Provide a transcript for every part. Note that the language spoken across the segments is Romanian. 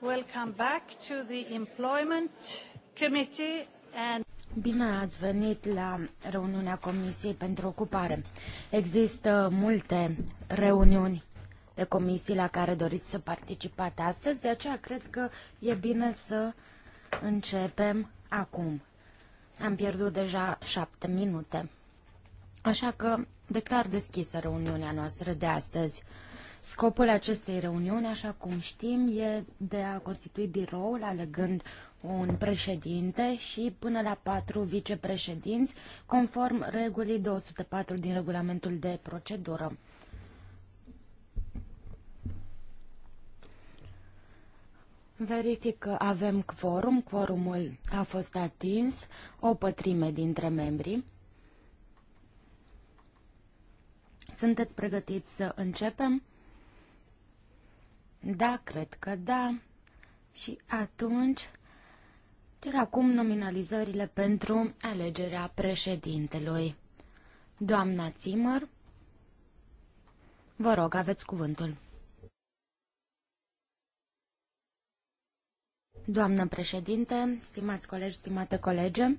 Welcome back to the Employment Committee and Bine ați venit la reuniunea Comisiei pentru Ocupare. Există multe reuniuni de comisii la care doriți să participați astăzi, de aceea cred că e bine să începem acum. Am pierdut deja șapte minute. Așa că declar deschisă reuniunea noastră de astăzi. Scopul acestei reuniuni, așa cum știm, e de a constitui biroul alegând un președinte și până la patru vicepreședinți, conform regulii 204 din regulamentul de procedură. Verific că avem quorum, quorumul a fost atins, o pătrime dintre membrii. Sunteți pregătiți să începem? Da, cred că da. Și atunci cer acum nominalizările pentru alegerea președintelui. Doamna Zimmer, vă rog, aveți cuvântul. Doamnă președinte, stimați colegi, stimate colege,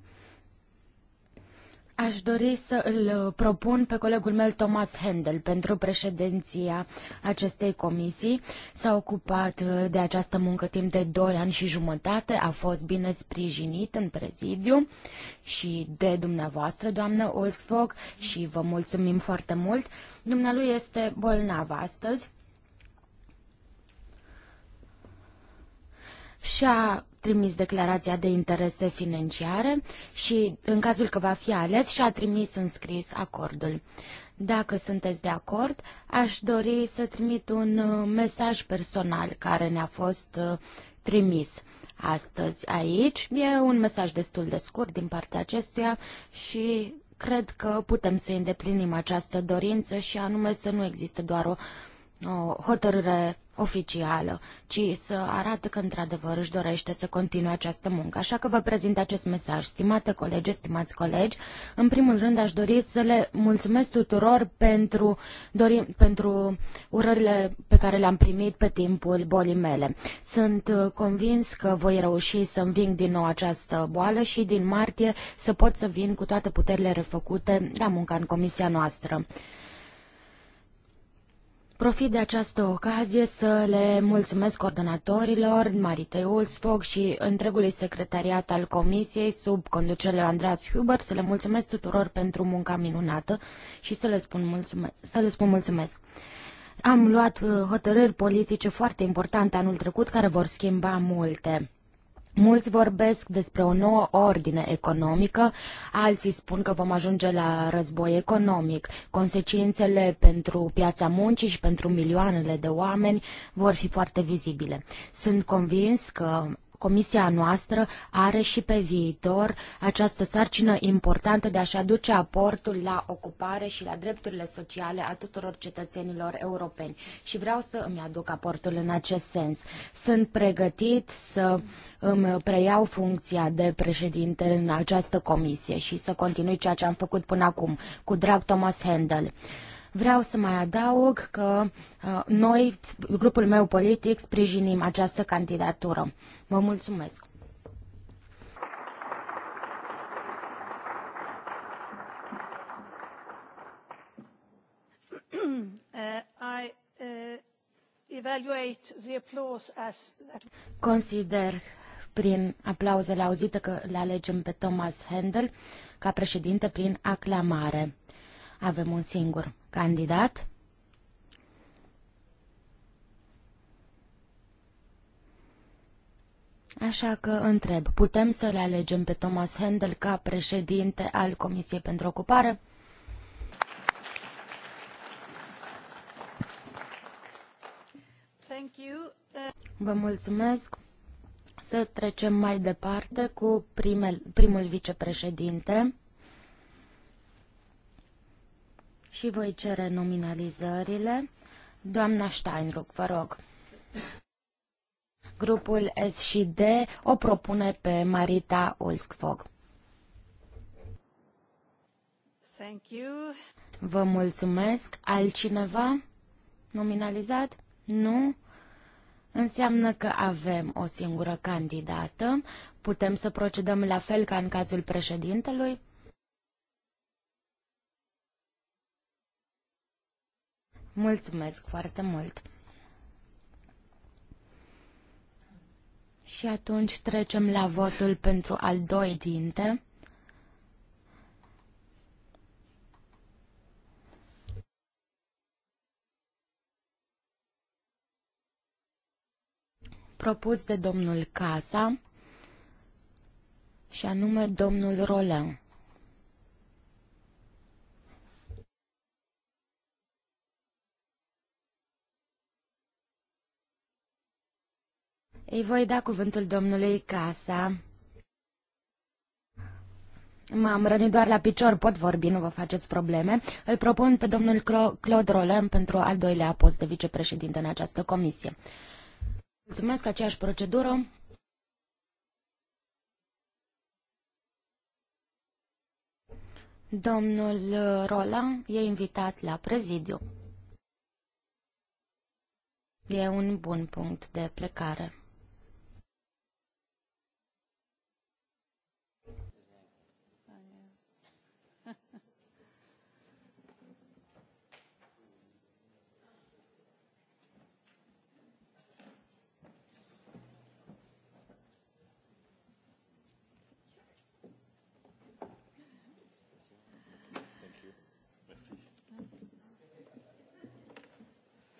Aș dori să îl uh, propun pe colegul meu Thomas Handel pentru președinția acestei comisii. S-a ocupat uh, de această muncă timp de 2 ani și jumătate, a fost bine sprijinit în prezidiu și de dumneavoastră, doamnă Ulfsvog, și vă mulțumim foarte mult. Dumnealui este bolnav astăzi. Și-a trimis declarația de interese financiare și în cazul că va fi ales și-a trimis în scris acordul. Dacă sunteți de acord, aș dori să trimit un uh, mesaj personal care ne-a fost uh, trimis astăzi aici. E un mesaj destul de scurt din partea acestuia și cred că putem să îndeplinim această dorință și anume să nu existe doar o, o hotărâre oficială, ci să arată că într-adevăr își dorește să continue această muncă. Așa că vă prezint acest mesaj. Stimate colegi, stimați colegi, în primul rând aș dori să le mulțumesc tuturor pentru, dori, pentru urările pe care le-am primit pe timpul bolii mele. Sunt uh, convins că voi reuși să înving din nou această boală și din martie să pot să vin cu toate puterile refăcute la munca în comisia noastră. Profit de această ocazie să le mulțumesc coordonatorilor Maritei Ulsfog și întregului secretariat al Comisiei sub conducerea Andreas Huber, să le mulțumesc tuturor pentru munca minunată și să le spun mulțumesc. Să le spun mulțumesc. Am luat uh, hotărâri politice foarte importante anul trecut care vor schimba multe. Mulți vorbesc despre o nouă ordine economică, alții spun că vom ajunge la război economic. Consecințele pentru piața muncii și pentru milioanele de oameni vor fi foarte vizibile. Sunt convins că comisia noastră are și pe viitor această sarcină importantă de a-și aduce aportul la ocupare și la drepturile sociale a tuturor cetățenilor europeni. Și vreau să îmi aduc aportul în acest sens. Sunt pregătit să îmi preiau funcția de președinte în această comisie și să continui ceea ce am făcut până acum cu drag Thomas Handel. Vreau să mai adaug că uh, noi, grupul meu politic, sprijinim această candidatură. Vă mulțumesc! Uh, uh, Consider prin aplauzele auzite că le alegem pe Thomas Handel ca președinte prin aclamare. Avem un singur candidat. Așa că întreb, putem să le alegem pe Thomas Handel ca președinte al Comisiei pentru Ocupare? Thank you. Uh, Vă mulțumesc. Să trecem mai departe cu primel, primul vicepreședinte și voi cere nominalizările. Doamna Steinruck, vă rog. Grupul S și D o propune pe Marita Ulskvog. Thank you. Vă mulțumesc. Alcineva nominalizat? Nu? Înseamnă că avem o singură candidată. Putem să procedăm la fel ca în cazul președintelui? Mulțumesc foarte mult! Și atunci trecem la votul pentru al doi dinte. propus de domnul Casa și anume domnul Roland. Îi voi da cuvântul domnului Casa. M-am rănit doar la picior, pot vorbi, nu vă faceți probleme. Îl propun pe domnul Claude Roland pentru al doilea post de vicepreședinte în această comisie. Mulțumesc, aceeași procedură. Domnul Roland e invitat la prezidiu. E un bun punct de plecare.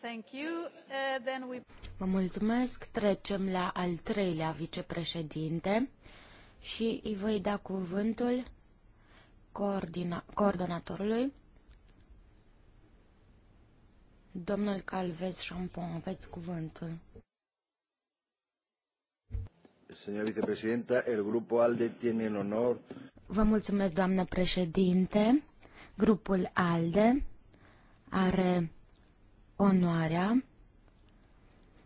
Thank you. Uh, then we... Vă mulțumesc. Trecem la al treilea vicepreședinte și îi voi da cuvântul coordina- coordonatorului. Domnul Calvez Champon, aveți cuvântul. Señora vicepresidenta, el grupo ALDE tiene el honor. Vă mulțumesc, doamnă președinte. Grupul ALDE are onoarea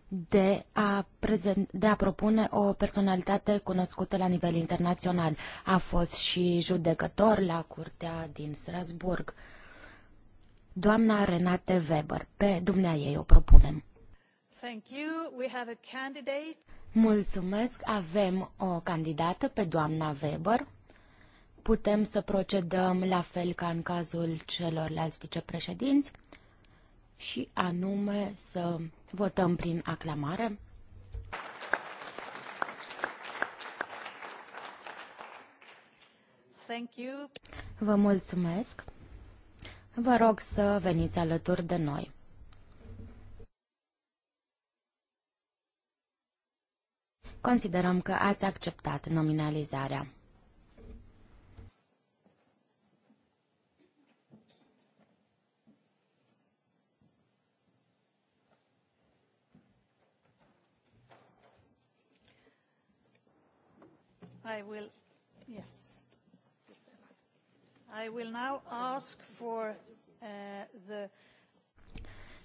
de a, prezent, de a propune o personalitate cunoscută la nivel internațional. A fost și judecător la curtea din Strasburg. Doamna Renate Weber, pe dumnea ei o propunem. Thank you. We have a candidate. Mulțumesc, avem o candidată pe doamna Weber. Putem să procedăm la fel ca în cazul celorlalți vicepreședinți și anume să votăm prin aclamare. Thank you. Vă mulțumesc. Vă rog să veniți alături de noi. Considerăm că ați acceptat nominalizarea. I will, yes. I will now ask for uh, the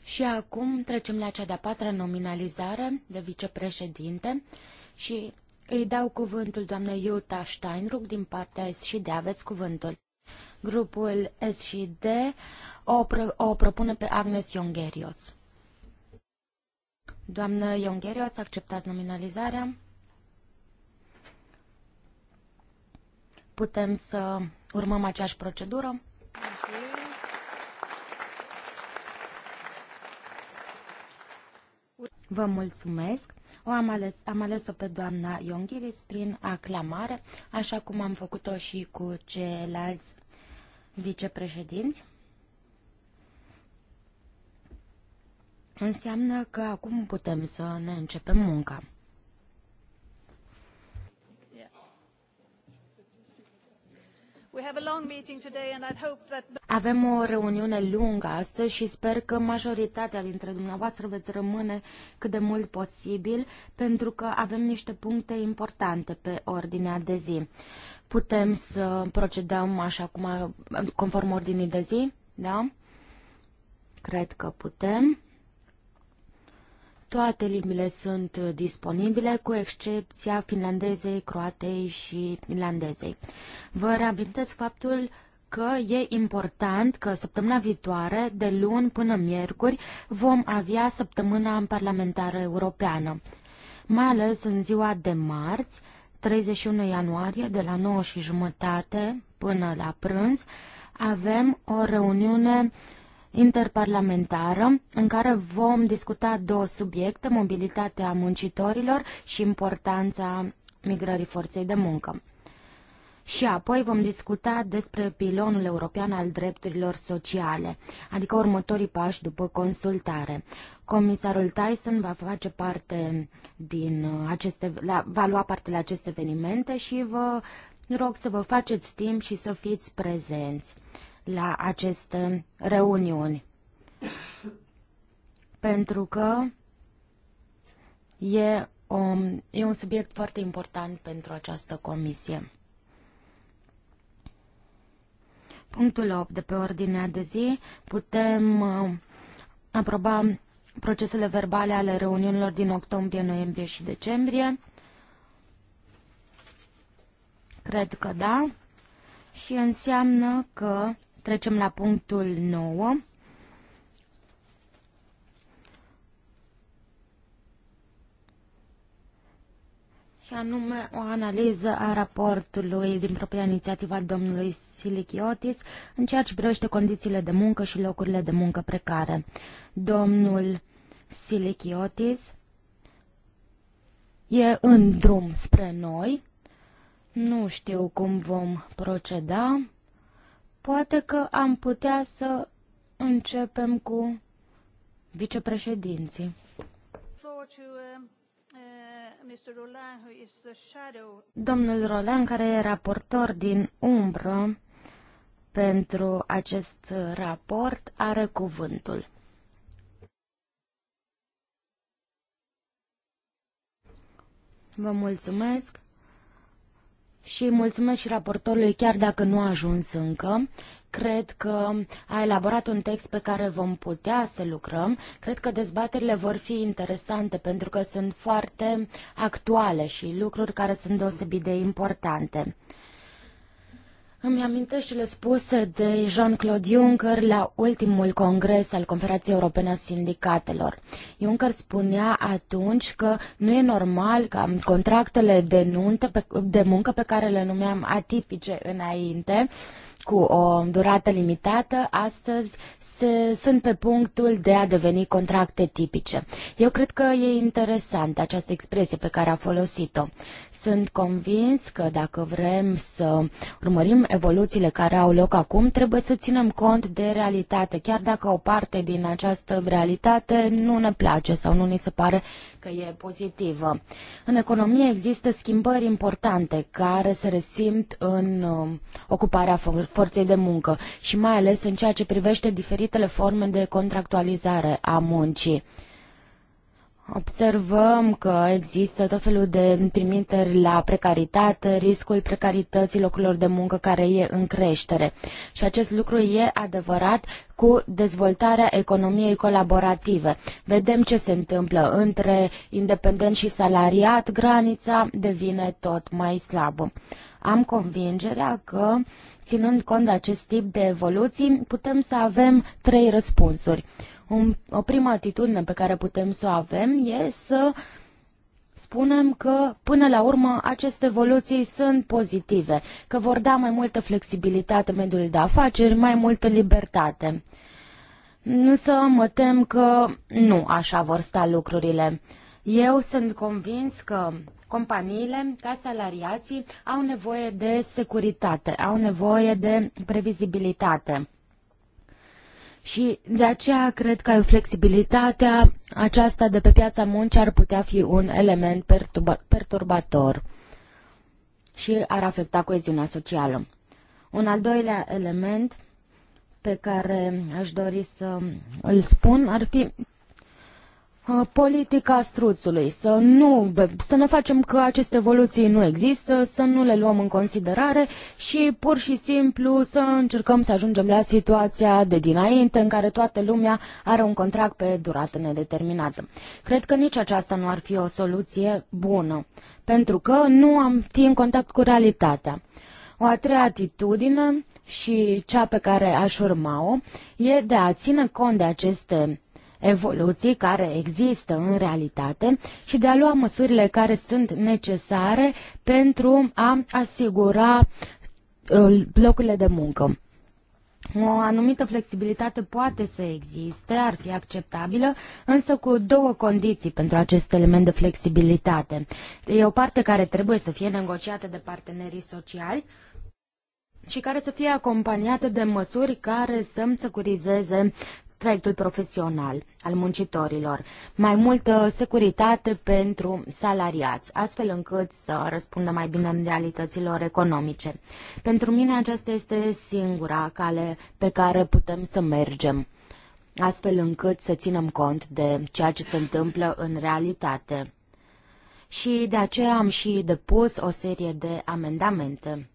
și acum trecem la cea de-a patra nominalizare de vicepreședinte și îi dau cuvântul doamnei Iuta Steinruck din partea S și de aveți cuvântul. Grupul S&D o, pro- o propune pe Agnes Iongherios. Doamnă Iongherios, acceptați nominalizarea? putem să urmăm aceeași procedură? Vă mulțumesc. O am ales, am ales-o pe doamna Ionghiris prin aclamare, așa cum am făcut-o și cu ceilalți vicepreședinți. Înseamnă că acum putem să ne începem munca. Avem o reuniune lungă astăzi și sper că majoritatea dintre dumneavoastră veți rămâne cât de mult posibil, pentru că avem niște puncte importante pe ordinea de zi. Putem să procedăm așa cum, conform ordinii de zi? Da? Cred că putem. Toate limbile sunt disponibile, cu excepția finlandezei, croatei și irlandezei. Vă reamintesc faptul că e important că săptămâna viitoare, de luni până miercuri, vom avea săptămâna parlamentară europeană. Mai ales în ziua de marți, 31 ianuarie, de la 9 și jumătate până la prânz, avem o reuniune uh, interparlamentară în care vom discuta două subiecte, mobilitatea muncitorilor și importanța migrării forței de muncă. Și apoi vom discuta despre pilonul european al drepturilor sociale, adică următorii pași după consultare. Comisarul Tyson va face parte din uh, aceste, la, va lua parte la aceste evenimente și vă rog să vă faceți timp și să fiți prezenți la aceste reuniuni. Pentru că e, o, e un subiect foarte important pentru această comisie. Punctul 8 de pe ordinea de zi putem uh, aproba procesele verbale ale reuniunilor din octombrie, noiembrie și decembrie. Cred că da. Și înseamnă că Trecem la punctul 9. și anume o analiză a raportului din propria inițiativă a domnului Silichiotis în ceea ce privește condițiile de muncă și locurile de muncă precare. Domnul Silichiotis e în drum spre noi. Nu știu cum vom proceda. Poate că am putea să începem cu vicepreședinții. Domnul Roland, care e raportor din umbră pentru acest raport, are cuvântul. Vă mulțumesc și mulțumesc și raportorului, chiar dacă nu a ajuns încă. Cred că a elaborat un text pe care vom putea să lucrăm. Cred că dezbaterile vor fi interesante pentru că sunt foarte actuale și lucruri care sunt deosebit de importante. Îmi amintesc le spuse de Jean-Claude Juncker la ultimul congres al Conferației Europene a Sindicatelor. Juncker spunea atunci că nu e normal ca contractele de, nuntă, de muncă pe care le numeam atipice înainte, uh, cu o durată limitată, astăzi se, sunt pe punctul de a deveni contracte tipice. Eu cred că e interesant această expresie pe care a folosit-o. Sunt convins că dacă vrem să urmărim evoluțiile care au loc acum, trebuie să ținem cont de realitate, chiar dacă o parte din această realitate nu ne place sau nu ni se pare că e pozitivă. În economie există schimbări importante care se resimt în um, ocuparea forței de muncă și mai ales în ceea ce privește diferitele forme de contractualizare a muncii. Observăm că există tot felul de trimiteri la precaritate, riscul precarității locurilor de muncă care e în creștere. Și acest lucru e adevărat cu dezvoltarea economiei colaborative. Vedem ce se întâmplă între independent și salariat, granița devine tot mai slabă. Am convingerea că, ținând cont de acest tip de evoluții, putem să avem trei răspunsuri. Un, o primă atitudine pe care putem să o avem e să spunem că, până la urmă, aceste evoluții sunt pozitive, că vor da mai multă flexibilitate mediului de afaceri, mai multă libertate. Însă mă tem că nu așa vor sta lucrurile. Eu sunt convins că companiile, ca salariații, au nevoie de securitate, au nevoie de previzibilitate. Și de aceea cred că flexibilitatea aceasta de pe piața muncii ar putea fi un element perturbator și ar afecta coeziunea socială. Un al doilea element pe care aș dori să îl spun ar fi Uh, politica struțului, să nu, să ne facem că aceste evoluții nu există, să nu le luăm în considerare și pur și simplu să încercăm să ajungem la situația de dinainte în care toată lumea are un contract pe durată nedeterminată. Cred că nici aceasta nu ar fi o soluție bună, pentru că nu am fi în contact cu realitatea. O a treia atitudine și cea pe care aș urma-o e de a ține cont de aceste evoluții care există în realitate și de a lua măsurile care sunt necesare pentru a asigura uh, locurile de muncă. O anumită flexibilitate poate să existe, ar fi acceptabilă, însă cu două condiții pentru acest element de flexibilitate. E o parte care trebuie să fie negociată de partenerii sociali și care să fie acompaniată de măsuri care să securizeze traiectul profesional al muncitorilor, mai multă securitate pentru salariați, astfel încât să răspundă mai bine în realităților economice. Pentru mine aceasta este singura cale pe care putem să mergem, astfel încât să ținem cont de ceea ce se întâmplă în realitate. Și de aceea am și depus o serie de amendamente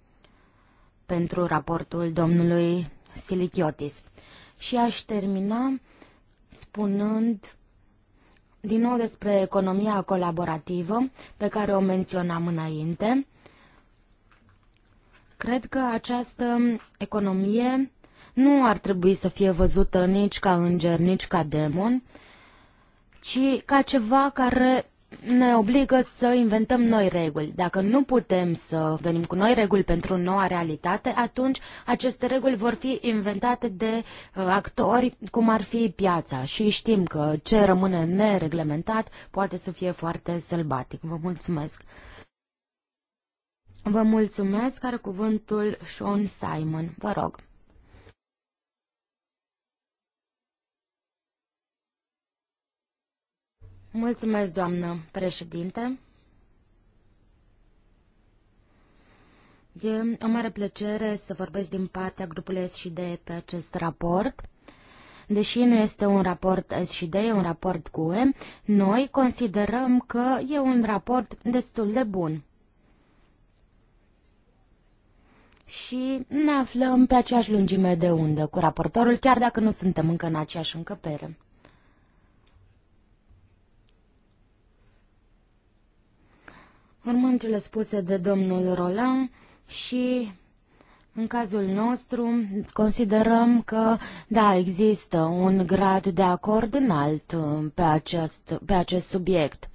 pentru raportul domnului Silichiotis. Și aș termina spunând din nou despre economia colaborativă pe care o menționam înainte. Cred că această economie nu ar trebui să fie văzută nici ca înger, nici ca demon, ci ca ceva care ne obligă să inventăm noi reguli. Dacă nu putem să venim cu noi reguli pentru noua realitate, atunci aceste reguli vor fi inventate de uh, actori, cum ar fi piața. Și știm că ce rămâne nereglementat poate să fie foarte sălbatic. Vă mulțumesc! Vă mulțumesc, are cuvântul Sean Simon. Vă rog. Mulțumesc, doamnă președinte. E o mare plăcere să vorbesc din partea grupului SD pe acest raport. Deși nu este un raport SD, e un raport GUE, noi considerăm că e un raport destul de bun. Și ne aflăm pe aceeași lungime de undă cu raportorul, chiar dacă nu suntem încă în aceeași încăpere. Mormântul spuse de domnul Roland și în cazul nostru, considerăm că, da, există un grad de acord înalt um, pe acest, pe acest subiect.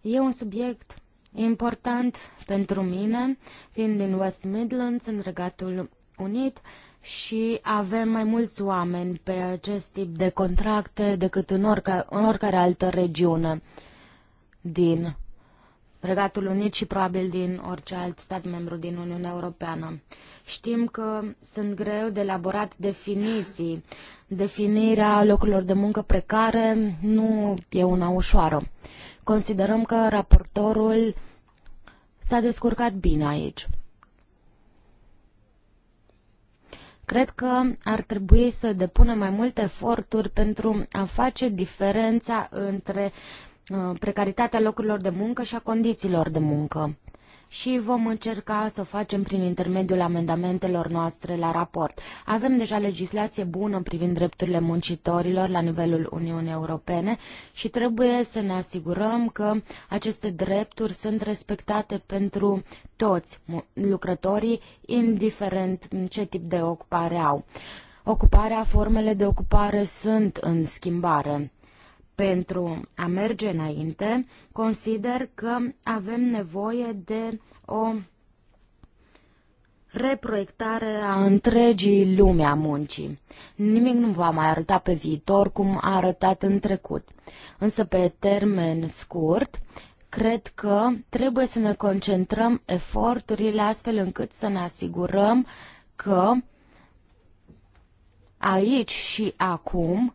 E un subiect important pentru mine, fiind din West Midlands, în Regatul Unit, și avem mai mulți oameni pe acest tip de contracte decât în oricare, în oricare altă regiune din Regatul Unit și probabil din orice alt stat membru din Uniunea Europeană. Știm că sunt greu de elaborat definiții. Definirea locurilor de muncă precare nu e una ușoară. Considerăm că raportorul s-a descurcat bine aici. Cred că ar trebui să depunem mai multe eforturi pentru a face diferența între Uh, precaritatea locurilor de muncă și a condițiilor de muncă. Și vom încerca să o facem prin intermediul amendamentelor noastre la raport. Avem deja legislație bună privind drepturile muncitorilor la nivelul Uniunii Europene și trebuie să ne asigurăm că aceste drepturi sunt respectate pentru toți lucrătorii, indiferent ce tip de ocupare au. Ocuparea, formele de ocupare sunt în schimbare pentru a merge înainte, consider că avem nevoie de o reproiectare a întregii lume a muncii. Nimic nu va mai arăta pe viitor cum a arătat în trecut. Însă pe termen scurt, cred că trebuie să ne concentrăm eforturile astfel încât să ne asigurăm că aici și acum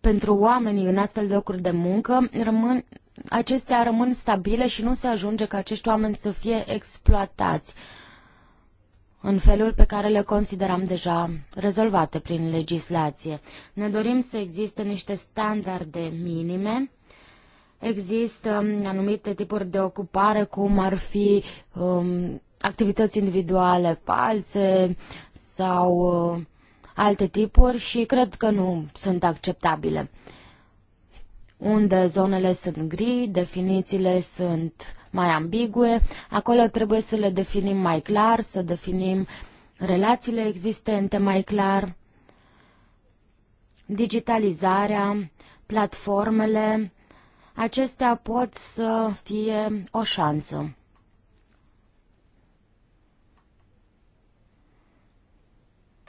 pentru oamenii în astfel de locuri de muncă rămân, acestea rămân stabile și nu se ajunge ca acești oameni să fie exploatați în felul pe care le considerăm deja rezolvate prin legislație. Ne dorim să existe niște standarde minime. Există um, anumite tipuri de ocupare, cum ar fi um, activități individuale false sau uh, alte tipuri și cred că nu sunt acceptabile. Unde zonele sunt gri, definițiile sunt mai ambigue, acolo trebuie să le definim mai clar, să definim relațiile existente mai clar, digitalizarea, platformele, acestea pot să fie o șansă.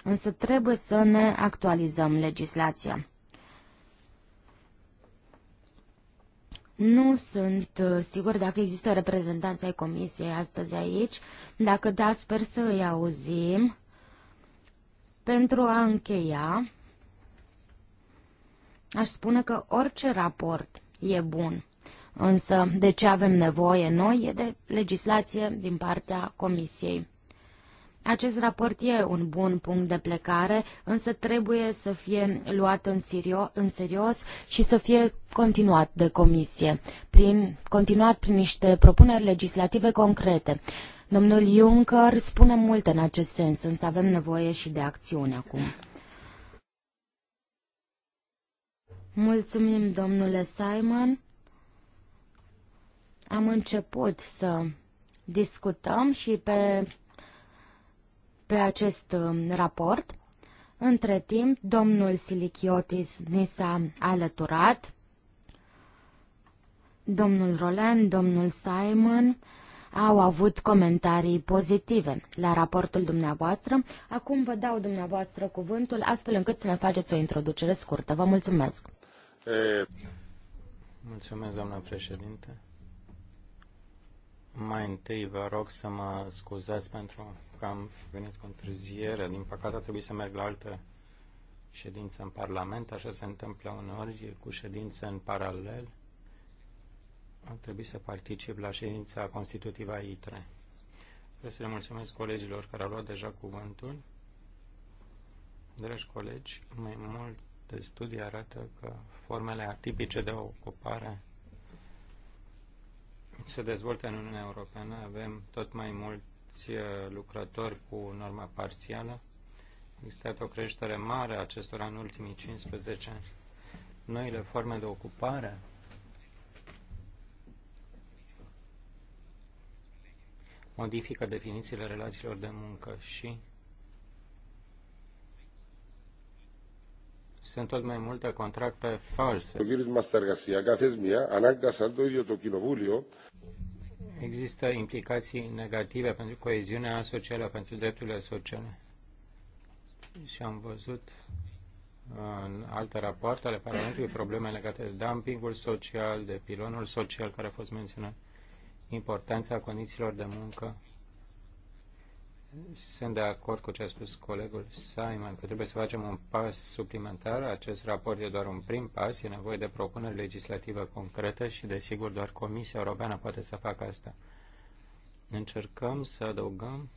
însă trebuie să ne actualizăm legislația. Nu sunt uh, sigur dacă există reprezentanți ai comisiei astăzi aici. Dacă da, sper să îi auzim. Pentru a încheia, aș spune că orice raport e bun. Însă, de ce avem nevoie noi e de legislație din partea comisiei. Acest raport e un bun punct de plecare, însă trebuie să fie luat în, sirio, în serios și să fie continuat de comisie, prin, continuat prin niște propuneri legislative concrete. Domnul Juncker spune multe în acest sens, însă avem nevoie și de acțiune acum. Mulțumim, domnule Simon. Am început să discutăm și pe pe acest um, raport. Între timp, domnul Silichiotis ni s-a alăturat, domnul Roland, domnul Simon au avut comentarii pozitive la raportul dumneavoastră. Acum vă dau dumneavoastră cuvântul, astfel încât să ne faceți o introducere scurtă. Vă mulțumesc! E... Mulțumesc, doamna președinte. Mai întâi vă rog să mă scuzați pentru că am venit cu întârziere. Din păcate a trebuit să merg la altă ședință în Parlament. Așa se întâmplă uneori cu ședințe în paralel. Am trebuit să particip la ședința constitutivă a ITRE. Vreau să le mulțumesc colegilor care au luat deja cuvântul. Dragi colegi, mai multe studii arată că formele atipice de ocupare se dezvoltă în Uniunea Europeană. Avem tot mai mult mulți uh, lucrători cu norma parțială. Există o creștere mare a acestora în ultimii 15 ani. Noile forme de ocupare modifică definițiile relațiilor de muncă și sunt tot mai multe contracte false există implicații negative pentru coeziunea socială, pentru drepturile sociale. Și am văzut uh, în alte rapoarte ale Parlamentului probleme legate de dumpingul social, de pilonul social care a fost menționat, importanța condițiilor de muncă sunt de acord cu ce a spus colegul Simon, că trebuie să facem un pas suplimentar. Acest raport e doar un prim pas, e nevoie de propuneri legislative concrete și, desigur, doar Comisia Europeană poate să facă asta. Încercăm să adăugăm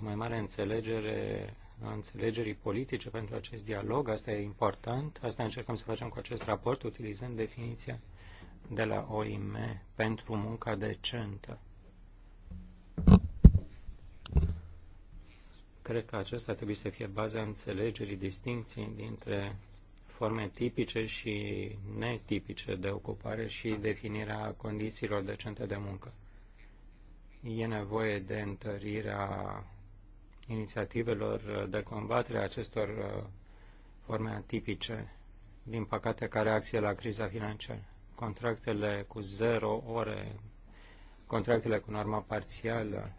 o mai mare înțelegere a înțelegerii politice pentru acest dialog. Asta e important. Asta încercăm să facem cu acest raport, utilizând definiția de la OIM pentru munca decentă. Cred că acesta trebuie să fie baza înțelegerii distinției dintre forme tipice și netipice de ocupare și definirea condițiilor decente de muncă. E nevoie de întărirea inițiativelor de combatere a acestor uh, forme atipice, din păcate care reacție la criza financiară. Contractele cu zero ore, contractele cu norma parțială,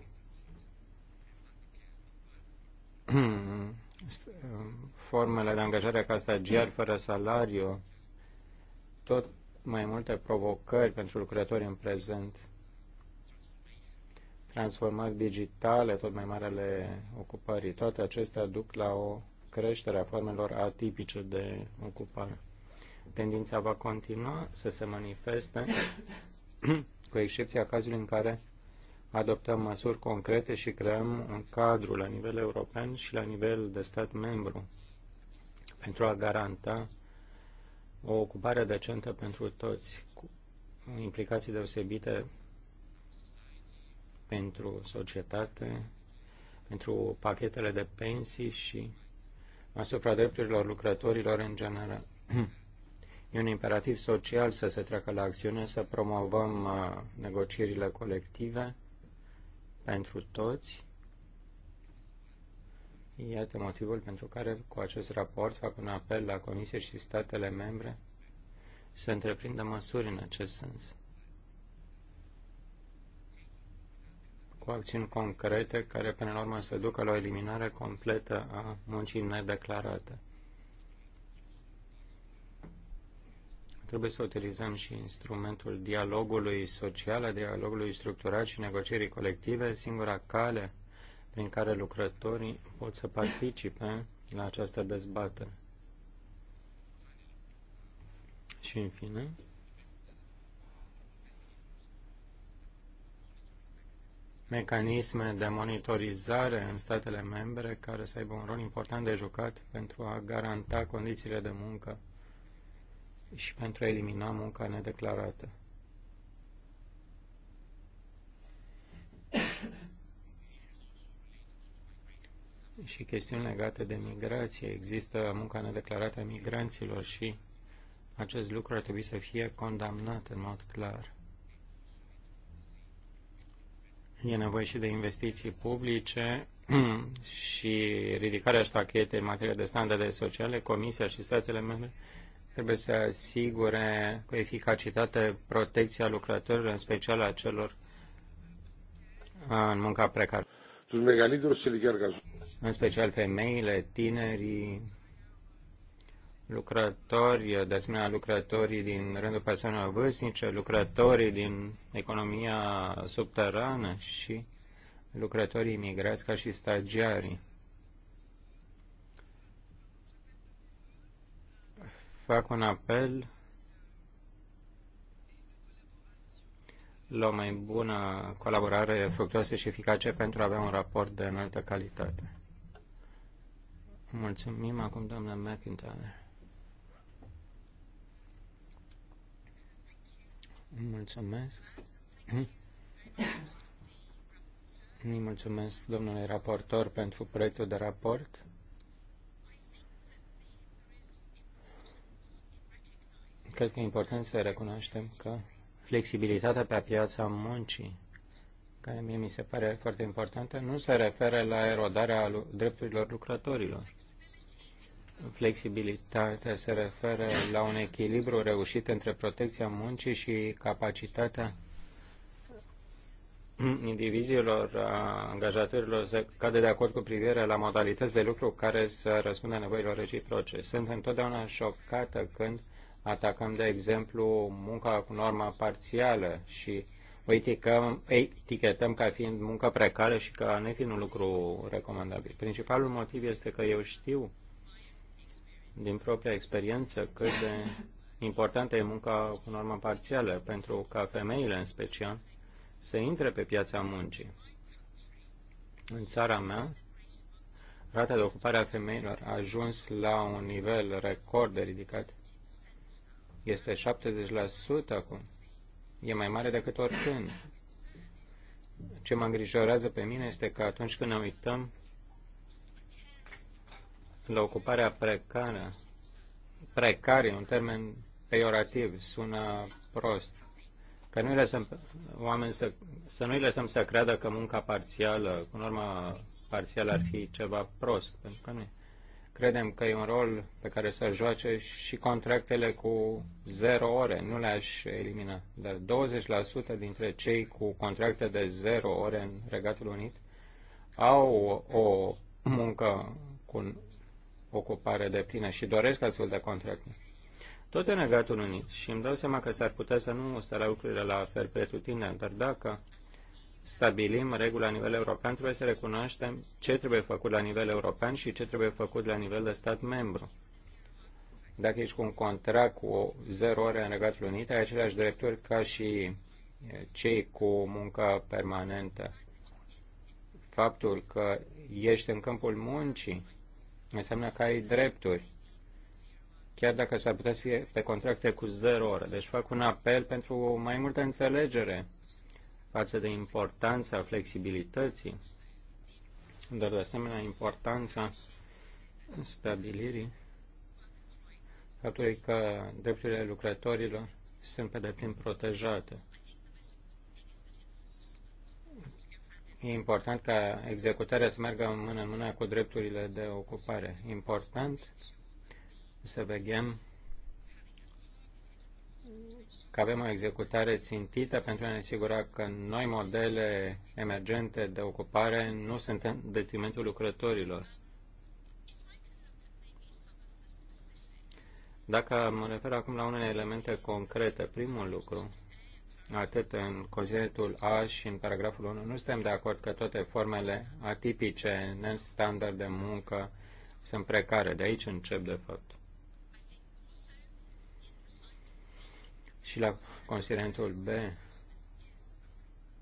formele de angajare ca stagiar fără salariu, tot mai multe provocări pentru lucrători în prezent, transformări digitale, tot mai marele ocupării, toate acestea duc la o creștere a formelor atipice de ocupare. Tendința va continua să se manifeste, cu excepția cazului în care adoptăm măsuri concrete și creăm un cadru la nivel european și la nivel de stat membru pentru a garanta o ocupare decentă pentru toți, cu implicații deosebite pentru societate, pentru pachetele de pensii și asupra drepturilor lucrătorilor în general. E un imperativ social să se treacă la acțiune, să promovăm uh, negocierile colective, pentru toți. Iată motivul pentru care cu acest raport fac un apel la Comisie și statele membre să întreprindă măsuri în acest sens. cu acțiuni concrete care până la urmă să ducă la o eliminare completă a muncii nedeclarate. Trebuie să utilizăm și instrumentul dialogului social, dialogului structurat și negocierii colective, singura cale prin care lucrătorii pot să participe la această dezbatere. Și în fine, mecanisme de monitorizare în statele membre care să aibă un rol important de jucat pentru a garanta condițiile de muncă și pentru a elimina munca nedeclarată. și chestiuni legate de migrație. Există munca nedeclarată a migranților și acest lucru ar trebui să fie condamnat în mod clar. E nevoie și de investiții publice și ridicarea ștachetei în materie de standarde sociale. Comisia și statele membre trebuie să asigure cu eficacitate protecția lucrătorilor, în special a celor în munca precară. În special femeile, tinerii, lucrători, de asemenea lucrătorii din rândul persoanelor vârstnice, lucrătorii din economia subterană și lucrătorii imigrați ca și stagiarii. fac un apel la o mai bună colaborare fructuoasă și eficace pentru a avea un raport de înaltă calitate. Mulțumim acum, doamna McIntyre. Mulțumesc. Îi mulțumesc domnului raportor pentru proiectul de raport. Cred că e important să recunoaștem că flexibilitatea pe piața muncii, care mie mi se pare foarte importantă, nu se referă la erodarea drepturilor lucrătorilor. Flexibilitatea se referă la un echilibru reușit între protecția muncii și capacitatea indivizilor, angajatorilor să cadă de acord cu privire la modalități de lucru care să răspundă nevoilor reciproce. Sunt întotdeauna șocată când Atacăm, de exemplu, munca cu normă parțială și o etichetăm, etichetăm ca fiind muncă precară și ca nefiind un lucru recomandabil. Principalul motiv este că eu știu din propria experiență cât de importantă e munca cu normă parțială pentru ca femeile în special să intre pe piața muncii. În țara mea, rata de ocupare a femeilor a ajuns la un nivel record de ridicat este 70% acum. E mai mare decât oricând. Ce mă îngrijorează pe mine este că atunci când ne uităm la ocuparea precară, precar un termen peiorativ, sună prost, că nu lăsăm oameni să, să nu-i lăsăm să creadă că munca parțială, cu norma parțială ar fi ceva prost, pentru că nu -i. Credem că e un rol pe care să joace și contractele cu zero ore. Nu le-aș elimina. Dar 20% dintre cei cu contracte de zero ore în Regatul Unit au o muncă cu ocupare de plină și doresc astfel de contracte. Tot în Regatul Unit. Și îmi dau seama că s-ar putea să nu stă la lucrurile la fel pentru tine, dar dacă stabilim reguli la nivel european, trebuie să recunoaștem ce trebuie făcut la nivel european și ce trebuie făcut la nivel de stat membru. Dacă ești cu un contract cu 0 ore în Regatul Unit, ai aceleași drepturi ca și cei cu muncă permanentă. Faptul că ești în câmpul muncii înseamnă că ai drepturi, chiar dacă s-ar putea să fie pe contracte cu 0 ore. Deci fac un apel pentru mai multă înțelegere față de importanța flexibilității, dar de asemenea importanța stabilirii faptului că drepturile lucrătorilor sunt pe deplin protejate. E important ca executarea să meargă mână în mână cu drepturile de ocupare. Important să vegem că avem o executare țintită pentru a ne asigura că noi modele emergente de ocupare nu sunt în detrimentul lucrătorilor. Dacă mă refer acum la unele elemente concrete, primul lucru, atât în conținutul A și în paragraful 1, nu suntem de acord că toate formele atipice, nestandard de muncă sunt precare. De aici încep, de fapt. Și la considerentul B,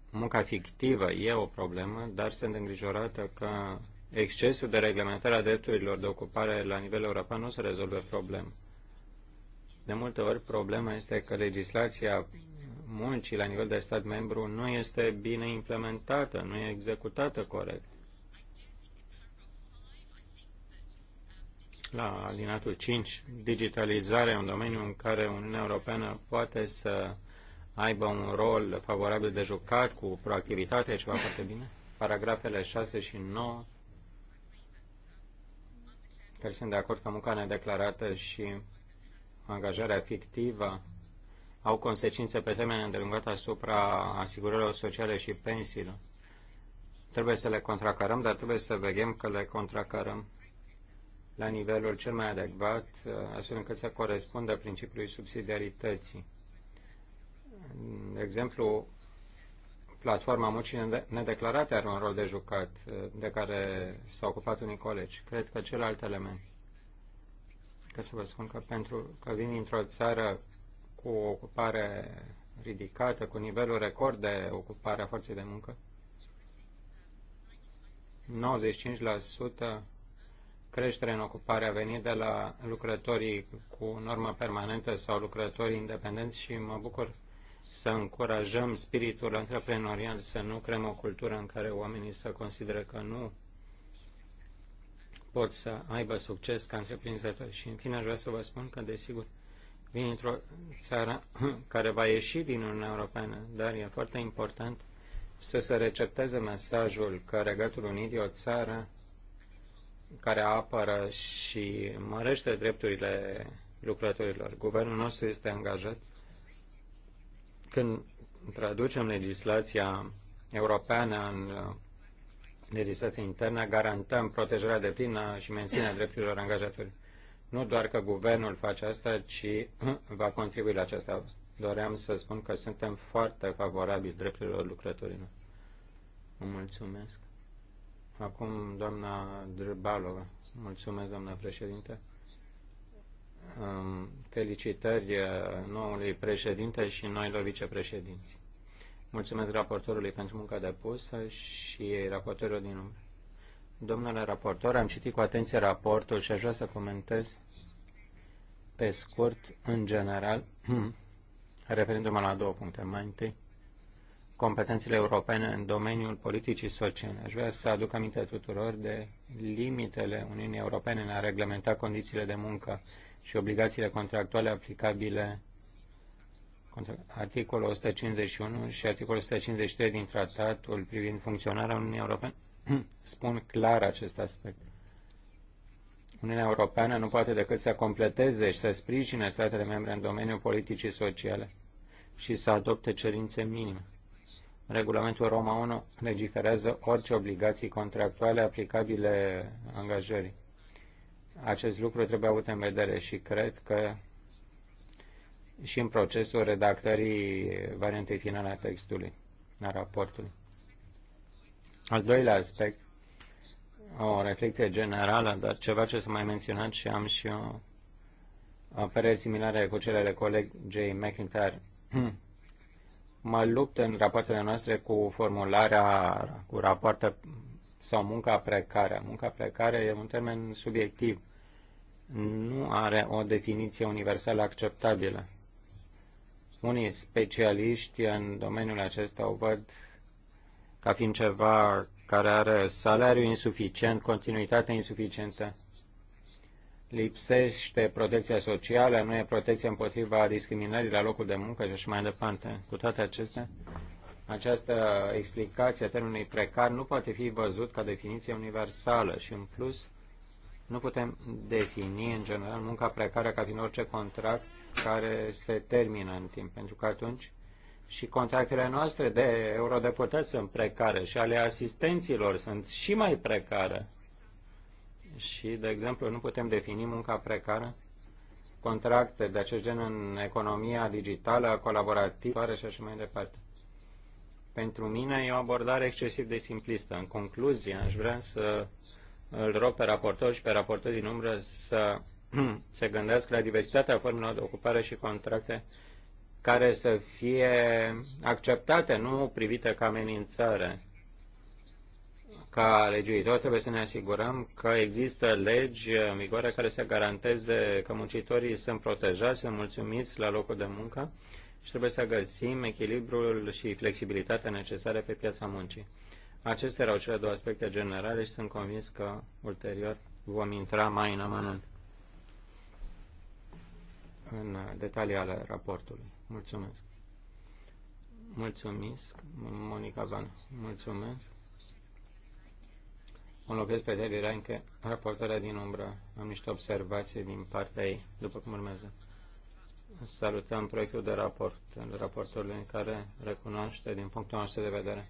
munca fictivă e o problemă, dar sunt îngrijorată că excesul de reglementare a drepturilor de ocupare la nivel european nu se rezolvă problema. De multe ori problema este că legislația muncii la nivel de stat membru nu este bine implementată, nu e executată corect. la alinatul 5, digitalizarea un domeniu în care Uniunea Europeană poate să aibă un rol favorabil de jucat cu proactivitate, ceva foarte bine. Paragrafele 6 și 9, care sunt de acord că munca nedeclarată și angajarea fictivă au consecințe pe termen îndelungat asupra asigurărilor sociale și pensiilor. Trebuie să le contracarăm, dar trebuie să vegem că le contracarăm la nivelul cel mai adecvat, uh, astfel încât să corespundă principiului subsidiarității. De exemplu, platforma muncii nedeclarate are un rol de jucat, uh, de care s-a ocupat unii colegi. Cred că celălalt element, ca să vă spun că pentru că vin dintr-o țară cu o ocupare ridicată, cu nivelul record de ocupare a forței de muncă, creștere în ocupare a venit de la lucrătorii cu normă permanentă sau lucrătorii independenți și mă bucur să încurajăm spiritul antreprenorial, să nu creăm o cultură în care oamenii să consideră că nu pot să aibă succes ca întreprinzători. Și în fine aș vrea să vă spun că, desigur, vin într-o țară care va ieși din Uniunea Europeană, dar e foarte important să se recepteze mesajul că Regatul Unit e o țară care apără și mărește drepturile lucrătorilor. Guvernul nostru este angajat când traducem legislația europeană în legislația internă, garantăm protejarea de plină și menținerea drepturilor angajatorilor. Nu doar că guvernul face asta, ci va contribui la aceasta. Doream să spun că suntem foarte favorabili drepturilor lucrătorilor. Mulțumesc. Acum, doamna Drbalova. Mulțumesc, doamna președinte. Felicitări uh, noului președinte și noilor vicepreședinți. Mulțumesc raportorului pentru munca depusă și raportorul din umbră. Domnule raportor, am citit cu atenție raportul și aș vrea să comentez pe scurt, în general, referindu-mă la două puncte. Mai întâi, competențele europene în domeniul politicii sociale. Aș vrea să aduc aminte tuturor de limitele Uniunii Europene în a reglementa condițiile de muncă și obligațiile contractuale aplicabile articolul 151 și articolul 153 din tratatul privind funcționarea Uniunii Europene spun clar acest aspect. Uniunea Europeană nu poate decât să completeze și să sprijine statele membre în domeniul politicii sociale și să adopte cerințe minime. Regulamentul Roma 1 legiferează orice obligații contractuale aplicabile angajării. Acest lucru trebuie avut în vedere și cred că și în procesul redactării variantei finale a textului, a raportului. Al doilea aspect, o reflexie generală, dar ceva ce s-a mai menționat și am și o părere similară cu cele ale colegei McIntyre. mă lupt în rapoartele noastre cu formularea, cu rapoarte sau munca precară. Munca precară e un termen subiectiv. Nu are o definiție universală acceptabilă. Unii specialiști în domeniul acesta o văd ca fiind ceva care are salariu insuficient, continuitate insuficientă lipsește protecția socială, nu e protecție împotriva discriminării la locul de muncă și așa mai departe. Cu toate acestea, această explicație a termenului precar nu poate fi văzut ca definiție universală și, în plus, nu putem defini, în general, munca precară ca din orice contract care se termină în timp, pentru că atunci și contractele noastre de eurodeputați sunt precare și ale asistenților sunt și mai precare și, de exemplu, nu putem defini munca precară, contracte de acest gen în economia digitală, colaborativă și așa mai departe. Pentru mine e o abordare excesiv de simplistă. În concluzie, aș vrea să îl rog pe raportor și pe raportor din umbră să se gândească la diversitatea formelor de ocupare și contracte care să fie acceptate, nu privite ca amenințare ca legiuitor trebuie să ne asigurăm că există legi în vigoare care să garanteze că muncitorii sunt protejați, sunt mulțumiți la locul de muncă și trebuie să găsim echilibrul și flexibilitatea necesare pe piața muncii. Acestea erau cele două aspecte generale și sunt convins că ulterior vom intra mai în amănunt în detalii ale raportului. Mulțumesc. Mulțumesc, Monica Van. Mulțumesc lovesc pe David Reinke, raportarea din umbră. Am niște observații din partea ei, după cum urmează. Salutăm proiectul de raport, raportul în care recunoaște, din punctul nostru de vedere,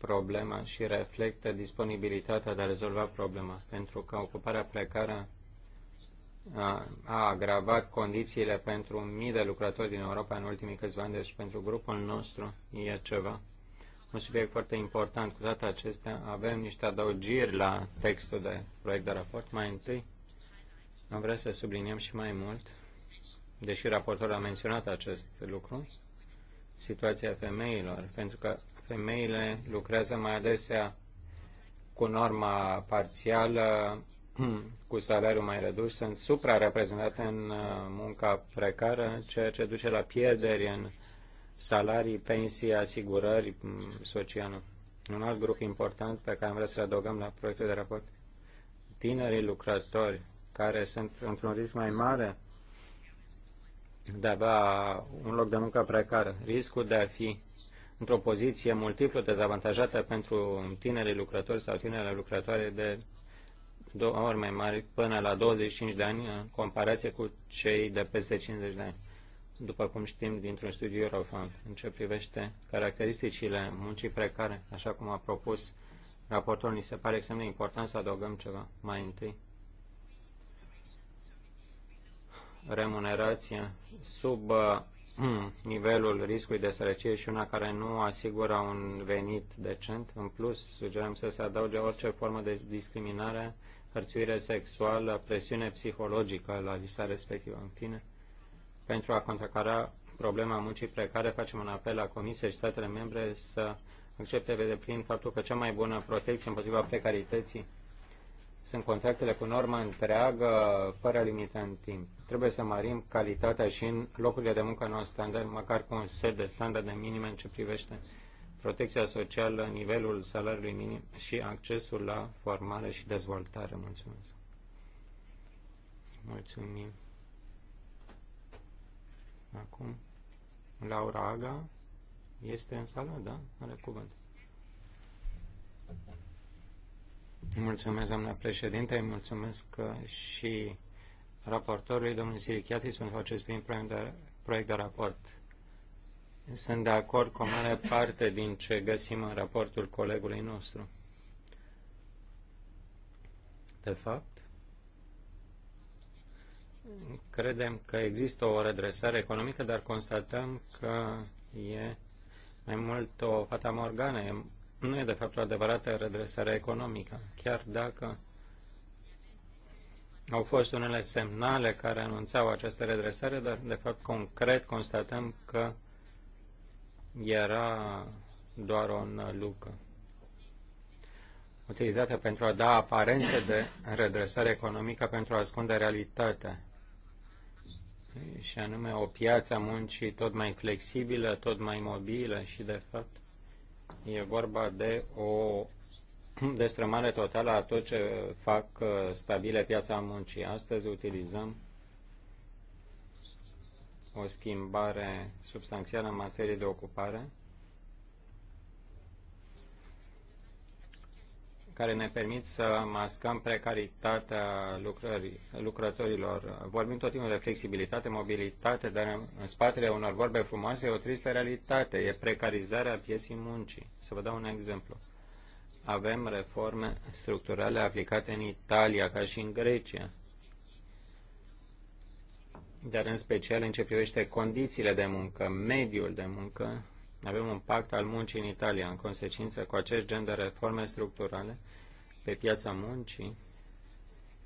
problema și reflectă disponibilitatea de a rezolva problema, pentru că ocuparea a, a agravat condițiile pentru mii de lucrători din Europa în ultimii câțiva ani, deci pentru grupul nostru e ceva un subiect foarte important. Cu toate acestea, avem niște adăugiri la textul de proiect de raport. Mai întâi, am vrea să subliniem și mai mult, deși raportorul a menționat acest lucru, situația femeilor, pentru că femeile lucrează mai adesea cu norma parțială, cu salariu mai redus, sunt supra reprezentate în uh, munca precară, ceea ce duce la pierderi în salarii, pensii, asigurări sociale. Un alt grup important pe care am vrea să-l adăugăm la proiectul de raport, tinerii lucrători care sunt într-un risc mai mare de a avea un loc de muncă precar. Riscul de a fi într-o poziție multiplu dezavantajată pentru tinerii lucrători sau tinerile lucrătoare de două ori mai mari până la 25 de ani în comparație cu cei de peste 50 de ani după cum știm dintr-un studiu Eurofund, în ce privește caracteristicile muncii precare, așa cum a propus raportul, ni se pare extrem de important să adăugăm ceva mai întâi. Remunerație sub uh, nivelul riscului de sărăcie și una care nu asigură un venit decent. În plus, sugerăm să se adauge orice formă de discriminare, hărțuire sexuală, presiune psihologică la lista respectivă. În fine, pentru a contracara problema muncii precare, facem un apel la Comisie și statele membre să accepte pe de deplin faptul că cea mai bună protecție împotriva precarității sunt contractele cu normă întreagă, fără limită în timp. Trebuie să mărim calitatea și în locurile de muncă non-standard, măcar cu un set de standarde minime în ce privește protecția socială, nivelul salariului minim și accesul la formare și dezvoltare. Mulțumesc! Mulțumim! Acum, Laura Aga este în sală, da? Are cuvânt. Mulțumesc, doamna președinte, mulțumesc și raportorului, domnul Sirichiatis, pentru acest prim proiect de, proiect de raport. Sunt de acord cu o mare parte din ce găsim în raportul colegului nostru. De fapt, Credem că există o redresare economică, dar constatăm că e mai mult o fata morgană. Nu e de fapt o adevărată redresare economică, chiar dacă au fost unele semnale care anunțau această redresare, dar de fapt concret constatăm că era doar o lucă utilizată pentru a da aparențe de redresare economică pentru a ascunde realitatea și anume o piață a muncii tot mai flexibilă, tot mai mobilă și, de fapt, e vorba de o destrămare totală a tot ce fac uh, stabile piața muncii. Astăzi utilizăm o schimbare substanțială în materie de ocupare care ne permit să mascăm precaritatea lucrării, lucrătorilor. Vorbim tot timpul de flexibilitate, mobilitate, dar în spatele unor vorbe frumoase e o tristă realitate, e precarizarea pieții muncii. Să vă dau un exemplu. Avem reforme structurale aplicate în Italia, ca și în Grecia, dar în special în ce privește condițiile de muncă, mediul de muncă, avem un pact al muncii în Italia, în consecință cu acest gen de reforme structurale pe piața muncii.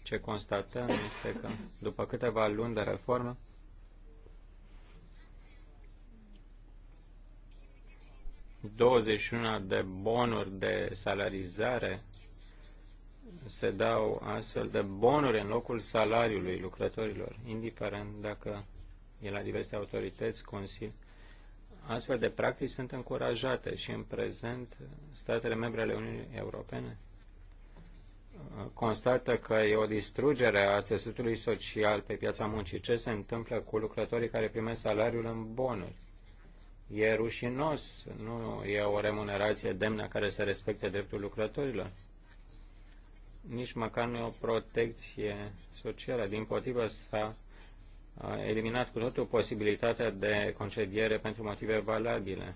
Ce constatăm este că după câteva luni de reformă, ...21 de bonuri de salarizare se dau astfel de bonuri în locul salariului lucrătorilor, indiferent dacă e la diverse autorități, consilii, Astfel de practici sunt încurajate și în prezent statele membre ale Uniunii Europene uh, constată că e o distrugere a țesutului social pe piața muncii. Ce se întâmplă cu lucrătorii care primesc salariul în bonuri? E rușinos, nu e o remunerație demnă care să respecte dreptul lucrătorilor. Nici măcar nu e o protecție socială. Din potrivă, eliminat cu totul posibilitatea de concediere pentru motive valabile.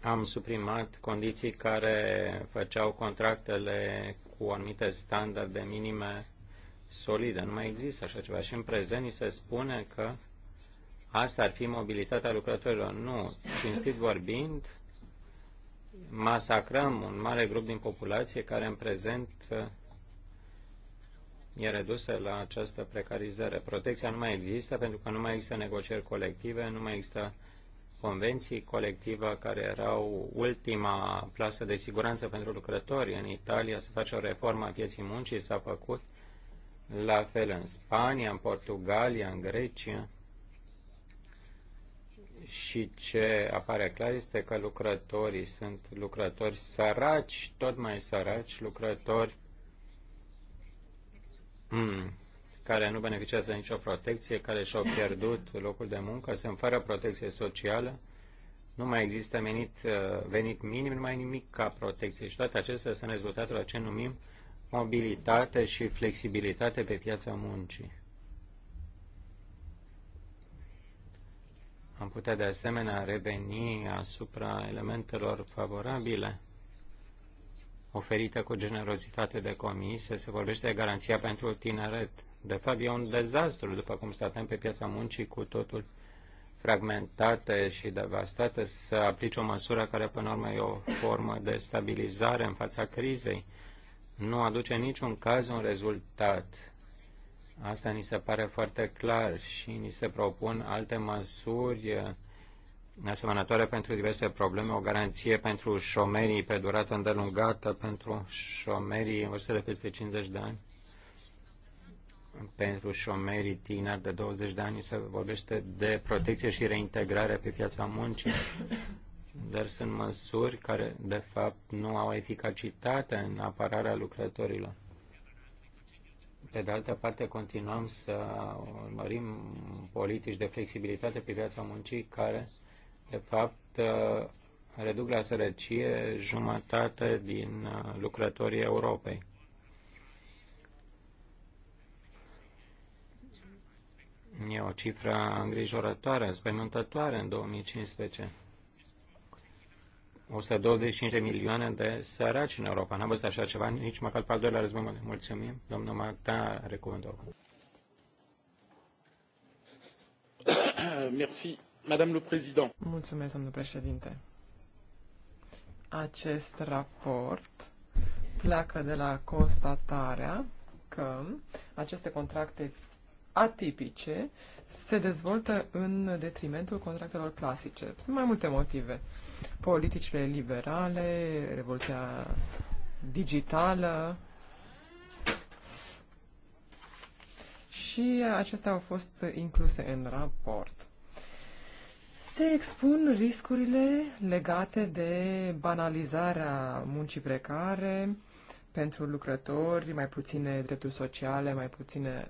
Am suprimat condiții care făceau contractele cu anumite standarde minime solide. Nu mai există așa ceva. Și în prezent ni se spune că asta ar fi mobilitatea lucrătorilor. Nu. Cinstit vorbind, masacrăm un mare grup din populație care în prezent e redusă la această precarizare. Protecția nu mai există pentru că nu mai există negocieri colective, nu mai există convenții colective care erau ultima plasă de siguranță pentru lucrători. În Italia se face o reformă a pieții muncii, s-a făcut la fel în Spania, în Portugalia, în Grecia. Și ce apare clar este că lucrătorii sunt lucrători săraci, tot mai săraci, lucrători Hmm. care nu beneficiază nicio protecție, care și-au pierdut locul de muncă, sunt fără protecție socială, nu mai există venit, uh, venit minim, nu mai nimic ca protecție. Și toate acestea sunt rezultatul a ce numim mobilitate și flexibilitate pe piața muncii. Am putea de asemenea reveni asupra elementelor favorabile oferită cu generozitate de comisie, se vorbește de garanția pentru tineret. De fapt, e un dezastru, după cum statem pe piața muncii cu totul fragmentate și devastate, să aplice o măsură care, până la urmă, e o formă de stabilizare în fața crizei. Nu aduce în niciun caz un rezultat. Asta ni se pare foarte clar și ni se propun alte măsuri asemănătoare pentru diverse probleme, o garanție pentru șomerii pe durată îndelungată, pentru șomerii în vârstă de peste 50 de ani, pentru șomerii tineri de 20 de ani se vorbește de protecție și reintegrare pe piața muncii, dar sunt măsuri care, de fapt, nu au eficacitate în apărarea lucrătorilor. Pe de altă parte, continuăm să urmărim politici de flexibilitate pe piața muncii care de fapt, uh, reduc la sărăcie jumătate din uh, lucrătorii Europei. E o cifră îngrijorătoare, înspăimântătoare în 2015. 125 de milioane de săraci în Europa. N-am văzut așa ceva nici măcar pe al doilea război mondial. Mulțumim. Domnul Marta, recomandă. Merci. Mulțumesc, domnule președinte. Acest raport pleacă de la constatarea că aceste contracte atipice se dezvoltă în detrimentul contractelor clasice. Sunt mai multe motive. Politicile liberale, revoluția digitală și acestea au fost incluse în raport se expun riscurile legate de banalizarea muncii precare pentru lucrători, mai puține drepturi sociale, mai puține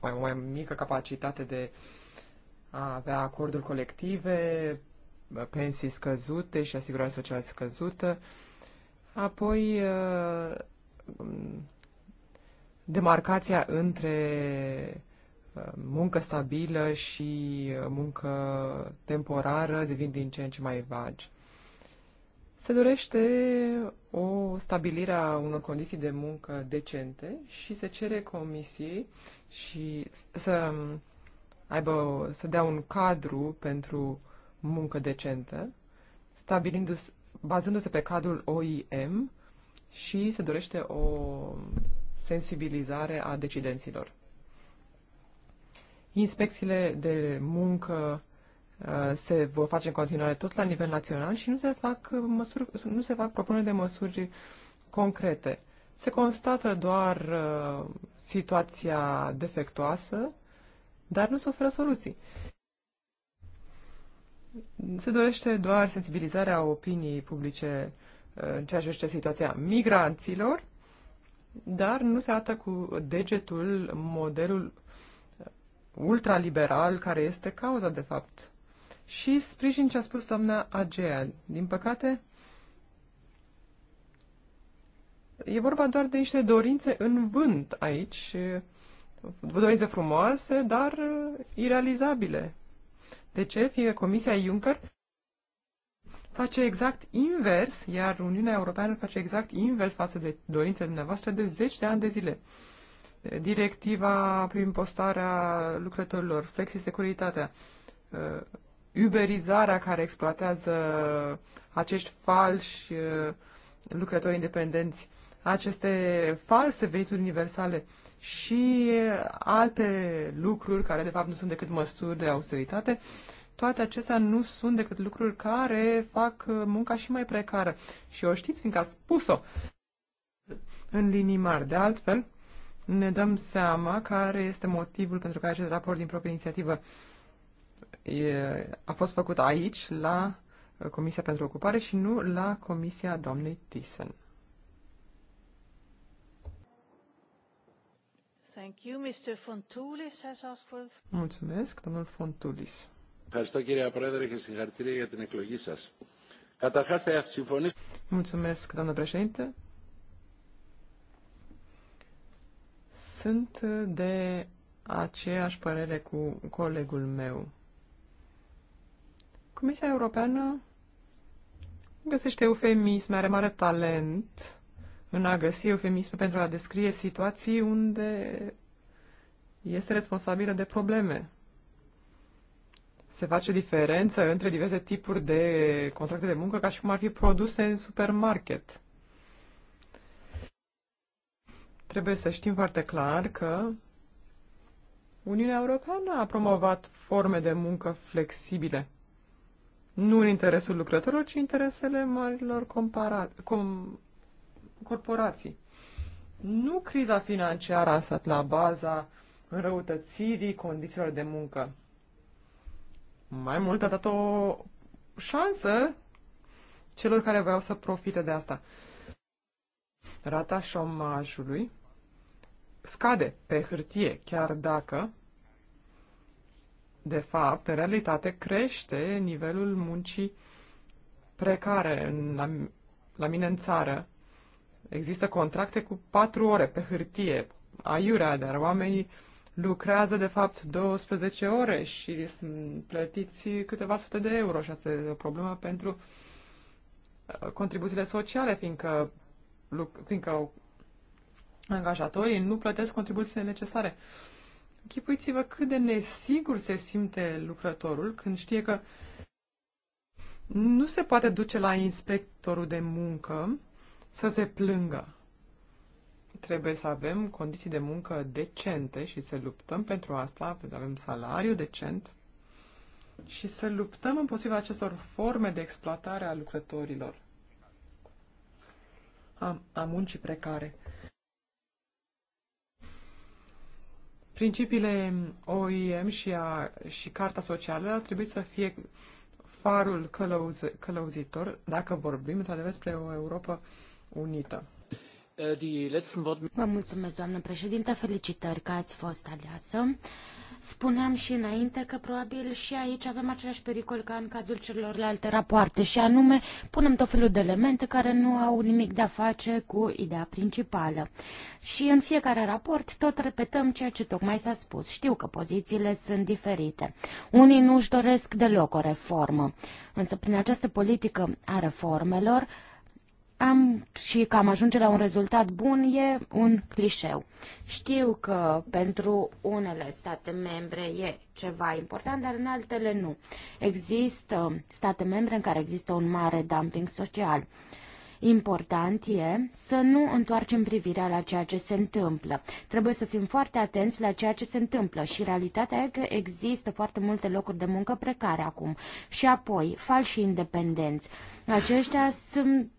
mai, mai mică capacitate de a avea acorduri colective, pensii scăzute și asigurare socială scăzută. Apoi uh, demarcația între muncă stabilă și uh, muncă temporară devin din ce în ce mai vagi. Se dorește o stabilire a unor condiții de muncă decente și se cere comisiei și să um, aibă, să dea un cadru pentru muncă decentă, stabilindu-se, bazându-se pe cadrul OIM și se dorește o sensibilizare a decidenților. Inspecțiile de muncă uh, se vor face în continuare tot la nivel național și nu se fac, uh, măsuri, nu se fac propuneri de măsuri concrete. Se constată doar uh, situația defectoasă, dar nu se oferă soluții. Se dorește doar sensibilizarea opiniei publice în ceea ce situația migranților, dar nu se arată cu degetul modelul ultraliberal care este cauza, de fapt. Și sprijin ce a spus doamna Agea. Din păcate, e vorba doar de niște dorințe în vânt aici, dorințe frumoase, dar uh, irealizabile. De ce? Fie Comisia Juncker face exact invers, iar Uniunea Europeană face exact invers față de dorințele dumneavoastră de zeci de ani de zile directiva prin postarea lucrătorilor, flexisecuritatea, uh, uberizarea care exploatează acești falși uh, lucrători independenți, aceste false venituri universale și alte lucruri care de fapt nu sunt decât măsuri de austeritate, toate acestea nu sunt decât lucruri care fac munca și mai precară. Și o știți, fiindcă ați spus-o în linii mari. De altfel, ne dăm seama care este motivul pentru care acest raport din proprie inițiativă e, a fost făcut aici, la Comisia pentru Ocupare și nu la Comisia doamnei Thyssen. Thank you. Mr. Fontulis has asked for... Mulțumesc, domnul Fontulis. Ευχαριστώ κύριε Πρόεδρε και συγχαρητήρια για την εκλογή σας. Καταρχάς θα συμφωνήσω... Mulțumesc, domnul președinte. Sunt uh, de aceeași părere cu colegul meu. Comisia Europeană găsește eufemisme, are mare talent în a găsi eufemisme pentru a descrie situații unde este responsabilă de probleme. Se face diferență între diverse tipuri de contracte de muncă, ca și cum ar fi produse în supermarket. Trebuie să știm foarte clar că Uniunea Europeană a promovat forme de muncă flexibile. Nu în interesul lucrătorilor, ci în interesele marilor com- corporații. Nu criza financiară a stat la baza înrăutățirii condițiilor de muncă. Mai mult a dat o șansă celor care vreau să profite de asta. Rata șomajului scade pe hârtie, chiar dacă, de fapt, în realitate crește nivelul muncii precare. În, la, la mine în țară există contracte cu patru ore pe hârtie, aiurea, dar oamenii lucrează de fapt 12 ore și sunt plătiți câteva sute de euro și asta e o problemă pentru uh, contribuțiile sociale, fiindcă, fiindcă angajatorii nu plătesc contribuțiile necesare. Chipuiți-vă cât de nesigur se simte lucrătorul când știe că nu se poate duce la inspectorul de muncă să se plângă. Trebuie să avem condiții de muncă decente și să luptăm pentru asta, pentru că avem salariu decent și să luptăm împotriva acestor forme de exploatare a lucrătorilor, a, a muncii precare. Principiile OIM și, a, și Carta Socială ar trebui să fie farul călăuz, călăuzitor dacă vorbim într-adevăr despre o Europa unită. Eh, Vă mulțumesc, doamnă președinte, felicitări că ați fost aleasă. Spuneam și înainte că probabil și aici avem același pericol ca în cazul celorlalte rapoarte și anume punem tot felul de elemente care nu au nimic de a face cu ideea principală. Și în fiecare raport tot repetăm ceea ce tocmai s-a spus. Știu că pozițiile sunt diferite. Unii nu își doresc deloc o reformă, însă prin această politică a reformelor am și că am ajunge la un rezultat bun e un clișeu. Știu că pentru unele state membre e ceva important, dar în altele nu. Există state membre în care există un mare dumping social. Important e să nu întoarcem privirea la ceea ce se întâmplă. Trebuie să fim foarte atenți la ceea ce se întâmplă și realitatea e că există foarte multe locuri de muncă precare acum. Și apoi, falși independenți. Aceștia sunt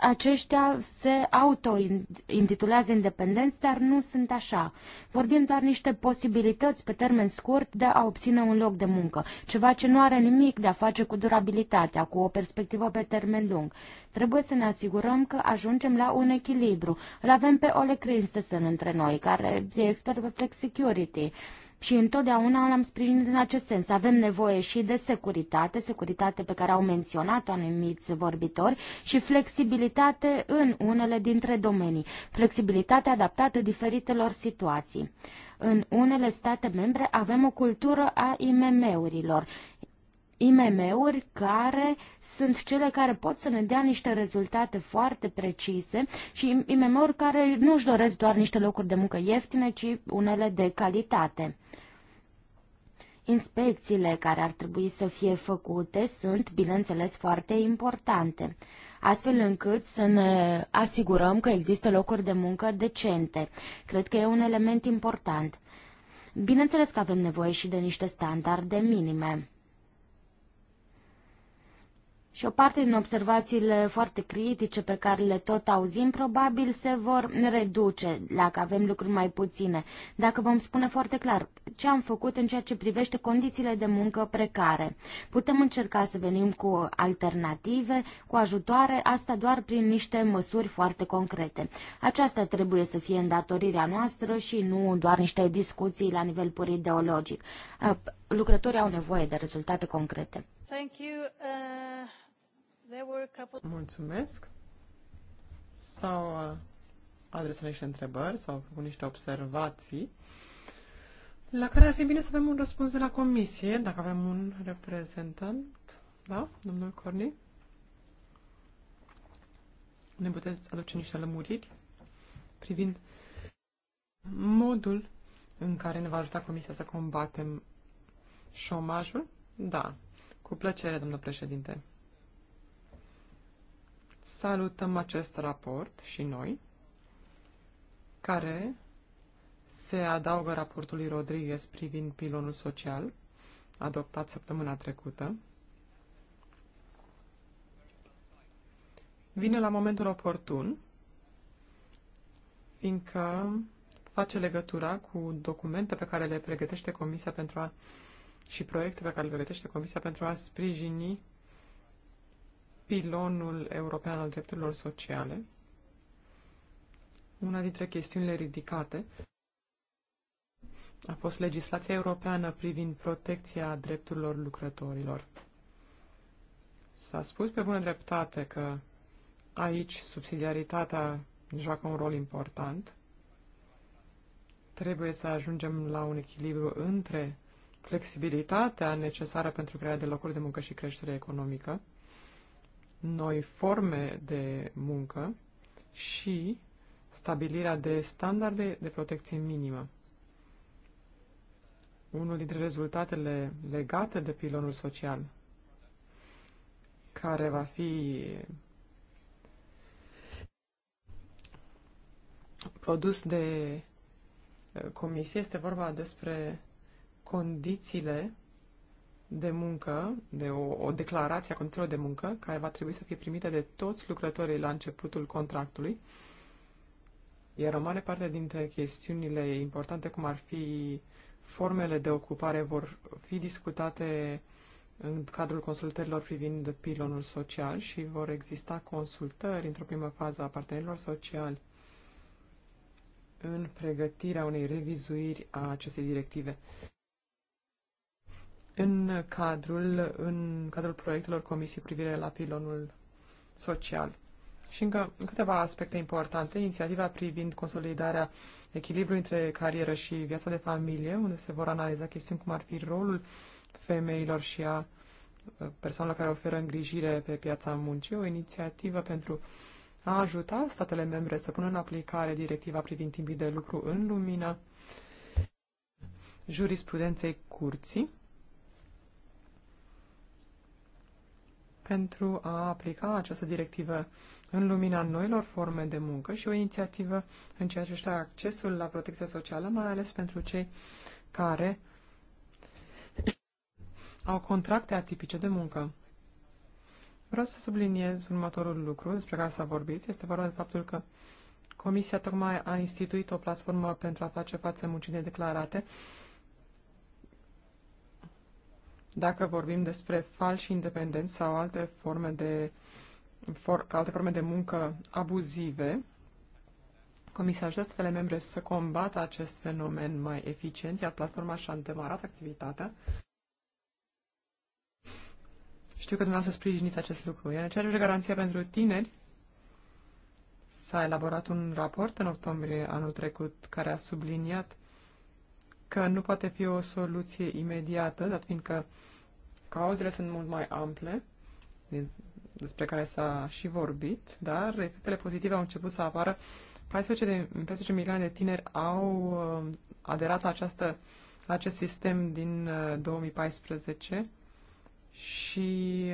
aceștia se auto-intitulează independenți, dar nu sunt așa. Vorbim doar niște posibilități pe termen scurt de a obține un loc de muncă, ceva ce nu are nimic de a face cu durabilitatea, cu o perspectivă pe termen lung. Trebuie să ne asigurăm că ajungem la un echilibru. Îl avem pe Ole Christensen între noi, care e expert pe flex security și întotdeauna l-am sprijinit în acest sens. Avem nevoie și de securitate, securitate pe care au menționat-o anumiți vorbitori și flexibilitate în unele dintre domenii, flexibilitate adaptată diferitelor situații. În unele state membre avem o cultură a IMM-urilor, IMM-uri care sunt cele care pot să ne dea niște rezultate foarte precise și IMM-uri care nu își doresc doar niște locuri de muncă ieftine, ci unele de calitate. Inspecțiile care ar trebui să fie făcute sunt, bineînțeles, foarte importante astfel încât să ne asigurăm că există locuri de muncă decente. Cred că e un element important. Bineînțeles că avem nevoie și de niște standarde minime. Și o parte din observațiile foarte critice pe care le tot auzim probabil se vor reduce dacă avem lucruri mai puține, dacă vom spune foarte clar ce am făcut în ceea ce privește condițiile de muncă precare. Putem încerca să venim cu alternative, cu ajutoare, asta doar prin niște măsuri foarte concrete. Aceasta trebuie să fie îndatorirea noastră și nu doar niște discuții la nivel pur ideologic. Lucrătorii au nevoie de rezultate concrete. Thank you. Uh... Mulțumesc. Sau uh, au niște întrebări, sau cu niște observații, la care ar fi bine să avem un răspuns de la comisie, dacă avem un reprezentant, da, domnul Corni? Ne puteți aduce niște lămuriri privind modul în care ne va ajuta comisia să combatem șomajul? Da, cu plăcere, domnul președinte salutăm acest raport și noi, care se adaugă raportului Rodriguez privind pilonul social, adoptat săptămâna trecută. Vine la momentul oportun, fiindcă face legătura cu documente pe care le pregătește Comisia pentru a și proiecte pe care le pregătește Comisia pentru a sprijini pilonul european al drepturilor sociale, una dintre chestiunile ridicate a fost legislația europeană privind protecția drepturilor lucrătorilor. S-a spus pe bună dreptate că aici subsidiaritatea joacă un rol important. Trebuie să ajungem la un echilibru între flexibilitatea necesară pentru crearea de locuri de muncă și creștere economică noi forme de muncă și stabilirea de standarde de protecție minimă. Unul dintre rezultatele legate de pilonul social, care va fi produs de eh, comisie, este vorba despre condițiile de muncă, de o, o declarație a condițiilor de muncă, care va trebui să fie primită de toți lucrătorii la începutul contractului, iar o mare parte dintre chestiunile importante, cum ar fi formele de ocupare, vor fi discutate în cadrul consultărilor privind pilonul social și vor exista consultări într-o primă fază a partenerilor sociali în pregătirea unei revizuiri a acestei directive în cadrul, în cadrul proiectelor comisii privire la pilonul social. Și încă câteva aspecte importante. Inițiativa privind consolidarea echilibrului între carieră și viața de familie, unde se vor analiza chestiuni cum ar fi rolul femeilor și a uh, persoanelor care oferă îngrijire pe piața muncii. O inițiativă pentru a ajuta statele membre să pună în aplicare directiva privind timpii de lucru în lumina jurisprudenței curții pentru a aplica această directivă în lumina noilor forme de muncă și o inițiativă în ceea ce este accesul la protecția socială, mai ales pentru cei care au contracte atipice de muncă. Vreau să subliniez următorul lucru despre care s-a vorbit. Este vorba de faptul că Comisia tocmai a instituit o platformă pentru a face față muncii declarate dacă vorbim despre falși independenți sau alte forme de, for, alte forme de muncă abuzive, Comisia ajută statele membre să combată acest fenomen mai eficient, iar platforma și-a demarat activitatea. Știu că dumneavoastră sprijiniți acest lucru. Iar în ceea ce garanția pentru tineri, s-a elaborat un raport în octombrie anul trecut care a subliniat că nu poate fi o soluție imediată, dat fiindcă cauzele sunt mult mai ample, despre care s-a și vorbit, dar efectele pozitive au început să apară. 14, de, 14 milioane de tineri au um, aderat la, această, la acest sistem din 2014 uh, și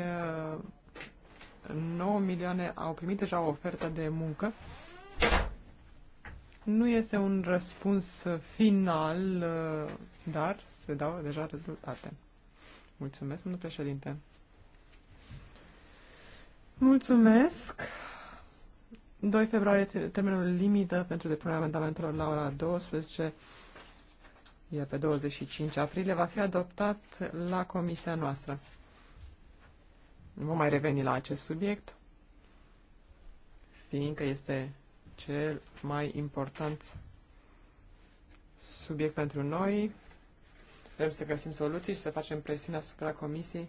9 uh, milioane au primit deja o ofertă de muncă nu este un răspuns final, uh, dar se dau deja rezultate. Mulțumesc, domnul președinte. Mulțumesc. 2 februarie termenul limită pentru depunerea amendamentelor la ora 12 e pe 25 aprilie, va fi adoptat la comisia noastră. Nu vom mai reveni la acest subiect, fiindcă este cel mai important subiect pentru noi. Vrem să găsim soluții și să facem presiune asupra comisiei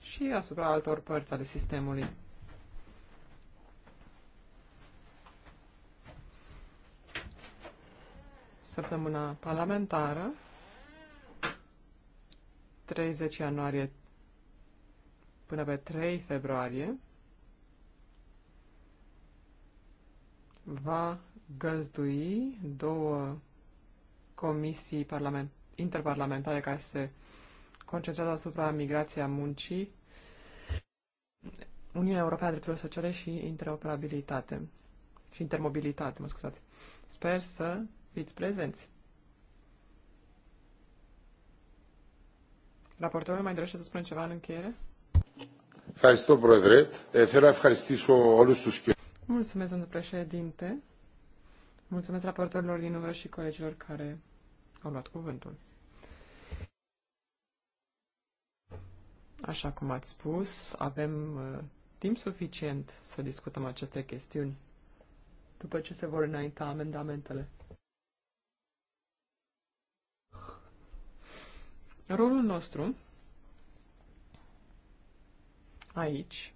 și asupra altor părți ale sistemului. Săptămâna parlamentară, 30 ianuarie până pe 3 februarie, va găzdui două comisii parlament, interparlamentare care se concentrează asupra migrației a muncii, Uniunea Europeană a Drepturilor Sociale și Interoperabilitate și Intermobilitate, mă scuzați. Sper să fiți prezenți. Raportorul mai dorește să spună ceva în încheiere? Ευχαριστώ, Πρόεδρε. vreau să mulțumesc tuturor όλους Mulțumesc, domnul președinte. Mulțumesc raportorilor din număr și colegilor care au luat cuvântul. Așa cum ați spus, avem uh, timp suficient să discutăm aceste chestiuni după ce se vor înainta amendamentele. Rolul nostru aici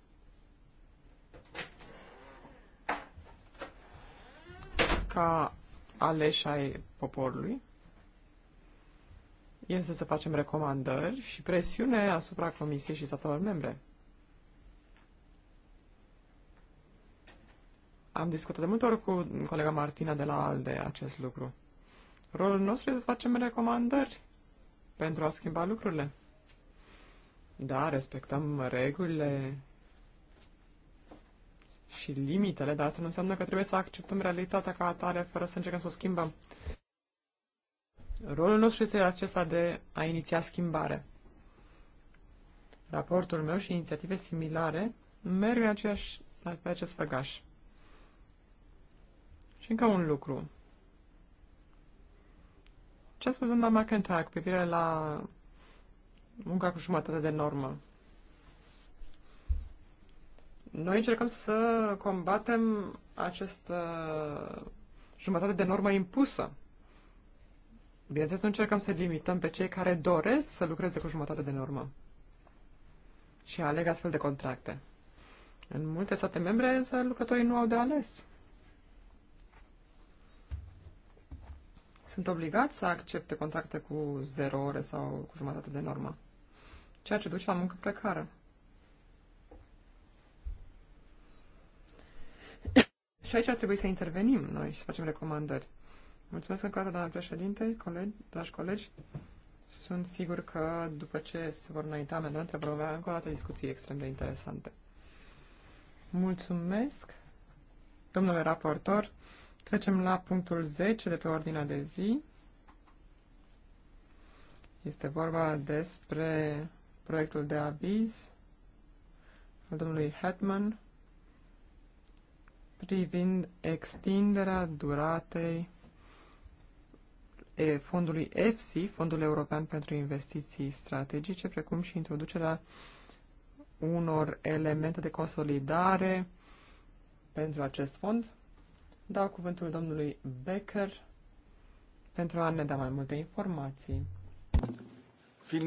ca aleși ai poporului este să facem recomandări și presiune asupra Comisiei și statelor membre. Am discutat de multe ori cu colega Martina de la ALDE acest lucru. Rolul nostru este să facem recomandări pentru a schimba lucrurile. Da, respectăm regulile și limitele, dar asta nu înseamnă că trebuie să acceptăm realitatea ca atare fără să încercăm să o schimbăm. Rolul nostru este acesta de a iniția schimbare. Raportul meu și inițiative similare merg în aceeași, pe acest făgaș. Și încă un lucru. Ce a spus doamna McIntyre cu privire la munca cu jumătate de normă? Noi încercăm să combatem această jumătate de normă impusă. Bineînțeles, nu încercăm să limităm pe cei care doresc să lucreze cu jumătate de normă și aleg astfel de contracte. În multe state membre, însă, lucrătorii nu au de ales. Sunt obligați să accepte contracte cu zero ore sau cu jumătate de normă, ceea ce duce la muncă precară. Și aici ar trebui să intervenim noi și să facem recomandări. Mulțumesc încă o dată, doamna președinte, colegi, dragi colegi. Sunt sigur că după ce se vor înainta amendamente, vor avea încă o dată discuții extrem de interesante. Mulțumesc, domnule raportor. Trecem la punctul 10 de pe ordinea de zi. Este vorba despre proiectul de aviz al domnului Hetman privind extinderea duratei fondului EFSI, Fondul European pentru Investiții Strategice, precum și introducerea unor elemente de consolidare pentru acest fond. Dau cuvântul domnului Becker pentru a ne da mai multe informații. Äh,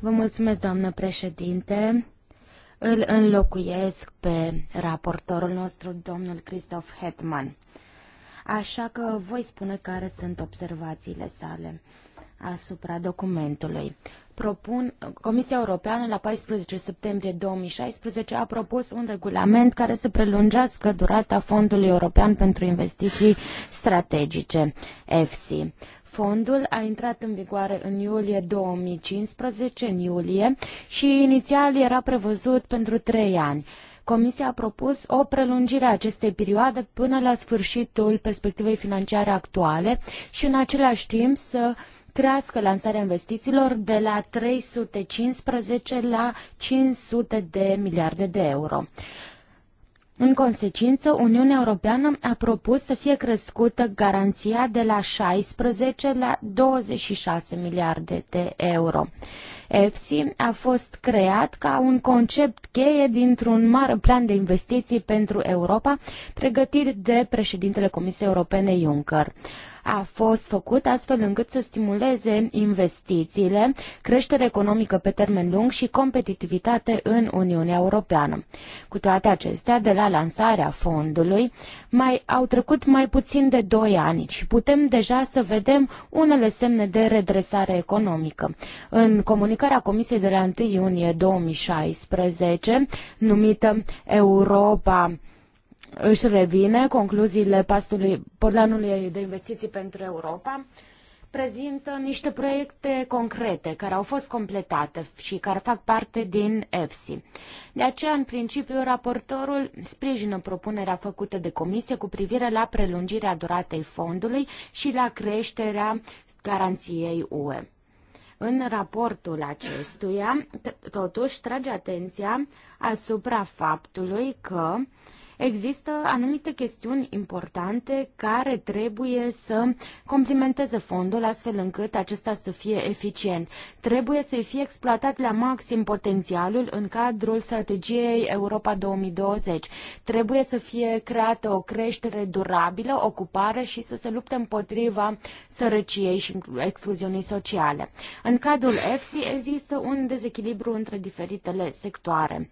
Vă mulțumesc, doamnă președinte. Îl înlocuiesc pe raportorul nostru, domnul Christoph Hetman. Așa că voi spune care sunt observațiile sale asupra documentului. Propun, Comisia Europeană la 14 septembrie 2016 a propus un regulament care să prelungească durata Fondului European pentru Investiții Strategice, EFSI. Fondul a intrat în vigoare în iulie 2015, în iulie, și inițial era prevăzut pentru trei ani. Comisia a propus o prelungire a acestei perioade până la sfârșitul perspectivei financiare actuale și în același timp să crească lansarea investițiilor de la 315 la 500 de miliarde de euro. În consecință, Uniunea Europeană a propus să fie crescută garanția de la 16 la 26 miliarde de euro. EFSI a fost creat ca un concept cheie dintr-un mare plan de investiții pentru Europa, pregătit de președintele Comisiei Europene Juncker a fost făcut astfel încât să stimuleze investițiile, creștere economică pe termen lung și competitivitate în Uniunea Europeană. Cu toate acestea, de la lansarea fondului, mai au trecut mai puțin de 2 ani și putem deja să vedem unele semne de redresare economică. În comunicarea Comisiei de la 1 iunie 2016, numită Europa își revine concluziile pastului, planului de investiții pentru Europa, prezintă niște proiecte concrete care au fost completate și care fac parte din EFSI. De aceea, în principiu, raportorul sprijină propunerea făcută de comisie cu privire la prelungirea duratei fondului și la creșterea garanției UE. În raportul acestuia, totuși, trage atenția asupra faptului că uh, Există anumite chestiuni importante care trebuie să complimenteze fondul astfel încât acesta să fie eficient. Trebuie să fie exploatat la maxim potențialul în cadrul strategiei Europa 2020. Trebuie să fie creată o creștere durabilă, ocupare și să se lupte împotriva sărăciei și excluziunii sociale. În cadrul EFSI există un dezechilibru între diferitele sectoare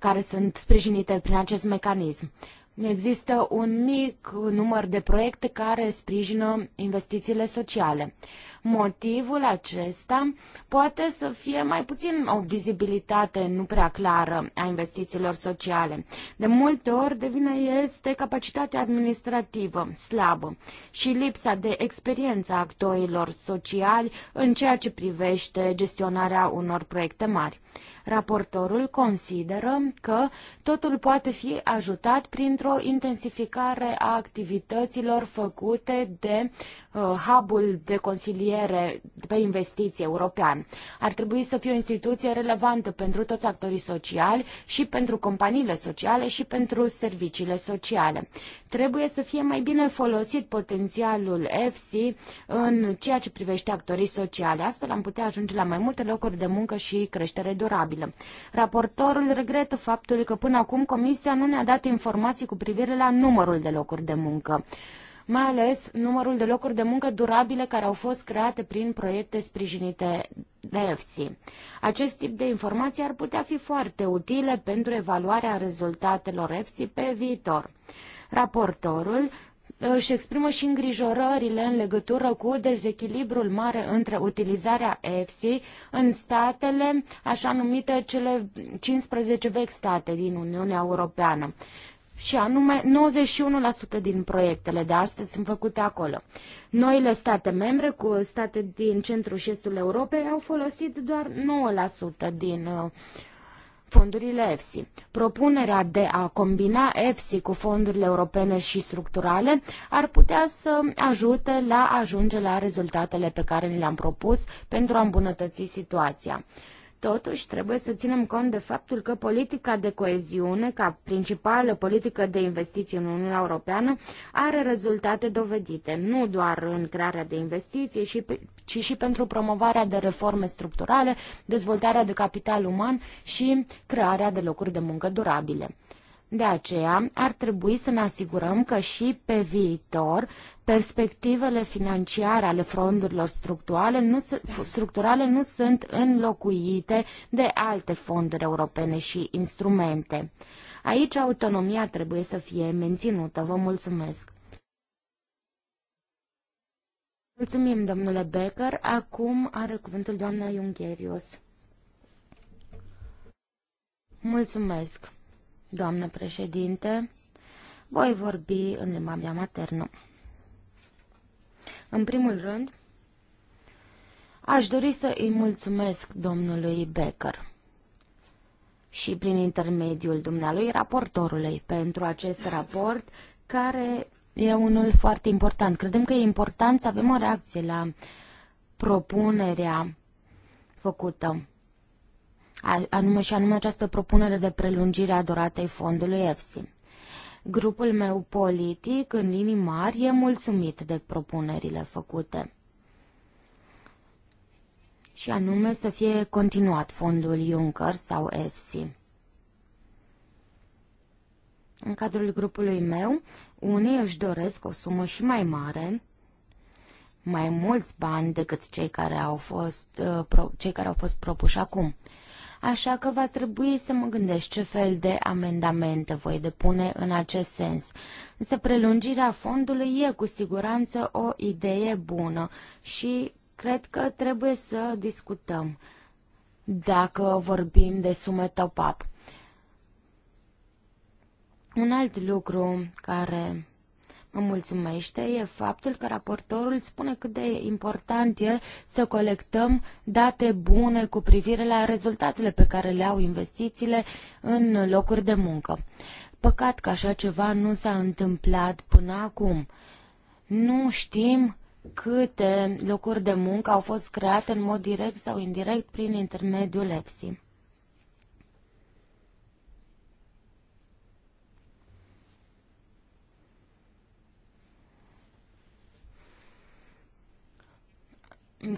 care sunt sprijinite prin acest mecanism. Există un mic număr de proiecte care sprijină investițiile sociale. Motivul acesta poate să fie mai puțin o vizibilitate nu prea clară a investițiilor sociale. De multe ori devine este capacitatea administrativă slabă și lipsa de experiență a actorilor sociali în ceea ce privește gestionarea unor proiecte mari. Raportorul consideră că totul poate fi ajutat printr-o intensificare a activităților făcute de Uh, hubul de consiliere pe investiții european. Ar trebui să fie o instituție relevantă pentru toți actorii sociali și pentru companiile sociale și pentru serviciile sociale. Trebuie să fie mai bine folosit potențialul EFSI în ceea ce privește actorii sociale. Astfel am putea ajunge la mai multe locuri de muncă și creștere durabilă. Raportorul regretă faptul că până acum Comisia nu ne-a dat informații cu privire la numărul de locuri de muncă mai ales numărul de locuri de muncă durabile care au fost create prin proiecte sprijinite de EFSI. Acest tip de informații ar putea fi foarte utile pentru evaluarea rezultatelor EFSI pe viitor. Raportorul uh, își exprimă și îngrijorările în legătură cu dezechilibrul mare între utilizarea EFSI în statele așa numite cele 15 vechi state din Uniunea Europeană și anume 91% din proiectele de astăzi sunt făcute acolo. Noile state membre cu state din centrul și estul Europei au folosit doar 9% din uh, fondurile EFSI. Propunerea de a combina EFSI cu fondurile europene și structurale ar putea să ajute la ajunge la rezultatele pe care ni le-am propus pentru a îmbunătăți situația. Totuși, trebuie să ținem cont de faptul că politica de coeziune, ca principală politică de investiții în Uniunea Europeană, are rezultate dovedite, nu doar în crearea de investiții, ci și pentru promovarea de reforme structurale, dezvoltarea de capital uman și crearea de locuri de muncă durabile. De aceea, ar trebui să ne asigurăm că și pe viitor perspectivele financiare ale fondurilor structurale nu, structurale nu sunt înlocuite de alte fonduri europene și instrumente. Aici autonomia trebuie să fie menținută. Vă mulțumesc! Mulțumim, domnule Becker. Acum are cuvântul doamna Iungherius. Mulțumesc! doamnă președinte. Voi vorbi în limba mea maternă. În primul rând, aș dori să îi mulțumesc domnului Becker și prin intermediul dumnealui raportorului pentru acest raport care e unul foarte important. Credem că e important să avem o reacție la propunerea făcută anume și anume această propunere de prelungire a doratei fondului EFSI. Grupul meu politic, în linii mari, e mulțumit de propunerile făcute și anume să fie continuat fondul Juncker sau EFSI. În cadrul grupului meu, unii își doresc o sumă și mai mare, mai mulți bani decât cei care au fost, uh, cei care au fost propuși acum așa că va trebui să mă gândesc ce fel de amendamente voi depune în acest sens. Însă prelungirea fondului e cu siguranță o idee bună și cred că trebuie să discutăm dacă vorbim de sume top-up. Un alt lucru care îmi mulțumește e faptul că raportorul spune cât de important e să colectăm date bune cu privire la rezultatele pe care le au investițiile în locuri de muncă. Păcat că așa ceva nu s-a întâmplat până acum. Nu știm câte locuri de muncă au fost create în mod direct sau indirect prin intermediul EPSI.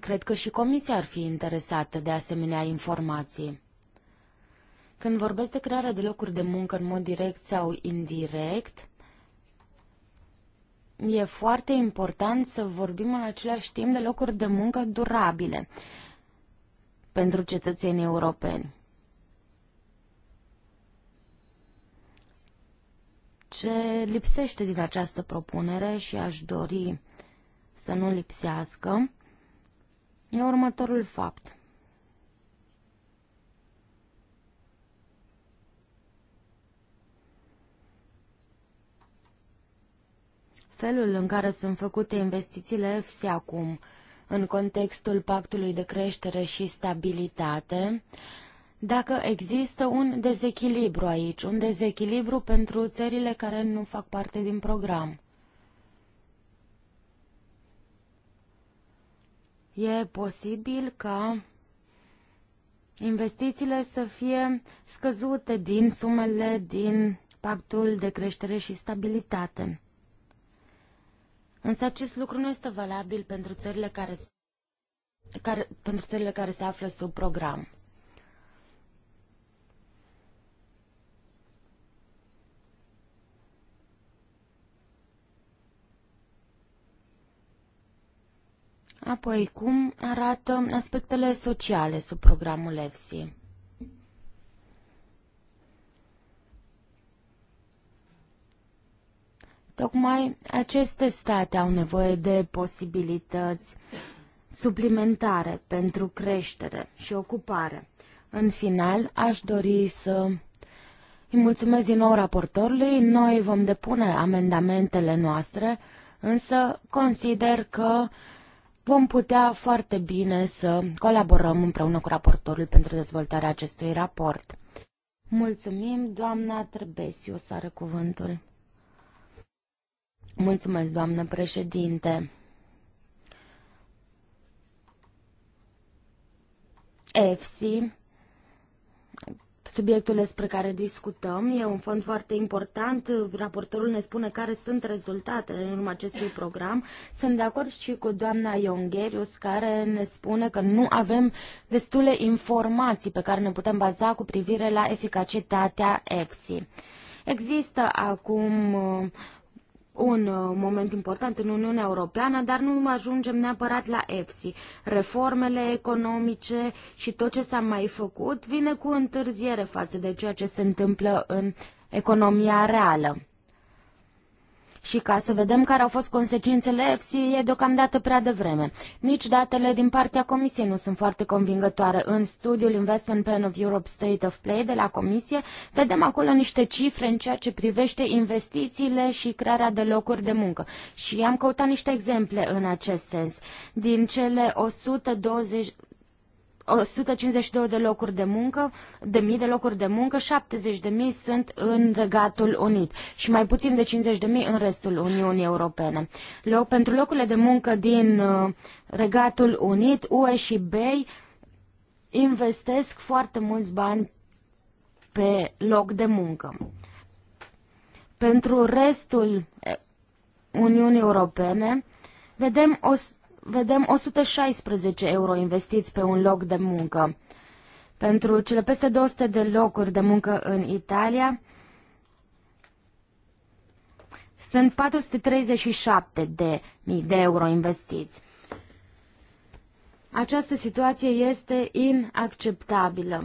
Cred că și comisia ar fi interesată de asemenea informații. Când vorbesc de crearea de locuri de muncă în mod direct sau indirect, e foarte important să vorbim în același timp de locuri de muncă durabile pentru cetățenii europeni. Ce lipsește din această propunere și aș dori să nu lipsească, e următorul fapt. Felul în care sunt făcute investițiile FC acum, în contextul pactului de creștere și stabilitate, dacă există un dezechilibru aici, un dezechilibru pentru țările care nu fac parte din program. E posibil ca investițiile să fie scăzute din sumele din pactul de creștere și stabilitate. Însă acest lucru nu este valabil pentru țările care, care, pentru țările care se află sub program. Apoi, cum arată aspectele sociale sub programul EFSI? Tocmai aceste state au nevoie de posibilități suplimentare pentru creștere și ocupare. În final, aș dori să îi mulțumesc din nou raportorului. Noi vom depune amendamentele noastre, însă consider că vom putea foarte bine să colaborăm împreună cu raportorul pentru dezvoltarea acestui raport. Mulțumim, doamna Trebesiu, să are cuvântul. Mulțumesc, doamnă președinte. EFSI Subiectul despre care discutăm e un fond foarte important. Raportorul ne spune care sunt rezultatele în urma acestui program. Sunt de acord și cu doamna Iongherius care ne spune că nu avem destule informații pe care ne putem baza cu privire la eficacitatea EPSI. Există acum uh, un uh, moment important în Uniunea Europeană, dar nu ajungem neapărat la EPSI. Reformele economice și tot ce s-a mai făcut vine cu întârziere față de ceea ce se întâmplă în economia reală și ca să vedem care au fost consecințele EFSI e deocamdată prea devreme. Nici datele din partea Comisiei nu sunt foarte convingătoare. În studiul Investment Plan of Europe State of Play de la Comisie vedem acolo niște cifre în ceea ce privește investițiile și crearea de locuri de muncă. Și am căutat niște exemple în acest sens. Din cele 120 152 de locuri de muncă, de mii de locuri de muncă, 70 de mii sunt în Regatul Unit și mai puțin de 50 de mii în restul Uniunii Europene. Pentru locurile de muncă din uh, Regatul Unit, UE și BEI investesc foarte mulți bani pe loc de muncă. Pentru restul eh, Uniunii Europene, vedem o vedem 116 euro investiți pe un loc de muncă. Pentru cele peste 200 de locuri de muncă în Italia, sunt 437 de mii de euro investiți. Această situație este inacceptabilă.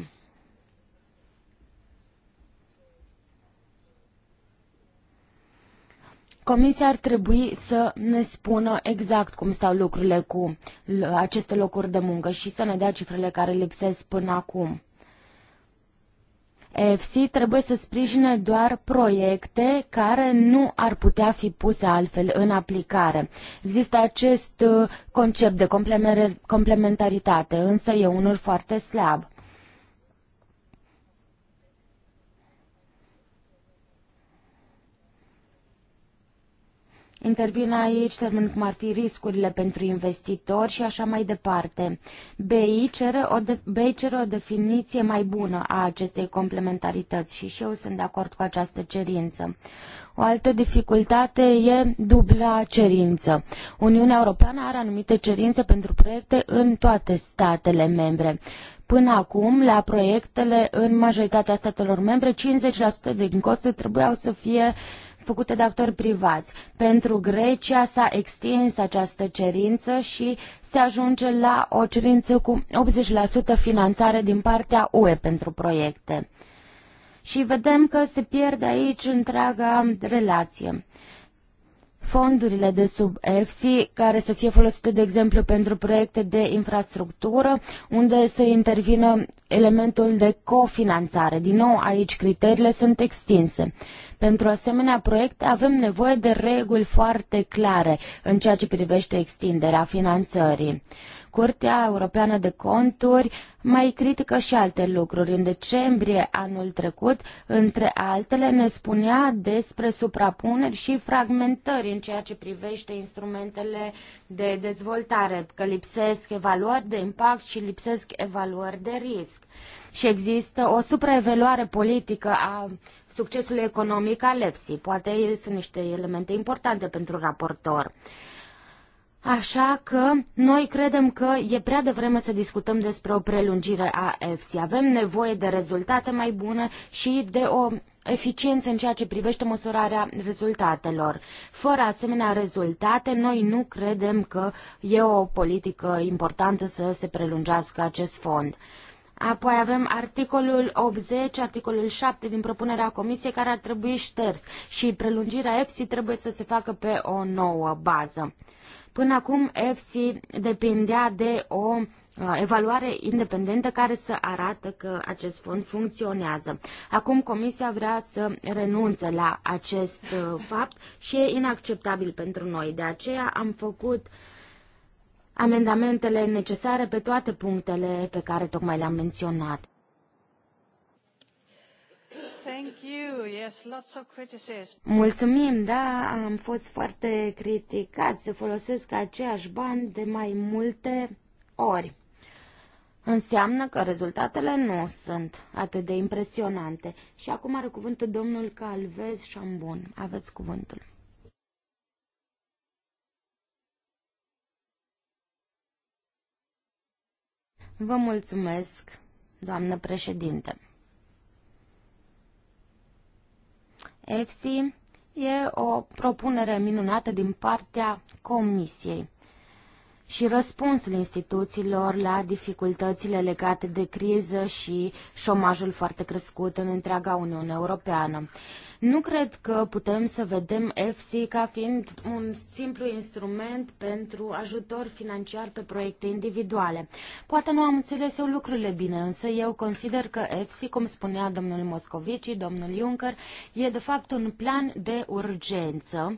Comisia ar trebui să ne spună exact cum stau lucrurile cu aceste locuri de muncă și să ne dea cifrele care lipsesc până acum. EFC trebuie să sprijine doar proiecte care nu ar putea fi puse altfel în aplicare. Există acest uh, concept de complementaritate, însă e unul foarte slab. Intervin aici termenul cum ar fi riscurile pentru investitori și așa mai departe. BI cere, o de, BI cere o definiție mai bună a acestei complementarități și și eu sunt de acord cu această cerință. O altă dificultate e dubla cerință. Uniunea Europeană are anumite cerințe pentru proiecte în toate statele membre. Până acum, la proiectele în majoritatea statelor membre, 50% din costuri trebuiau să fie uh, făcute de actori privați. Pentru Grecia s-a extins această cerință și se ajunge la o cerință cu 80% finanțare din partea UE pentru proiecte. Și vedem că se pierde aici întreaga relație fondurile de sub EFSI care să fie folosite, de exemplu, pentru proiecte de infrastructură, unde să intervină elementul de cofinanțare. Din nou, aici criteriile sunt extinse. Pentru asemenea proiecte avem nevoie de reguli foarte clare în ceea ce privește extinderea finanțării. Curtea Europeană de Conturi mai critică și alte lucruri. În decembrie anul trecut, între altele, ne spunea despre suprapuneri și fragmentări în ceea ce privește instrumentele de dezvoltare, că lipsesc evaluări de impact și lipsesc evaluări de risc și există o supraevaluare politică a succesului economic al EFSI. Poate sunt niște elemente importante pentru raportor. Așa că noi credem că e prea devreme să discutăm despre o prelungire a EFSI. Avem nevoie de rezultate mai bune și de o eficiență în ceea ce privește măsurarea rezultatelor. Fără asemenea rezultate, noi nu credem că e o politică importantă să se prelungească acest fond. Apoi avem articolul 80, articolul 7 din propunerea comisiei care ar trebui șters și prelungirea EFSI trebuie să se facă pe o nouă bază. Până acum EFSI depindea de o uh, evaluare independentă care să arată că acest fond funcționează. Acum Comisia vrea să renunțe la acest uh, fapt și e inacceptabil pentru noi. De aceea am făcut uh, amendamentele necesare pe toate punctele pe care tocmai le-am menționat. Yes, Mulțumim, da, am fost foarte criticat să folosesc aceiași bani de mai multe ori. Înseamnă că rezultatele nu sunt atât de impresionante. Și acum are cuvântul domnul Calvez Șambun. Aveți cuvântul. Vă mulțumesc, doamnă președinte. EFSI e o propunere minunată din partea Comisiei și răspunsul instituțiilor la dificultățile legate de criză și șomajul foarte crescut în întreaga Uniune Europeană. Nu cred că putem să vedem EFSI ca fiind un simplu instrument pentru ajutor financiar pe proiecte individuale. Poate nu am înțeles eu lucrurile bine, însă eu consider că EFSI, cum spunea domnul Moscovici, domnul Juncker, e de fapt un plan de urgență uh,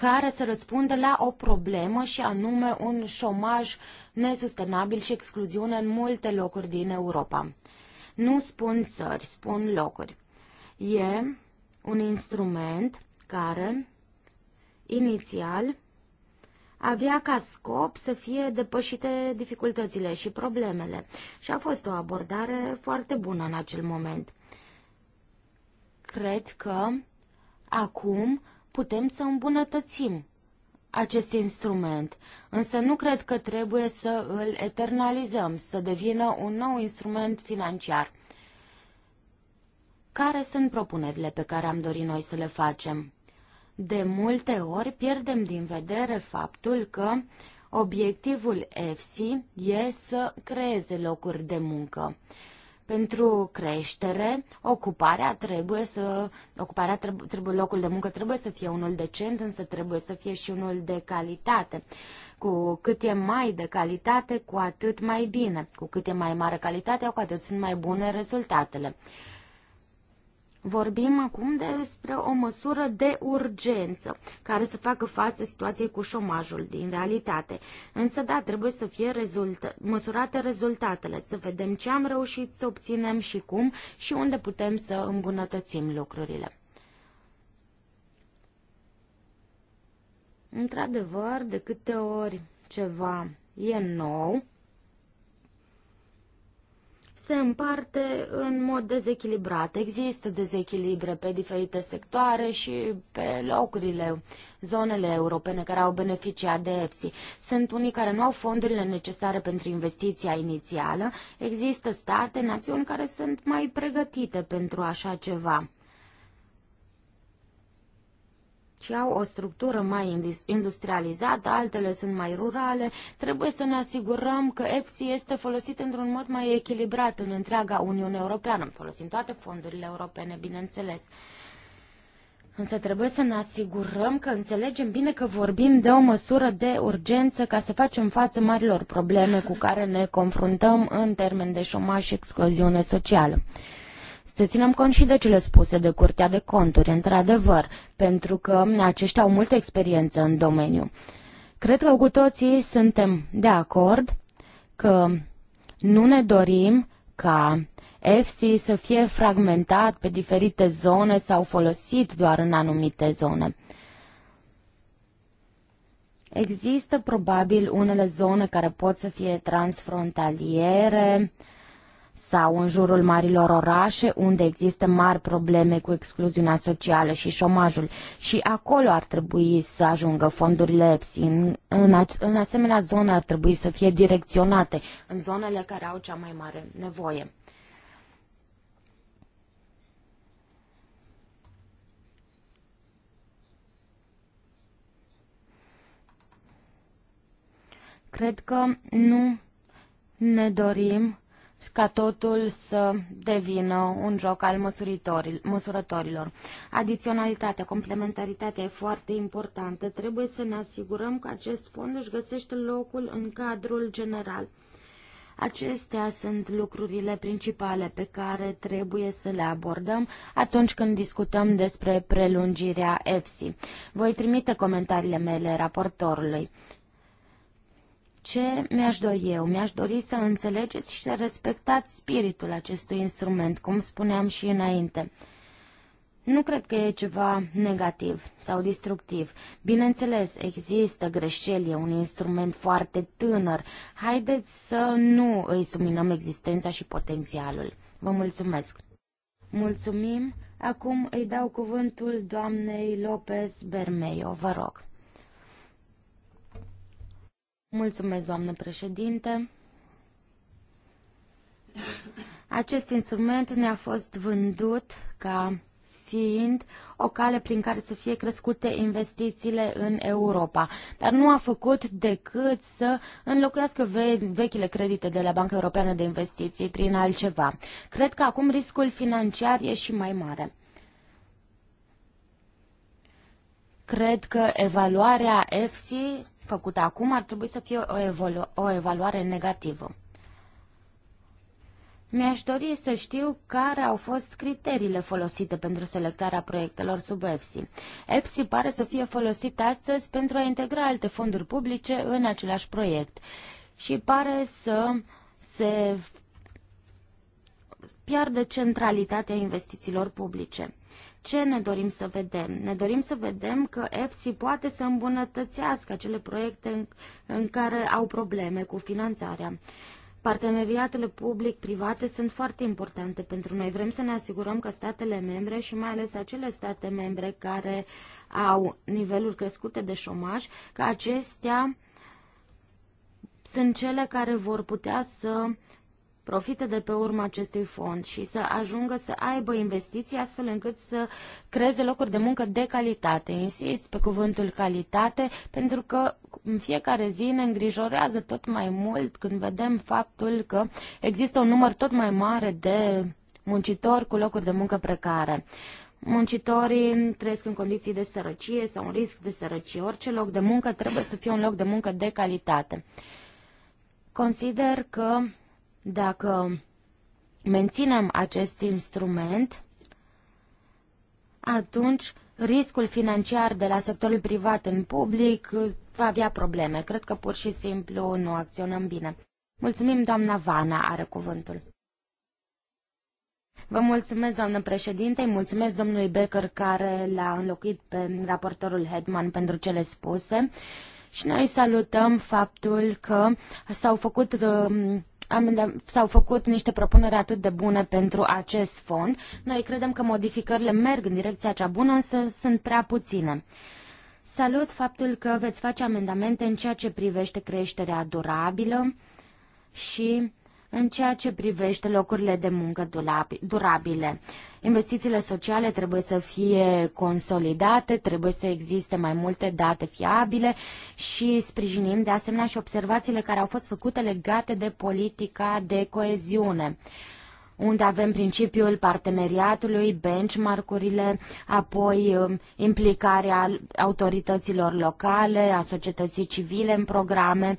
care să răspundă la o problemă și anume un șomaj nesustenabil și excluziune în multe locuri din Europa. Nu spun țări, spun locuri. E un instrument care, inițial, avea ca scop să fie depășite dificultățile și problemele și a fost o abordare foarte bună în acel moment. Cred că acum putem să îmbunătățim acest instrument, însă nu cred că trebuie să îl eternalizăm, să devină un nou instrument financiar. Care sunt propunerile pe care am dorit noi să le facem? De multe ori pierdem din vedere faptul că obiectivul EFSI e să creeze locuri de muncă. Pentru creștere, ocuparea trebuie să ocuparea trebuie, trebuie locul de muncă trebuie să fie unul decent, însă trebuie să fie și unul de calitate. Cu cât e mai de calitate, cu atât mai bine. Cu cât e mai mare calitatea, cu atât sunt mai bune rezultatele. Vorbim acum despre o măsură de urgență care să facă față situației cu șomajul din realitate. Însă, da, trebuie să fie rezultă, măsurate rezultatele, să vedem ce am reușit să obținem și cum și unde putem să îmbunătățim lucrurile. Într-adevăr, de câte ori ceva e nou, se împarte în mod dezechilibrat. Există dezechilibre pe diferite sectoare și pe locurile, zonele europene care au beneficiat de EFSI. Sunt unii care nu au fondurile necesare pentru investiția inițială. Există state, națiuni care sunt mai pregătite pentru așa ceva și au o structură mai industrializată, altele sunt mai rurale. Trebuie să ne asigurăm că EFSI este folosit într-un mod mai echilibrat în întreaga Uniune Europeană, folosind toate fondurile europene, bineînțeles. Însă trebuie să ne asigurăm că înțelegem bine că vorbim de o măsură de urgență ca să facem față marilor probleme cu care ne confruntăm în termen de șomaș și excluziune socială să ținem cont și de cele spuse de Curtea de Conturi, într-adevăr, pentru că aceștia au multă experiență în domeniu. Cred că cu toții suntem de acord că nu ne dorim ca EFSI să fie fragmentat pe diferite zone sau folosit doar în anumite zone. Există probabil unele zone care pot să fie transfrontaliere, uh, sau în jurul marilor orașe, unde există mari probleme cu excluziunea socială și șomajul. Și acolo ar trebui să ajungă fondurile EPSI. În, în, în asemenea zone ar trebui să fie direcționate, în zonele care au cea mai mare nevoie. Cred că nu ne dorim ca totul să devină un joc al măsurătorilor. Adiționalitatea, complementaritatea e foarte importantă. Trebuie să ne asigurăm că acest fond își găsește locul în cadrul general. Acestea sunt lucrurile principale pe care trebuie să le abordăm atunci când discutăm despre prelungirea EFSI. Voi trimite comentariile mele raportorului. Ce mi-aș dori eu? Mi-aș dori să înțelegeți și să respectați spiritul acestui instrument, cum spuneam și înainte. Nu cred că e ceva negativ sau destructiv. Bineînțeles, există greșeli, e un instrument foarte tânăr. Haideți să nu îi suminăm existența și potențialul. Vă mulțumesc! Mulțumim! Acum îi dau cuvântul doamnei Lopez Bermeio, vă rog. Mulțumesc, doamnă președinte. Acest instrument ne-a fost vândut ca fiind o cale prin care să fie crescute investițiile în Europa, dar nu a făcut decât să înlocuiască ve- vechile credite de la Banca Europeană de Investiții prin altceva. Cred că acum riscul financiar e și mai mare. Cred că evaluarea EFSI făcută acum ar trebui să fie o, evalu- o evaluare negativă. Mi-aș dori să știu care au fost criteriile folosite pentru selectarea proiectelor sub EFSI. EFSI pare să fie folosit astăzi pentru a integra alte fonduri publice în același proiect și pare să se pierde centralitatea investițiilor publice. Ce ne dorim să vedem? Ne dorim să vedem că EFSI poate să îmbunătățească acele proiecte în, în care au probleme cu finanțarea. Parteneriatele public-private sunt foarte importante pentru noi. Vrem să ne asigurăm că statele membre și mai ales acele state membre care au niveluri crescute de șomaj, că acestea sunt cele care vor putea să profite de pe urma acestui fond și să ajungă să aibă investiții astfel încât să creeze locuri de muncă de calitate. Insist pe cuvântul calitate pentru că în fiecare zi ne îngrijorează tot mai mult când vedem faptul că există un număr tot mai mare de muncitori cu locuri de muncă precare. Muncitorii trăiesc în condiții de sărăcie sau un risc de sărăcie. Orice loc de muncă trebuie să fie un loc de muncă de calitate. Consider că dacă menținem acest instrument, atunci riscul financiar de la sectorul privat în public va avea probleme. Cred că pur și simplu nu acționăm bine. Mulțumim, doamna Vana, are cuvântul. Vă mulțumesc, doamnă președinte, mulțumesc domnului Becker care l-a înlocuit pe raportorul Hedman pentru cele spuse și noi salutăm faptul că s-au făcut um, s-au făcut niște propuneri atât de bune pentru acest fond. Noi credem că modificările merg în direcția cea bună, însă sunt prea puține. Salut faptul că veți face amendamente în ceea ce privește creșterea durabilă și în ceea ce privește locurile de muncă durabile. Investițiile sociale trebuie să fie consolidate, trebuie să existe mai multe date fiabile și sprijinim de asemenea și observațiile care au fost făcute legate de politica de coeziune unde avem principiul parteneriatului, benchmark-urile, apoi um, implicarea autorităților locale, a societății civile în programe.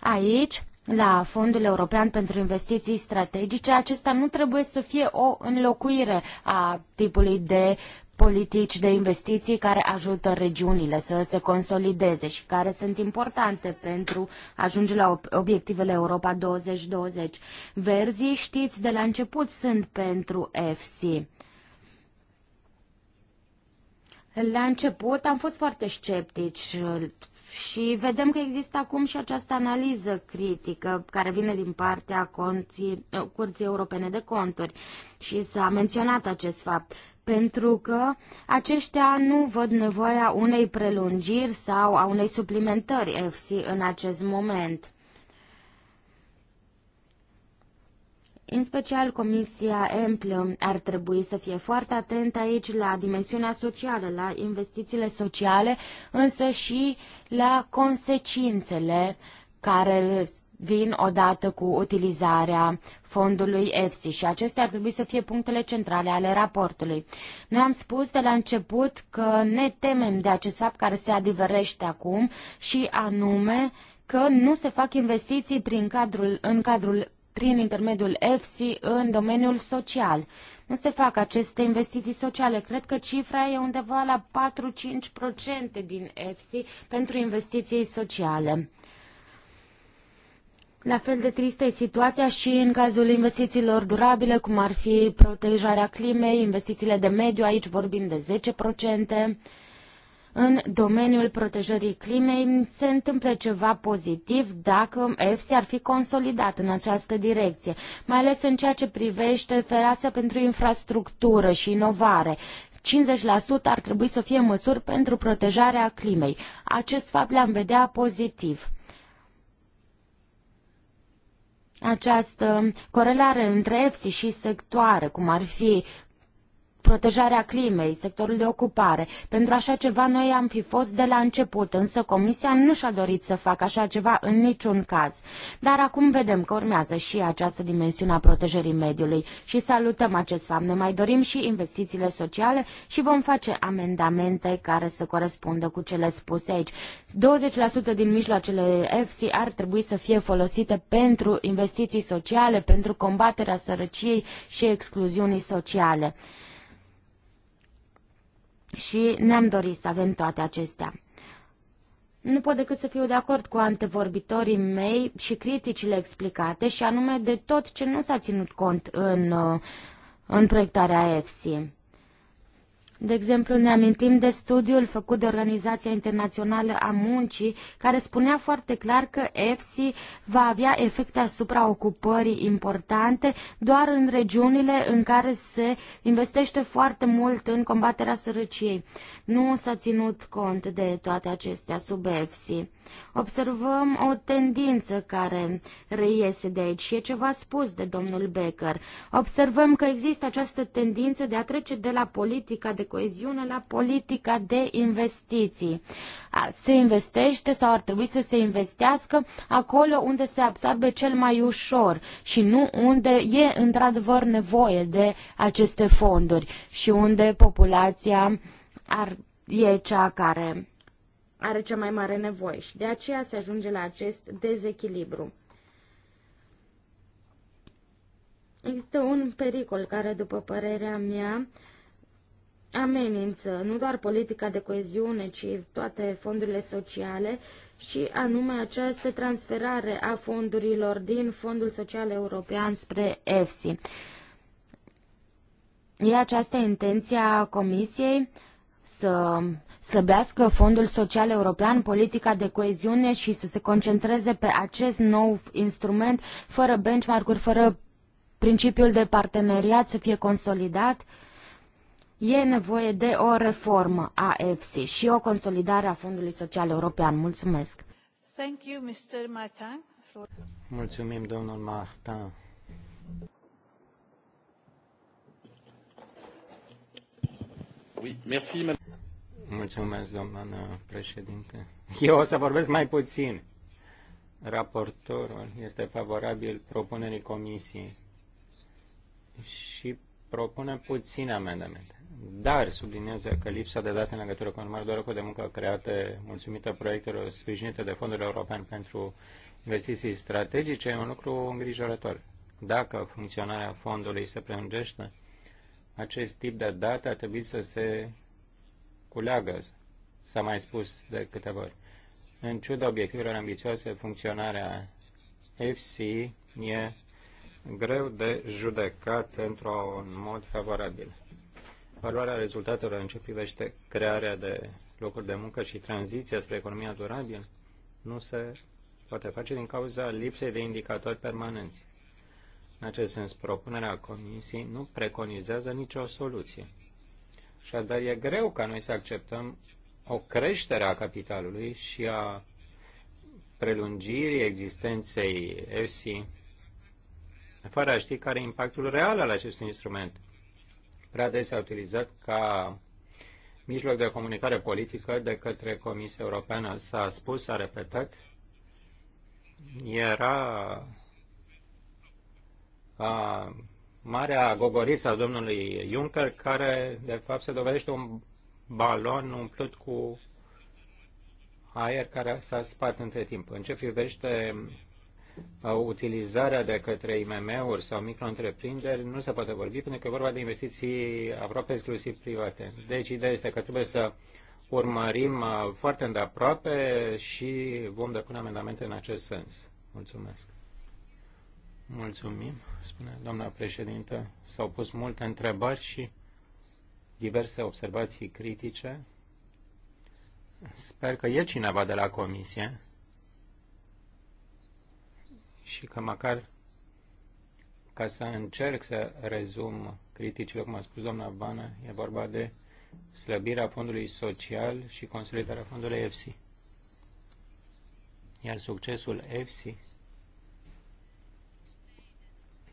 Aici la Fondul European pentru Investiții Strategice, acesta nu trebuie să fie o înlocuire a tipului de politici de investiții care ajută regiunile să se consolideze și care sunt importante pentru a ajunge la obiectivele Europa 2020. Verzii, știți, de la început sunt pentru EFSI. La început am fost foarte sceptici și vedem că există acum și această analiză critică care vine din partea conții, eh, Curții Europene de Conturi și s-a menționat acest fapt pentru că aceștia nu văd nevoia unei prelungiri sau a unei suplimentări FC în acest moment. În special, Comisia Emplă ar trebui să fie foarte atentă aici la dimensiunea socială, la investițiile sociale, însă și la consecințele care vin odată cu utilizarea fondului EFSI și acestea ar trebui să fie punctele centrale ale raportului. Noi am spus de la început că ne temem de acest fapt care se adiverește acum și anume că nu se fac investiții prin cadrul, în cadrul prin intermediul EFSI în domeniul social. Nu se fac aceste investiții sociale. Cred că cifra e undeva la 4-5% din EFSI pentru investiții sociale. La fel de tristă e situația și în cazul investițiilor durabile, cum ar fi protejarea climei, investițiile de mediu, aici vorbim de 10% în domeniul protejării climei se întâmplă ceva pozitiv dacă EFSI ar fi consolidat în această direcție, mai ales în ceea ce privește fereastra pentru infrastructură și inovare. 50% ar trebui să fie măsuri pentru protejarea climei. Acest fapt le am vedea pozitiv. Această corelare între EFSI și sectoare, cum ar fi protejarea climei, sectorul de ocupare. Pentru așa ceva noi am fi fost de la început, însă Comisia nu și-a dorit să facă așa ceva în niciun caz. Dar acum vedem că urmează și această dimensiune a protejării mediului și salutăm acest fapt. Ne mai dorim și investițiile sociale și vom face amendamente care să corespundă cu cele spuse aici. 20% din mijloacele FC ar trebui să fie folosite pentru investiții sociale, pentru combaterea sărăciei și excluziunii sociale și ne-am dorit să avem toate acestea. Nu pot decât să fiu de acord cu antevorbitorii mei și criticile explicate și anume de tot ce nu s-a ținut cont în, uh, în proiectarea EFSI. De exemplu, ne amintim de studiul făcut de Organizația Internațională a Muncii, care spunea foarte clar că EFSI va avea efecte asupra ocupării importante doar în regiunile în care se investește foarte mult în combaterea sărăciei. Nu s-a ținut cont de toate acestea sub EFSI. Observăm o tendință care reiese de aici și e ceva spus de domnul Becker. Observăm că există această tendință de a trece de la politica de coeziune la politica de investiții. Se investește sau ar trebui să se investească acolo unde se absorbe cel mai ușor și nu unde e într-adevăr nevoie de aceste fonduri și unde populația ar, e cea care are cea mai mare nevoie și de aceea se ajunge la acest dezechilibru. Există un pericol care, după părerea mea, amenință nu doar politica de coeziune, ci toate fondurile sociale și anume această transferare a fondurilor din Fondul Social European spre EFSI. E această intenția Comisiei să slăbească Fondul Social European, politica de coeziune și să se concentreze pe acest nou instrument, fără benchmark-uri, fără principiul de parteneriat să fie consolidat, e nevoie de o reformă a EFSI și o consolidare a Fondului Social European. Mulțumesc! Thank you, Mr. Martin. Mulțumim, domnul Martin. Oui, merci, Mulțumesc, doamnă președinte. Eu o să vorbesc mai puțin. Raportorul este favorabil propunerii comisiei și propune puține amendamente. Dar sublinează că lipsa de date în legătură cu numărul de locuri de muncă create mulțumită proiectelor sprijinite de fondul european pentru investiții strategice e un lucru îngrijorător. Dacă funcționarea fondului se prelungește, acest tip de date ar trebui să se culeagă, s-a mai spus de câteva ori. În ciuda obiectivelor ambițioase, funcționarea FC e greu de judecat într-un mod favorabil. Valoarea rezultatelor în ce privește crearea de locuri de muncă și tranziția spre economia durabilă nu se poate face din cauza lipsei de indicatori permanenți. În acest sens, propunerea Comisiei nu preconizează nicio soluție. Și dar e greu ca noi să acceptăm o creștere a capitalului și a prelungirii existenței EFSI, fără a ști care e impactul real al acestui instrument. Prea des s-a utilizat ca mijloc de comunicare politică de către Comisia Europeană. S-a spus, s-a repetat, era a, marea gogoriță a domnului Juncker, care de fapt se dovedește un balon umplut cu aer care s-a spart între timp. În ce privește uh, utilizarea de către IMM-uri sau micro-întreprinderi, nu se poate vorbi pentru că e vorba de investiții aproape exclusiv private. Deci ideea este că trebuie să urmărim uh, foarte îndeaproape și vom depune amendamente în acest sens. Mulțumesc. Mulțumim, spune doamna președintă. S-au pus multe întrebări și diverse observații critice. Sper că e cineva de la comisie și că măcar ca să încerc să rezum criticile, cum a spus doamna Bană, e vorba de slăbirea fondului social și consolidarea fondului EFSI. Iar succesul EFSI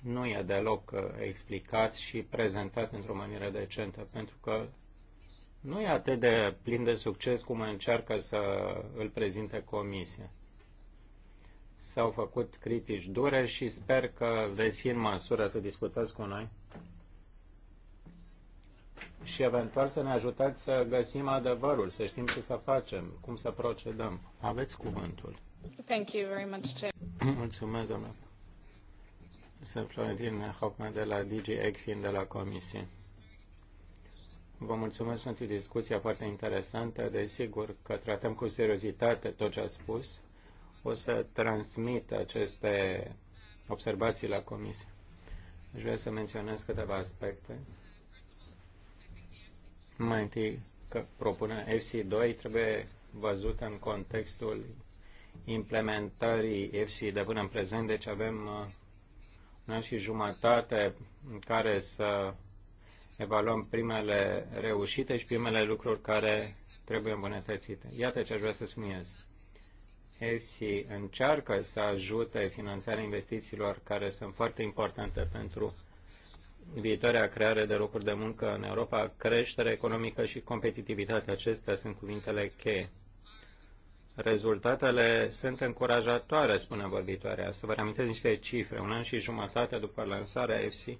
nu e deloc uh, explicat și prezentat într-o manieră decentă, pentru că nu e atât de plin de succes cum încearcă să îl prezinte comisia. S-au făcut critici dure și sper că veți fi în măsură să discutați cu noi și eventual să ne ajutați să găsim adevărul, să știm ce să facem, cum să procedăm. Aveți cuvântul. Thank you very much, Mulțumesc, domnule. Sunt Florentin Hoffman de la DG ECFIN de la Comisie. Vă mulțumesc pentru discuția foarte interesantă. Desigur că tratăm cu seriozitate tot ce a spus. O să transmit aceste observații la Comisie. Aș vrea să menționez câteva aspecte. Mai întâi, că propunerea FC2 trebuie văzută în contextul implementării FC de până în prezent, deci avem uh, un an și jumătate în care să evaluăm primele reușite și primele lucruri care trebuie îmbunătățite. Iată ce aș vrea să sumiez. EFSI încearcă să ajute finanțarea investițiilor care sunt foarte importante pentru viitoarea creare de locuri de muncă în Europa, creștere economică și competitivitate. Acestea sunt cuvintele cheie. Rezultatele sunt încurajatoare, spune vorbitoarea. Să vă reamintesc niște cifre. Un an și jumătate după lansarea EFSI,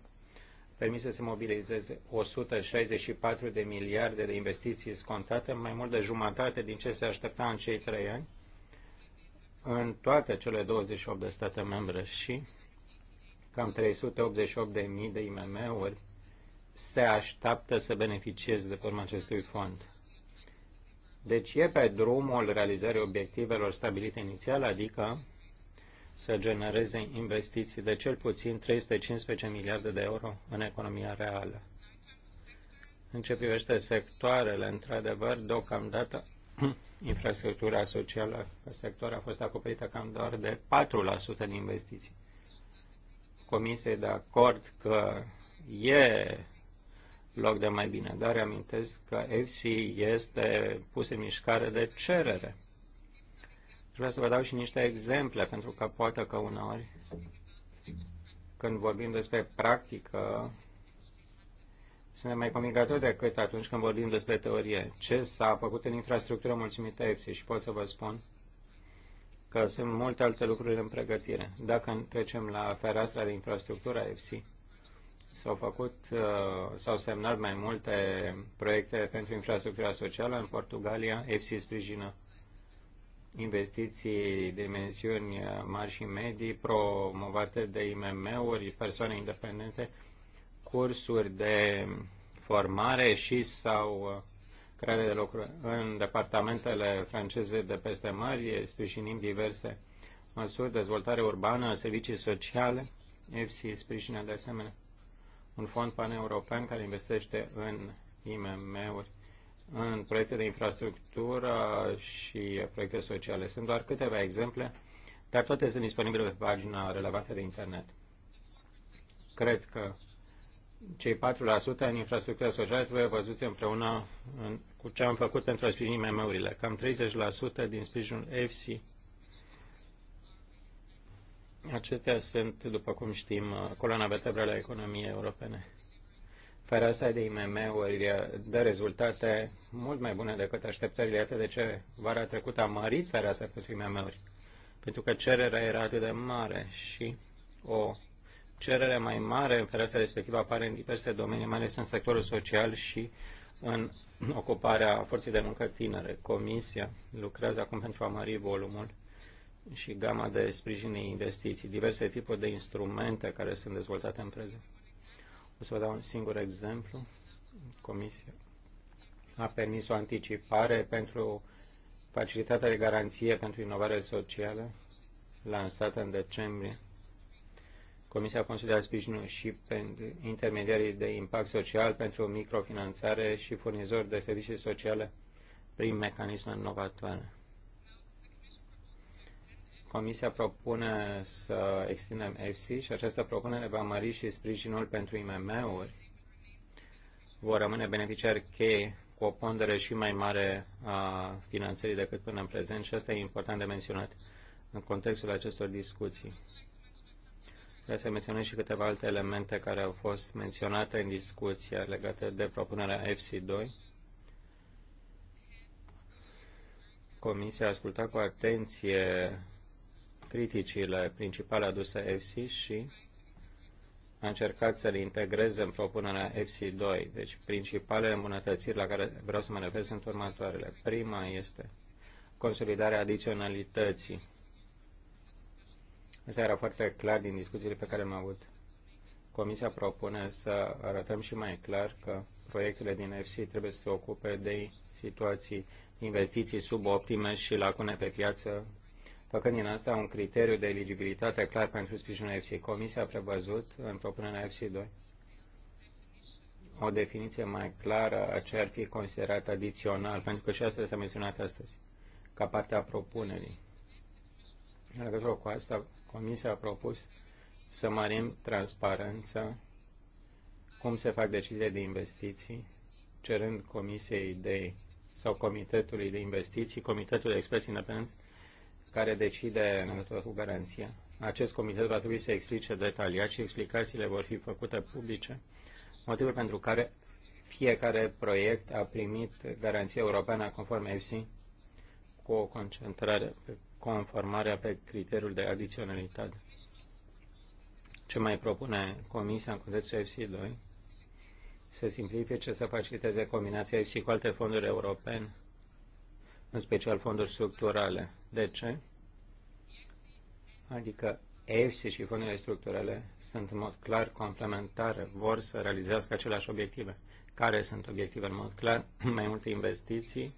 permise să mobilizeze 164 de miliarde de investiții scontate, mai mult de jumătate din ce se aștepta în cei trei ani, în toate cele 28 de state membre și cam 388 de mii de IMM-uri se așteaptă să beneficieze de forma acestui fond. Deci e pe drumul realizării obiectivelor stabilite inițial, adică să genereze investiții de cel puțin 315 miliarde de euro în economia reală. În ce privește sectoarele, într-adevăr, deocamdată infrastructura socială pe sector a fost acoperită cam doar de 4% din investiții. Comisia e de acord că e loc de mai bine. Dar reamintesc că FC este pus în mișcare de cerere. Vreau să vă dau și niște exemple, pentru că poate că uneori, când vorbim despre practică, suntem mai convingători decât atunci când vorbim despre teorie. Ce s-a făcut în infrastructură mulțumită EFSI și pot să vă spun că sunt multe alte lucruri în pregătire. Dacă trecem la fereastra de infrastructură EFSI, S-au făcut, uh, s-au semnat mai multe proiecte pentru infrastructura socială în Portugalia. EFSI sprijină investiții de dimensiuni uh, mari și medii, promovate de IMM-uri, persoane independente, cursuri de formare și sau uh, creare de lucruri. În departamentele franceze de peste mări sprijinim diverse măsuri, dezvoltare urbană, servicii sociale, EFSI sprijină de asemenea un fond paneuropean care investește în IMM-uri, în proiecte de infrastructură și proiecte sociale. Sunt doar câteva exemple, dar toate sunt disponibile pe pagina relevantă de internet. Cred că cei 4% în infrastructura socială trebuie văzuți împreună în, cu ce am făcut pentru a sprijini IMM-urile. Cam 30% din sprijinul EFSI Acestea sunt, după cum știm, coloana vertebrală a economiei europene. Fereastra de IMM-uri dă rezultate mult mai bune decât așteptările. atât de ce vara trecută a mărit fereastra pentru IMM-uri, pentru că cererea era atât de mare și o cerere mai mare în fereastra respectivă apare în diverse domenii, mai ales în sectorul social și în ocuparea forței de muncă tinere. Comisia lucrează acum pentru a mări volumul și gama de sprijin investiții, diverse tipuri de instrumente care sunt dezvoltate în prezent. O să vă dau un singur exemplu. Comisia a permis o anticipare pentru facilitatea de garanție pentru inovare socială lansată în decembrie. Comisia a considerat sprijinul și pentru intermediarii de impact social pentru microfinanțare și furnizori de servicii sociale prin mecanisme inovatoare. Comisia propune să extindem EFSI și această propunere va mări și sprijinul pentru IMM-uri. Vor rămâne beneficiari cheie cu o pondere și mai mare a finanțării decât până în prezent și asta e important de menționat în contextul acestor discuții. Vreau să menționez și câteva alte elemente care au fost menționate în discuție legate de propunerea FC2. Comisia a ascultat cu atenție criticile principale aduse EFSI și a încercat să le integreze în propunerea FC2. Deci, principalele îmbunătățiri la care vreau să mă refer sunt următoarele. Prima este consolidarea adiționalității. Asta era foarte clar din discuțiile pe care le-am avut. Comisia propune să arătăm și mai clar că proiectele din FC trebuie să se ocupe de situații investiții suboptime și lacune pe piață făcând din asta un criteriu de eligibilitate clar pentru sprijinul FC, Comisia a prevăzut în propunerea fc 2 o definiție mai clară a ce ar fi considerat adițional, pentru că și asta s-a menționat astăzi, ca partea propunerii. În legătură cu asta, Comisia a propus să mărim transparența, cum se fac deciziile de investiții, cerând Comisiei de sau Comitetului de Investiții, Comitetul de Experți Independenți, care decide în legătură cu garanția. Acest comitet va trebui să explice detaliat și explicațiile vor fi făcute publice, motivul pentru care fiecare proiect a primit garanția europeană conform EFSI cu o concentrare pe conformarea pe criteriul de adiționalitate. Ce mai propune Comisia în contextul FC2? Să simplifice, să faciliteze combinația FC cu alte fonduri europene în special fonduri structurale. De ce? Adică EFSI și fondurile structurale sunt în mod clar complementare, vor să realizească aceleași obiective. Care sunt obiective în mod clar? Mai multe investiții,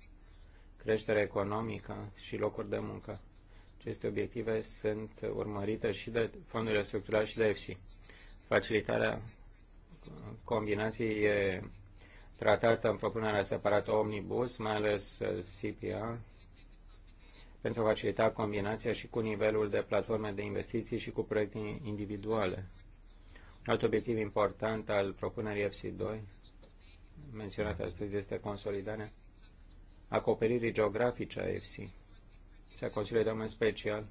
creștere economică și locuri de muncă. Aceste obiective sunt urmărite și de fondurile structurale și de EFSI. Facilitarea combinației e tratată în propunerea separată Omnibus, mai ales uh, CPA, pentru a facilita combinația și cu nivelul de platforme de investiții și cu proiecte individuale. Un alt obiectiv important al propunerii FC2, menționat astăzi, este consolidarea acoperirii geografice a FC. Se consolidăm în special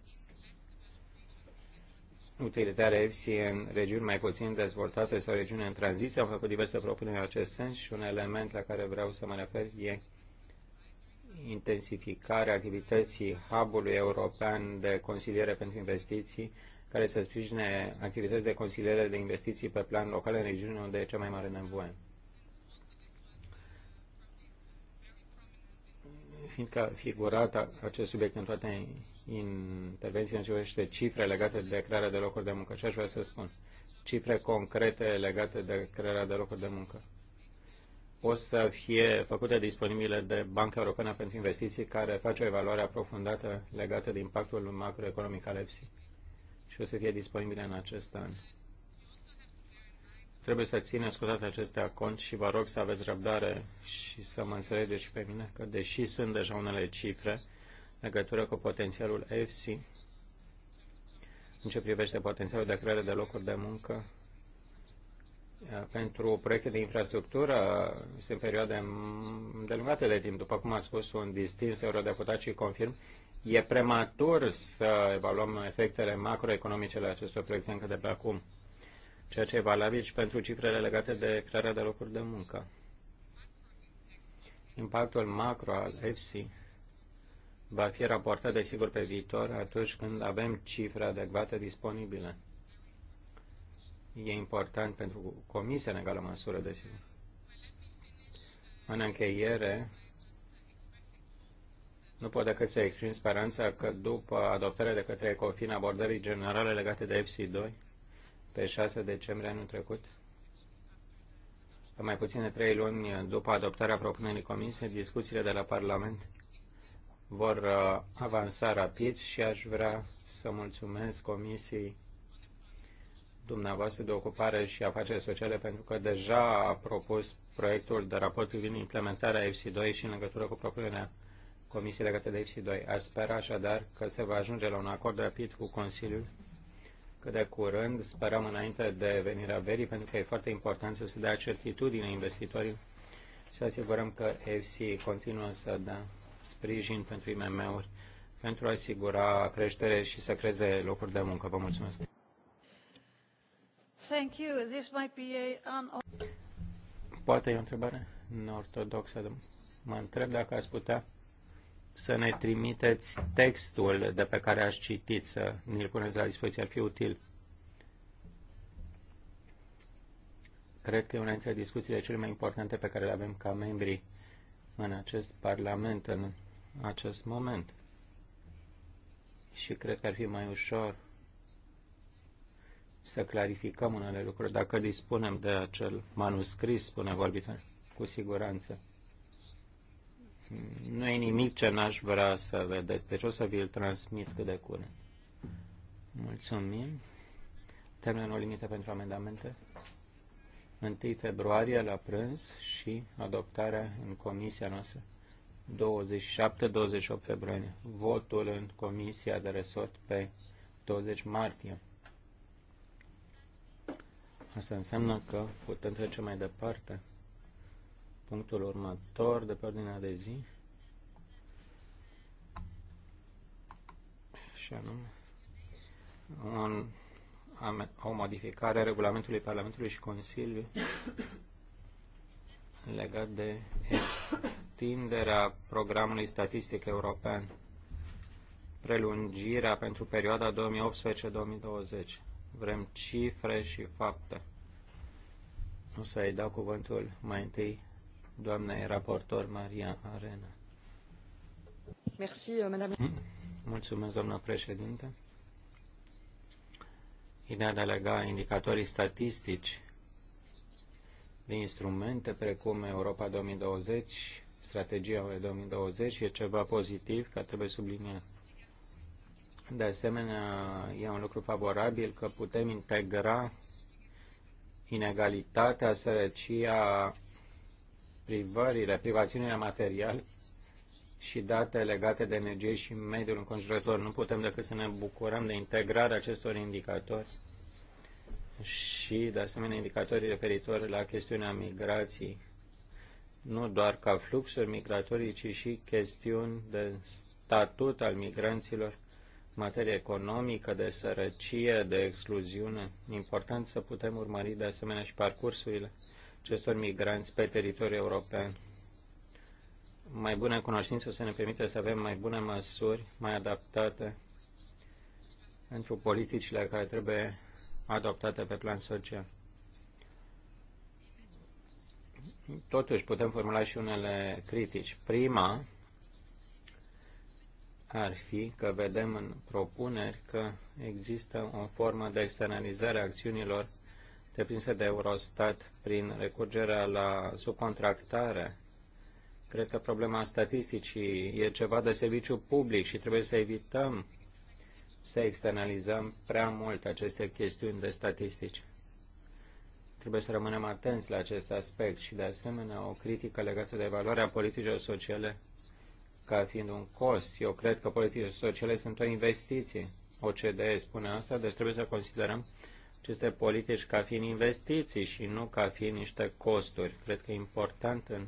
utilizarea EFSI în regiuni mai puțin dezvoltate sau regiuni în tranziție. Am făcut diverse propuneri în acest sens și un element la care vreau să mă refer e intensificarea activității hub-ului european de consiliere pentru investiții, care să sprijine activități de consiliere de investiții pe plan local în regiuni unde e cea mai mare nevoie. fiindcă a figurat acest subiect în toate intervențiile în ce privește cifre legate de crearea de locuri de muncă. Și aș vrea să spun, cifre concrete legate de crearea de locuri de muncă. O să fie făcute disponibile de Banca Europeană pentru Investiții, care face o evaluare aprofundată legată de impactul macroeconomic al EFSI. Și o să fie disponibile în acest an. Trebuie să țină cu acestea cont și vă rog să aveți răbdare și să mă înțelegeți și pe mine că, deși sunt deja unele cifre legătură cu potențialul EFSI, în ce privește potențialul de creare de locuri de muncă, eh, pentru proiecte de infrastructură sunt perioade delungate de timp. După cum a spus un distins eurodeputat și confirm, e prematur să evaluăm efectele macroeconomice ale acestor proiecte încă de pe acum ceea ce e valabil și pentru cifrele legate de crearea de locuri de muncă. Impactul macro al EFSI va fi raportat, desigur, pe viitor, atunci când avem cifre adecvate disponibile. E important pentru Comisia, în egală măsură, desigur. În încheiere, nu pot decât să exprim speranța că după adoptarea de către Ecofin abordării generale legate de EFSI 2, pe 6 decembrie anul trecut, la mai puțin de trei luni după adoptarea propunerii comisiei, discuțiile de la Parlament vor uh, avansa rapid și aș vrea să mulțumesc comisiei dumneavoastră de ocupare și afaceri sociale pentru că deja a propus proiectul de raport privind implementarea FC2 și în legătură cu propunerea comisiei legată de FC2. Aș spera așadar că se va ajunge la un acord rapid cu Consiliul cât de curând, sperăm înainte de venirea verii, pentru că e foarte important să se dea certitudine investitorilor și să asigurăm că FC continuă să dea sprijin pentru IMM-uri, pentru a asigura creștere și să creeze locuri de muncă. Vă mulțumesc! Thank you. This might be a Poate e o întrebare neortodoxă. Mă întreb dacă ați putea să ne trimiteți textul de pe care aș citit, să ne-l puneți la dispoziție, ar fi util. Cred că e una dintre discuțiile cele mai importante pe care le avem ca membri în acest Parlament în acest moment. Și cred că ar fi mai ușor să clarificăm unele lucruri dacă dispunem de acel manuscris, spune vorbitor, cu siguranță nu e nimic ce n-aș vrea să vedeți, deci o să vi-l transmit cât de curând. Mulțumim. o limită pentru amendamente? 1 februarie la prânz și adoptarea în comisia noastră 27-28 februarie. Votul în comisia de resort pe 20 martie. Asta înseamnă că putem trece mai departe punctul următor de pe ordinea de zi. Și anume, un, o modificare a regulamentului Parlamentului și Consiliului legat de extinderea programului statistic european, prelungirea pentru perioada 2018-2020. Vrem cifre și fapte. O să-i dau cuvântul mai întâi doamnei raportor Maria Arena. Merci, euh, madame. Hmm? Mulțumesc, doamna președinte. Ideea de a lega indicatorii statistici de instrumente precum Europa 2020, strategia 2020 e ceva pozitiv care trebuie subliniat. De asemenea, e un lucru favorabil că putem integra inegalitatea, sărăcia, privările, privațiunile materiale și date legate de energie și mediul înconjurător. Nu putem decât să ne bucurăm de integrarea acestor indicatori și, de asemenea, indicatorii referitori la chestiunea migrației, nu doar ca fluxuri migratorii, ci și chestiuni de statut al migranților, materie economică, de sărăcie, de excluziune. Important să putem urmări, de asemenea, și parcursurile acestor migranți pe teritoriul european. Mai bună cunoștință să ne permite să avem mai bune măsuri, mai adaptate pentru politicile care trebuie adoptate pe plan social. Totuși putem formula și unele critici. Prima ar fi că vedem în propuneri că există o formă de externalizare a acțiunilor întreprinse de Eurostat prin recurgerea la subcontractare. Cred că problema statisticii e ceva de serviciu public și trebuie să evităm să externalizăm prea mult aceste chestiuni de statistici. Trebuie să rămânem atenți la acest aspect și, de asemenea, o critică legată de valoarea politicilor sociale ca fiind un cost. Eu cred că politicile sociale sunt o investiție. OCDE spune asta, deci trebuie să considerăm aceste politici ca fiind investiții și nu ca fiind niște costuri. Cred că e important în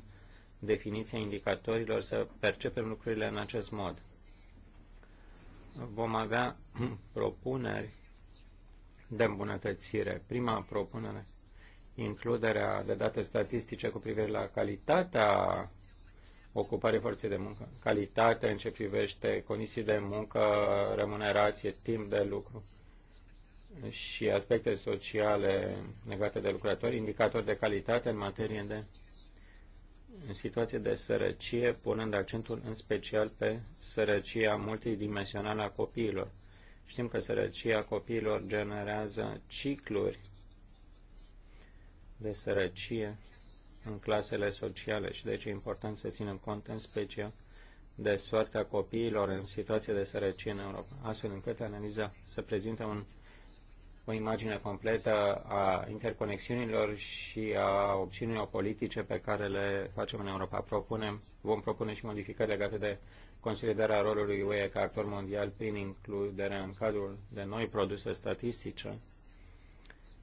definiția indicatorilor să percepem lucrurile în acest mod. Vom avea propuneri de îmbunătățire. Prima propunere, includerea de date statistice cu privire la calitatea ocupare forței de muncă, calitatea în ce privește condiții de muncă, remunerație, timp de lucru și aspecte sociale legate de lucrători, indicatori de calitate în materie de în situație de sărăcie, punând accentul în special pe sărăcia multidimensională a copiilor. Știm că sărăcia copiilor generează cicluri de sărăcie în clasele sociale și deci e important să ținem cont în special de soarta copiilor în situație de sărăcie în Europa, astfel încât analiza să prezinte un o imagine completă a interconexiunilor și a opțiunilor politice pe care le facem în Europa. Propunem, vom propune și modificări legate de considerarea rolului UE ca actor mondial prin includerea în cadrul de noi produse statistice.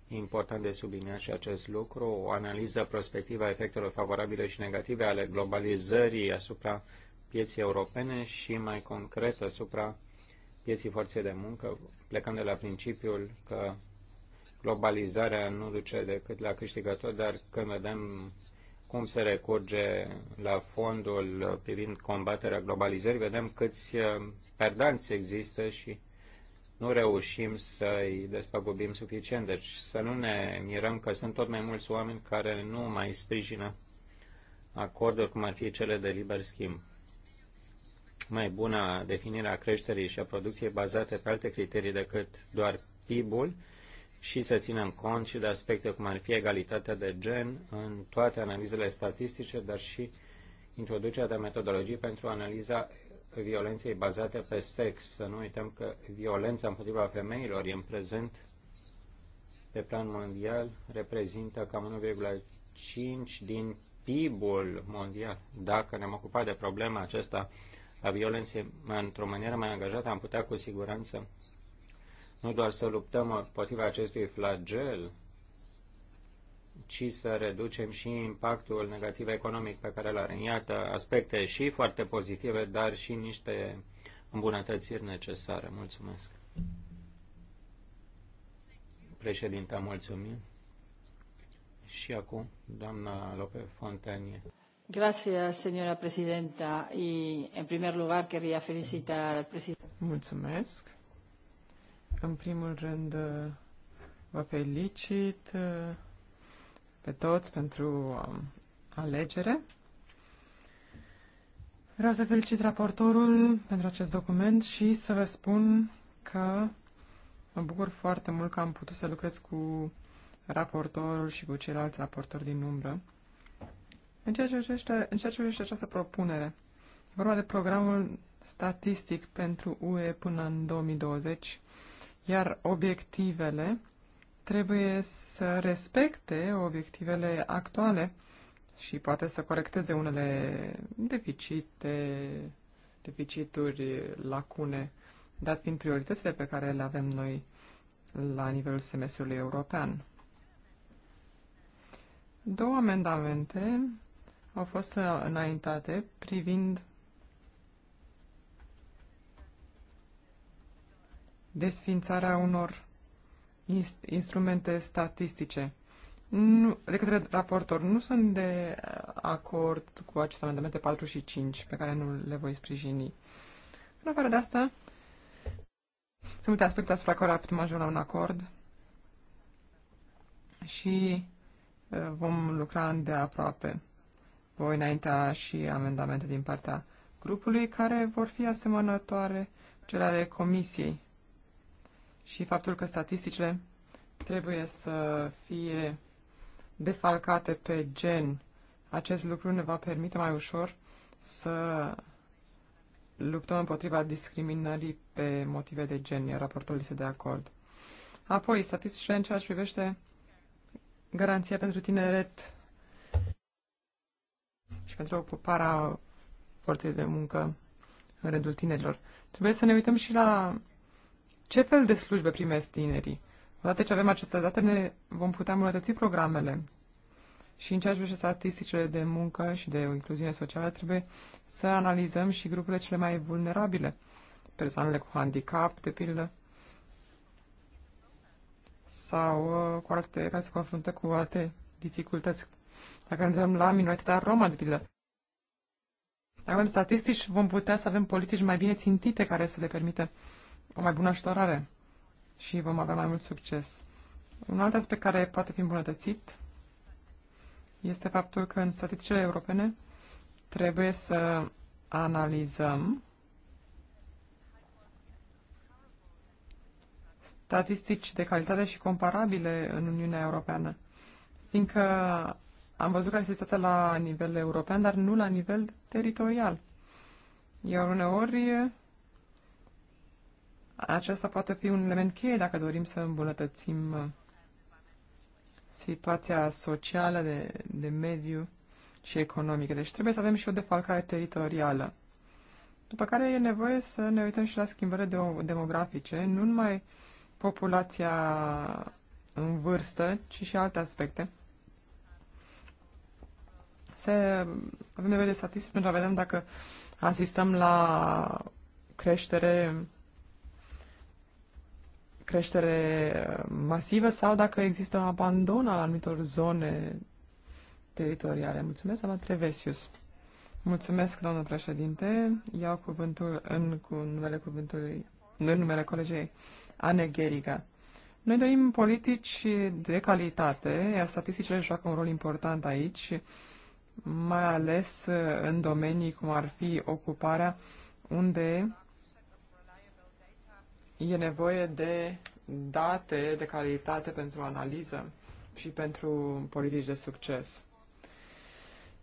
E important de subliniat și acest lucru, o analiză prospectivă a efectelor favorabile și negative ale globalizării asupra pieții europene și mai concret asupra pieții forței de muncă, plecând de la principiul că globalizarea nu duce decât la câștigător, dar când vedem cum se recurge la fondul privind combaterea globalizării, vedem câți uh, perdanți există și nu reușim să-i despăgubim suficient. Deci să nu ne mirăm că sunt tot mai mulți oameni care nu mai sprijină acorduri cum ar fi cele de liber schimb mai bună definire a creșterii și a producției bazate pe alte criterii decât doar PIB-ul și să ținem cont și de aspecte cum ar fi egalitatea de gen în toate analizele statistice, dar și introducerea de metodologii pentru analiza violenței bazate pe sex. Să nu uităm că violența împotriva femeilor e în prezent pe plan mondial reprezintă cam 1,5 din PIB-ul mondial. Dacă ne-am ocupat de problema acesta a violenței într-o manieră mai angajată, am putea cu siguranță nu doar să luptăm împotriva acestui flagel, ci să reducem și impactul negativ economic pe care l are. Iată aspecte și foarte pozitive, dar și niște îmbunătățiri necesare. Mulțumesc. Președinte, mulțumim. Și acum, doamna Lope Fontanie. Gracias, señora Mulțumesc. În primul rând, vă felicit pe toți pentru um, alegere. Vreau să felicit raportorul pentru acest document și să vă spun că mă bucur foarte mult că am putut să lucrez cu raportorul și cu ceilalți raportori din umbră în ceea ce privește, în ceea ce privește această propunere, e vorba de programul statistic pentru UE până în 2020, iar obiectivele trebuie să respecte obiectivele actuale și poate să corecteze unele deficite, deficituri, lacune, dar fiind prioritățile pe care le avem noi la nivelul semestrului european. Două amendamente au fost uh, înaintate privind desfințarea unor instrumente statistice. Nu, de către raportor, nu sunt de acord cu aceste amendamente 4 și 5, pe care nu le voi sprijini. În afară de asta, sunt multe aspecte asupra care putem ajunge la un acord și uh, vom lucra de aproape voi înainta și amendamente din partea grupului care vor fi asemănătoare cele ale comisiei. Și faptul că statisticile trebuie să fie defalcate pe gen, acest lucru ne va permite mai ușor să luptăm împotriva discriminării pe motive de gen, iar raportul este de acord. Apoi, statisticile în ceea ce privește garanția pentru tineret și pentru ocuparea forței de muncă în rândul tinerilor. Trebuie să ne uităm și la ce fel de slujbe primesc tinerii. Odată ce avem aceste date, ne vom putea îmbunătăți programele. Și în ceea ce privește statisticile de muncă și de incluziune socială, trebuie să analizăm și grupurile cele mai vulnerabile. Persoanele cu handicap, de pildă, sau uh, cu alte care se confruntă cu alte dificultăți, dacă ne la minoritatea romă, de pildă. Dacă avem statistici, vom putea să avem politici mai bine țintite care să le permită o mai bună ajutorare și vom avea mai mult succes. Un alt aspect care poate fi îmbunătățit este faptul că în statisticile europene trebuie să analizăm statistici de calitate și comparabile în Uniunea Europeană, fiindcă am văzut că există la nivel european, dar nu la nivel teritorial. Iar uneori acesta poate fi un element cheie dacă dorim să îmbunătățim uh, situația socială, de, de mediu și economică. Deci trebuie să avem și o defalcare teritorială. După care e nevoie să ne uităm și la schimbările demografice, nu numai populația în vârstă, ci și alte aspecte se, avem nevoie de statistici pentru a vedem dacă asistăm la creștere creștere masivă sau dacă există un abandon al anumitor zone teritoriale. Mulțumesc, doamna Trevesius. Mulțumesc, doamnă președinte. Iau cuvântul în cu numele cuvântului, în numele colegei Ane Gheriga. Noi dorim politici de calitate, iar statisticile joacă un rol important aici mai ales uh, în domenii cum ar fi ocuparea, unde e nevoie de date de calitate pentru analiză și pentru politici de succes.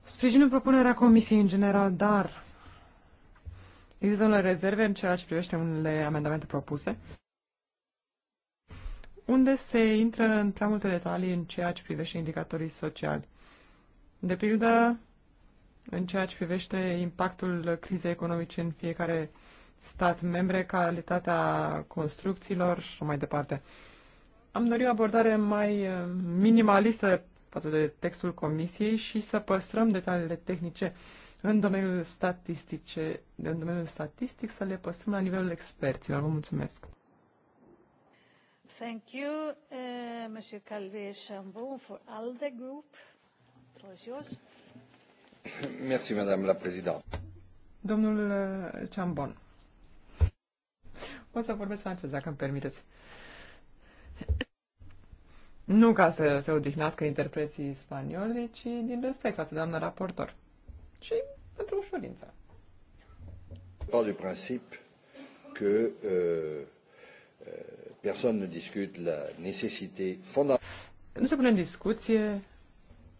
Sprijinul propunerea Comisiei în general, dar există unele rezerve în ceea ce privește unele amendamente propuse, unde se intră în prea multe detalii în ceea ce privește indicatorii sociali. De pildă, în ceea ce privește impactul crizei economice în fiecare stat membre, calitatea construcțiilor și mai departe. Am dorit o abordare mai uh, minimalistă față de textul comisiei și să păstrăm detaliile tehnice în domeniul statistice, în domeniul statistic să le păstrăm la nivelul experților. Vă mulțumesc. Thank you, uh, Monsieur Calvé Chambon for ALDE Group. Merci, Madame la Présidente. Domnul Ciambon. O să vorbesc francez, dacă îmi permiteți. Nu ca să se odihnească interpreții spanioli, ci din respect față de doamnă raportor. Și pentru ușurință. Par du principe că euh, euh, personne ne discute la necesitate fondamentală. Nu se pune în discuție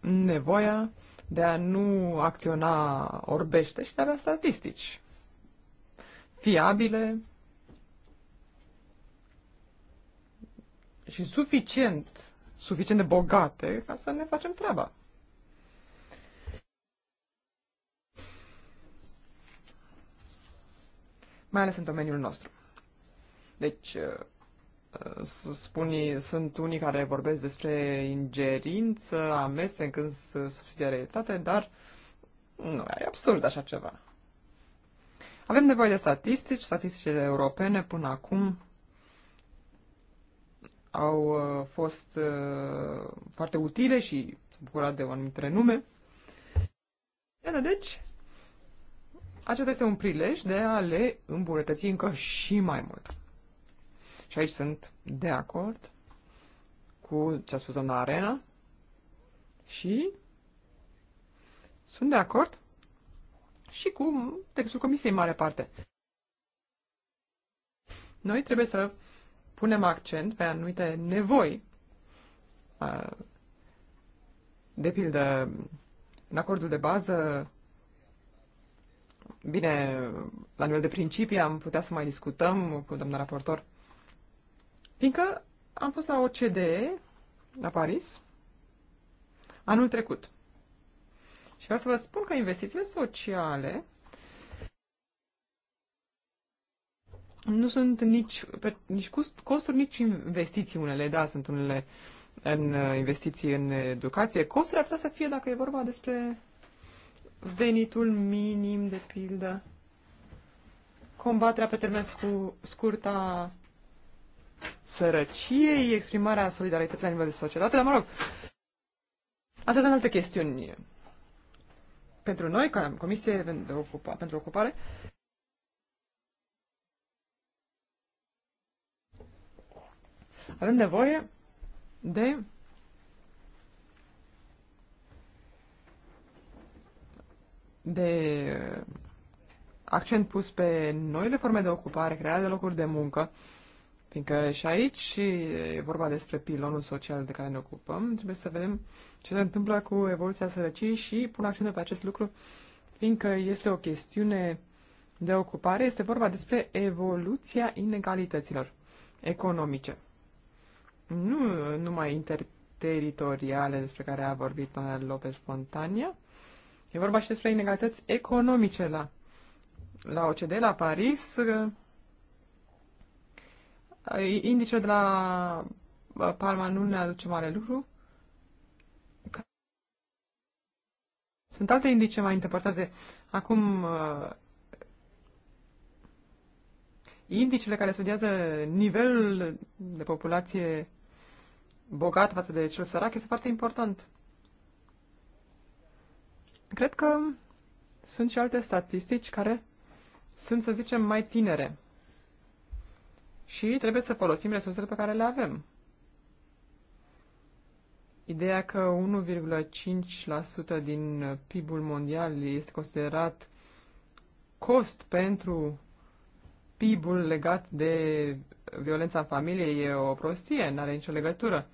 nevoia de a nu acționa orbește și de a avea statistici fiabile și suficient, suficient de bogate ca să ne facem treaba. Mai ales în domeniul nostru. Deci, spun, sunt unii care vorbesc despre ingerință, amestec în subsidiaritate, dar nu, e absurd așa ceva. Avem nevoie de statistici, statisticile europene până acum au uh, fost uh, foarte utile și sunt bucurat de un anumită renume. Iată, deci, acesta este un prilej de a le îmbunătăți încă și mai mult. Și aici sunt de acord cu ce a spus doamna Arena și sunt de acord și cu textul comisiei în mare parte. Noi trebuie să punem accent pe anumite nevoi, de pildă în acordul de bază, bine, la nivel de principii am putea să mai discutăm cu doamna raportor Fiindcă am fost la OCDE, la Paris, anul trecut. Și vreau să vă spun că investițiile sociale nu sunt nici, pe, nici costuri, nici investiții unele, da, sunt unele în uh, investiții în educație. Costurile ar putea să fie dacă e vorba despre venitul minim, de pildă, combaterea pe termen scurt a sărăciei, exprimarea solidarității la nivel de societate, dar mă rog, astea sunt alte chestiuni. Pentru noi, ca Comisie pentru, Ocupare, avem nevoie de de accent pus pe noile forme de ocupare, crearea de locuri de muncă, Fiindcă și aici e vorba despre pilonul social de care ne ocupăm, trebuie să vedem ce se întâmplă cu evoluția sărăciei și pun acțiune pe acest lucru, fiindcă este o chestiune de ocupare, este vorba despre evoluția inegalităților economice. Nu numai interteritoriale despre care a vorbit Manuel Lopez Fontania, e vorba și despre inegalități economice la, la OCD, la Paris, Ă, indicele de la Palma nu ne aduce mare lucru. Sunt alte indice mai interpretate. Acum, ă, indicele care studiază nivelul de populație bogat față de cel sărac este foarte important. Cred că sunt și alte statistici care sunt, să zicem, mai tinere și trebuie să folosim resursele pe care le avem. Ideea că 1,5% din PIB-ul mondial este considerat cost pentru PIB-ul legat de violența în familie e o prostie, nu are nicio legătură.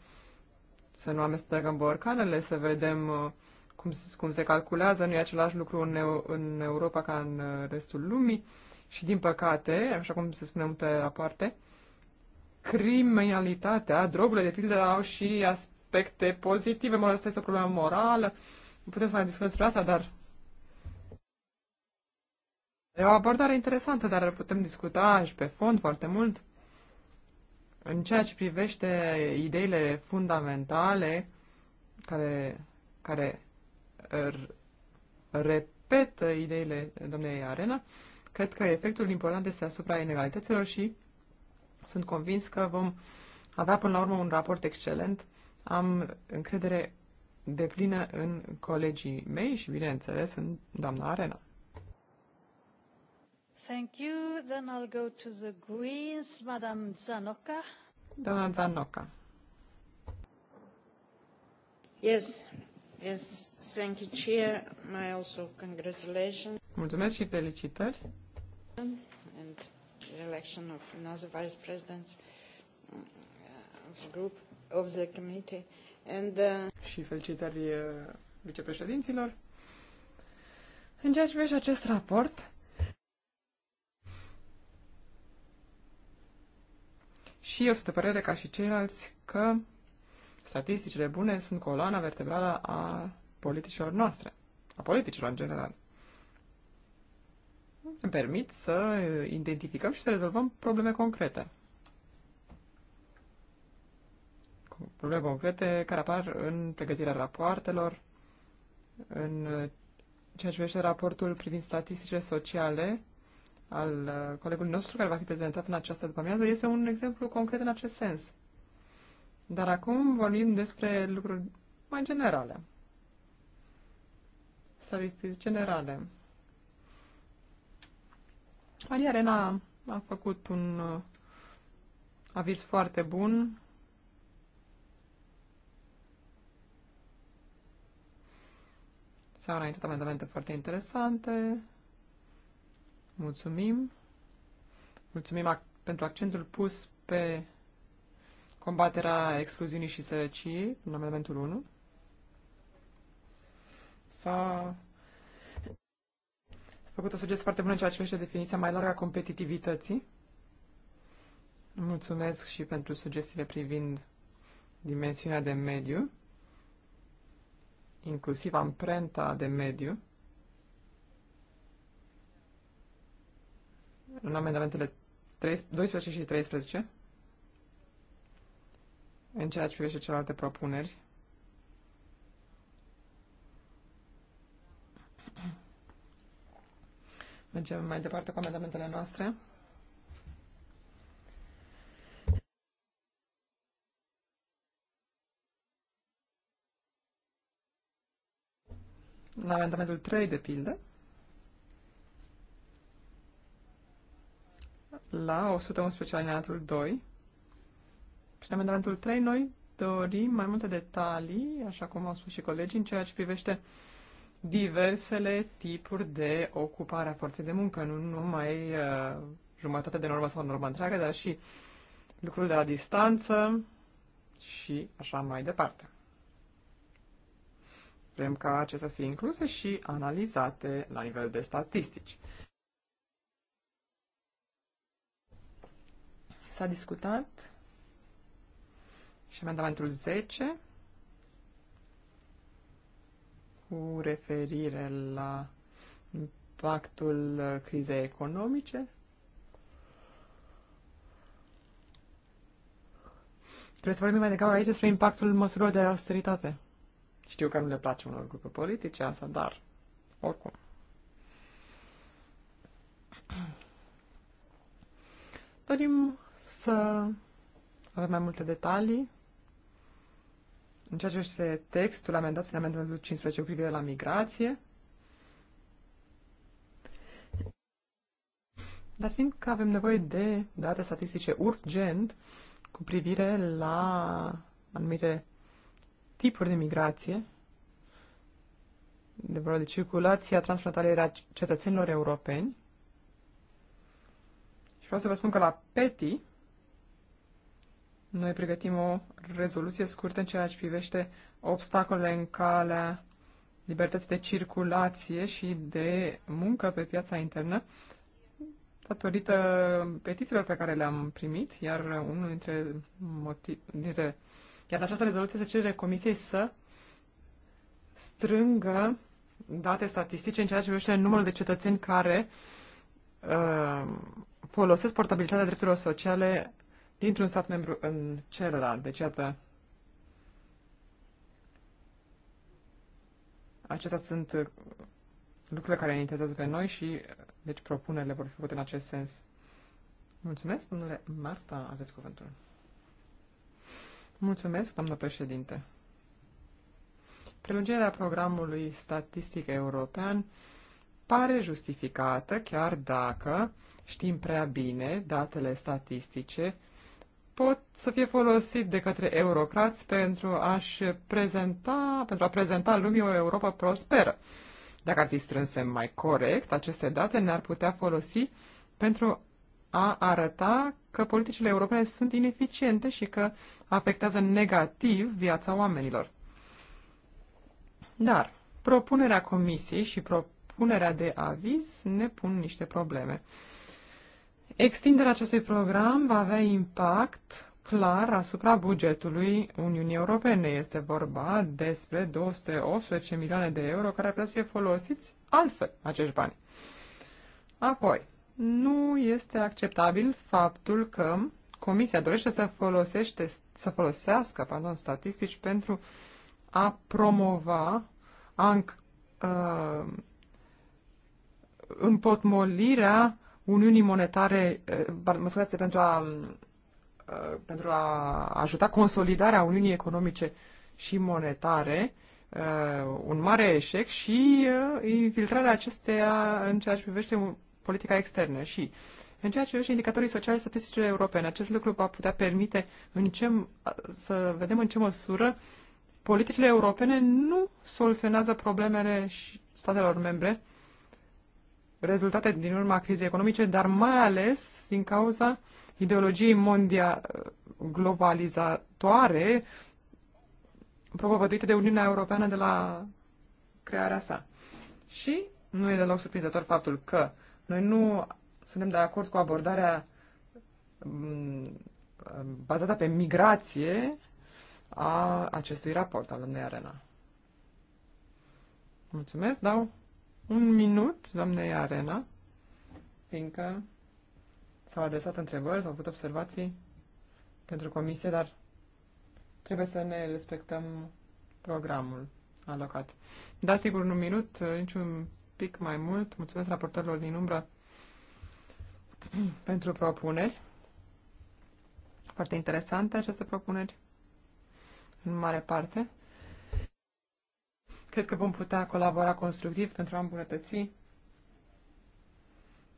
Să nu amestecăm borcanele, să vedem uh, cum, cum se calculează, nu e același lucru în, în Europa ca în uh, restul lumii și, din păcate, așa cum se spune multe aparte, criminalitatea, drogurile de pildă au și aspecte pozitive, mă este o problemă morală, putem să mai discutăm despre asta, dar e o abordare interesantă, dar putem discuta și pe fond foarte mult. În ceea ce privește ideile fundamentale care, care uh, repetă ideile domnei Arena, cred că efectul important este asupra inegalităților și sunt convins că vom avea până la urmă un raport excelent. Am încredere deplină în colegii mei și, bineînțeles, în doamna Arena. Thank you. Then I'll go to the Greens, Madam Zanoka. Doamna Zanoka. Yes. Yes, thank you, Chair. My also congratulations. Mulțumesc și felicitări the election of another vice president uh, of the group of the committee. And, uh... Și felicitări uh, vicepreședinților. În ceea ce privește acest raport, și eu sunt de părere ca și ceilalți că statisticile bune sunt coloana vertebrală a politicilor noastre, a politicilor în general ne permit să identificăm și să rezolvăm probleme concrete. Probleme concrete care apar în pregătirea rapoartelor, în ceea ce privește raportul privind statisticile sociale al colegului nostru care va fi prezentat în această după este un exemplu concret în acest sens. Dar acum vorbim despre lucruri mai generale. Statistici generale. Maria Arena a făcut un uh, aviz foarte bun. S-au înaintat amendamente foarte interesante. Mulțumim. Mulțumim ac pentru accentul pus pe combaterea excluziunii și sărăciei, în amendamentul 1. S-a făcut o sugestie foarte bună în ceea ce privește definiția mai largă a competitivității. Mulțumesc și pentru sugestiile privind dimensiunea de mediu, inclusiv amprenta de mediu. În amendamentele 12 și 13, în ceea ce privește celelalte propuneri, Mergem mai departe cu amendamentele noastre. La amendamentul 3, de pildă, la 111 alineatul 2, prin amendamentul 3, noi dorim mai multe detalii, așa cum au spus și colegii, în ceea ce privește uh, diversele tipuri de ocupare a forței de muncă, nu numai uh, jumătate de normă sau normă întreagă, dar și lucruri de la distanță și așa mai departe. Vrem ca acestea să fie incluse și analizate la nivel de statistici. S-a discutat și amendamentul 10 cu referire la impactul uh, crizei economice. Trebuie să vorbim mai degrabă aici despre impactul măsurilor de austeritate. Știu că nu le place unor grupe politice asta, dar oricum. Dorim să avem mai multe detalii în ceea ce este textul amendat prin amendamentul 15 cu privire la migrație, Dar fiind că avem nevoie de date statistice urgent cu privire la anumite tipuri de migrație, de vorba de circulația transfrontalieră a cetățenilor europeni, și vreau să vă spun că la PETI noi pregătim o rezoluție scurtă în ceea ce privește obstacolele în calea libertății de circulație și de muncă pe piața internă datorită petițiilor pe care le-am primit, iar unul dintre motive, iar această rezoluție se cere Comisiei să strângă date statistice în ceea ce privește numărul de cetățeni care uh, folosesc portabilitatea drepturilor sociale dintr-un stat membru în celălalt. Deci, iată, acestea sunt lucrurile care ne interesează pe noi și, deci, propunerile vor fi făcute în acest sens. Mulțumesc, domnule Marta, aveți cuvântul. Mulțumesc, doamnă președinte. Prelungirea programului statistic european pare justificată chiar dacă știm prea bine datele statistice pot să fie folosit de către eurocrați pentru a-și prezenta, pentru a prezenta lumii o Europa prosperă. Dacă ar fi strânse mai corect, aceste date ne-ar putea folosi pentru a arăta că politicile europene sunt ineficiente și că afectează negativ viața oamenilor. Dar propunerea comisiei și propunerea de aviz ne pun niște probleme. Extinderea acestui program va avea impact clar asupra bugetului Uniunii Europene. Este vorba despre 218 milioane de euro care ar putea să fie folosiți altfel acești bani. Apoi, nu este acceptabil faptul că Comisia dorește să, folosește, să folosească pardon, statistici pentru a promova anc, uh, împotmolirea Uniunii Monetare, eh, mă scuzați, pentru a, eh, pentru a ajuta consolidarea Uniunii Economice și Monetare, eh, un mare eșec și infiltrarea acesteia în ceea ce privește politica externă și în ceea ce privește indicatorii sociale statistice europene. Acest lucru va putea permite în ce, să vedem în ce măsură politicile europene nu soluționează problemele statelor membre rezultate din urma crizei economice, dar mai ales din cauza ideologiei mondia uh, globalizatoare propovăduite de Uniunea Europeană de la crearea sa. Și nu e deloc surprinzător faptul că noi nu suntem de acord cu abordarea mm, bazată pe migrație a acestui raport al domnului Arena. Mulțumesc, dau un minut, doamnei Arena, fiindcă s-au adresat întrebări, s-au avut observații pentru comisie, dar trebuie să ne respectăm programul alocat. Da, sigur, un minut, niciun pic mai mult. Mulțumesc raportorilor din umbră pentru propuneri. Foarte interesante aceste propuneri, în mare parte. Cred că vom putea colabora constructiv pentru a îmbunătăți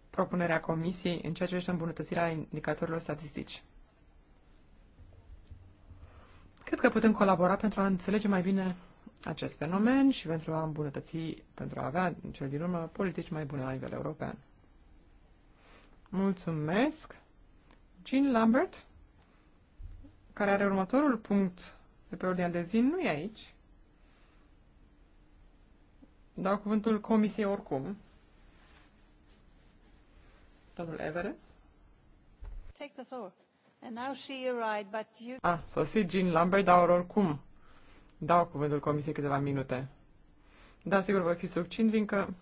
propunerea Comisiei în ceea ce privește îmbunătățirea indicatorilor statistici. Cred că putem colabora pentru a înțelege mai bine acest fenomen și pentru a îmbunătăți, pentru a avea, în cel din urmă, politici mai bune la nivel european. Mulțumesc! Jean Lambert, care are următorul punct de pe ordinea de zi, nu e aici dau cuvântul comisiei oricum. Domnul Everett? Take the floor. And now she arrived, but you... Ah, sosit Jean Lambert, dar oricum dau cuvântul comisiei câteva minute. Da, sigur, voi fi succint, fiindcă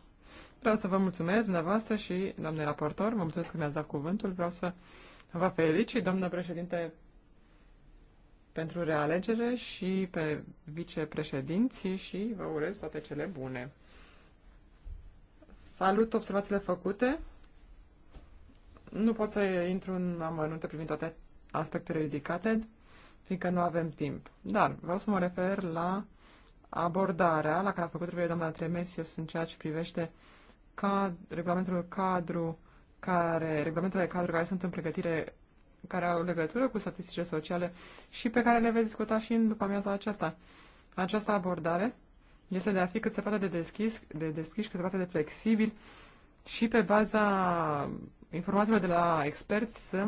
vreau să vă mulțumesc, dumneavoastră și doamne raportor, vă mulțumesc că mi-ați dat cuvântul, vreau să vă felicit, doamnă președinte, pentru realegere și pe vicepreședinții și vă urez toate cele bune. Salut observațiile făcute. Nu pot să intru în amănunte privind toate aspectele ridicate, fiindcă nu avem timp. Dar vreau să mă refer la abordarea la care a făcut trebuie doamna Tremesius în ceea ce privește cad, regulamentul cadru care, regulamentele cadru care sunt în pregătire care au legătură cu statisticile sociale și pe care le veți discuta și în după amiaza aceasta. Această abordare este de a fi cât se poate de deschis, de deschis cât se poate de flexibil și pe baza informațiilor de la experți să,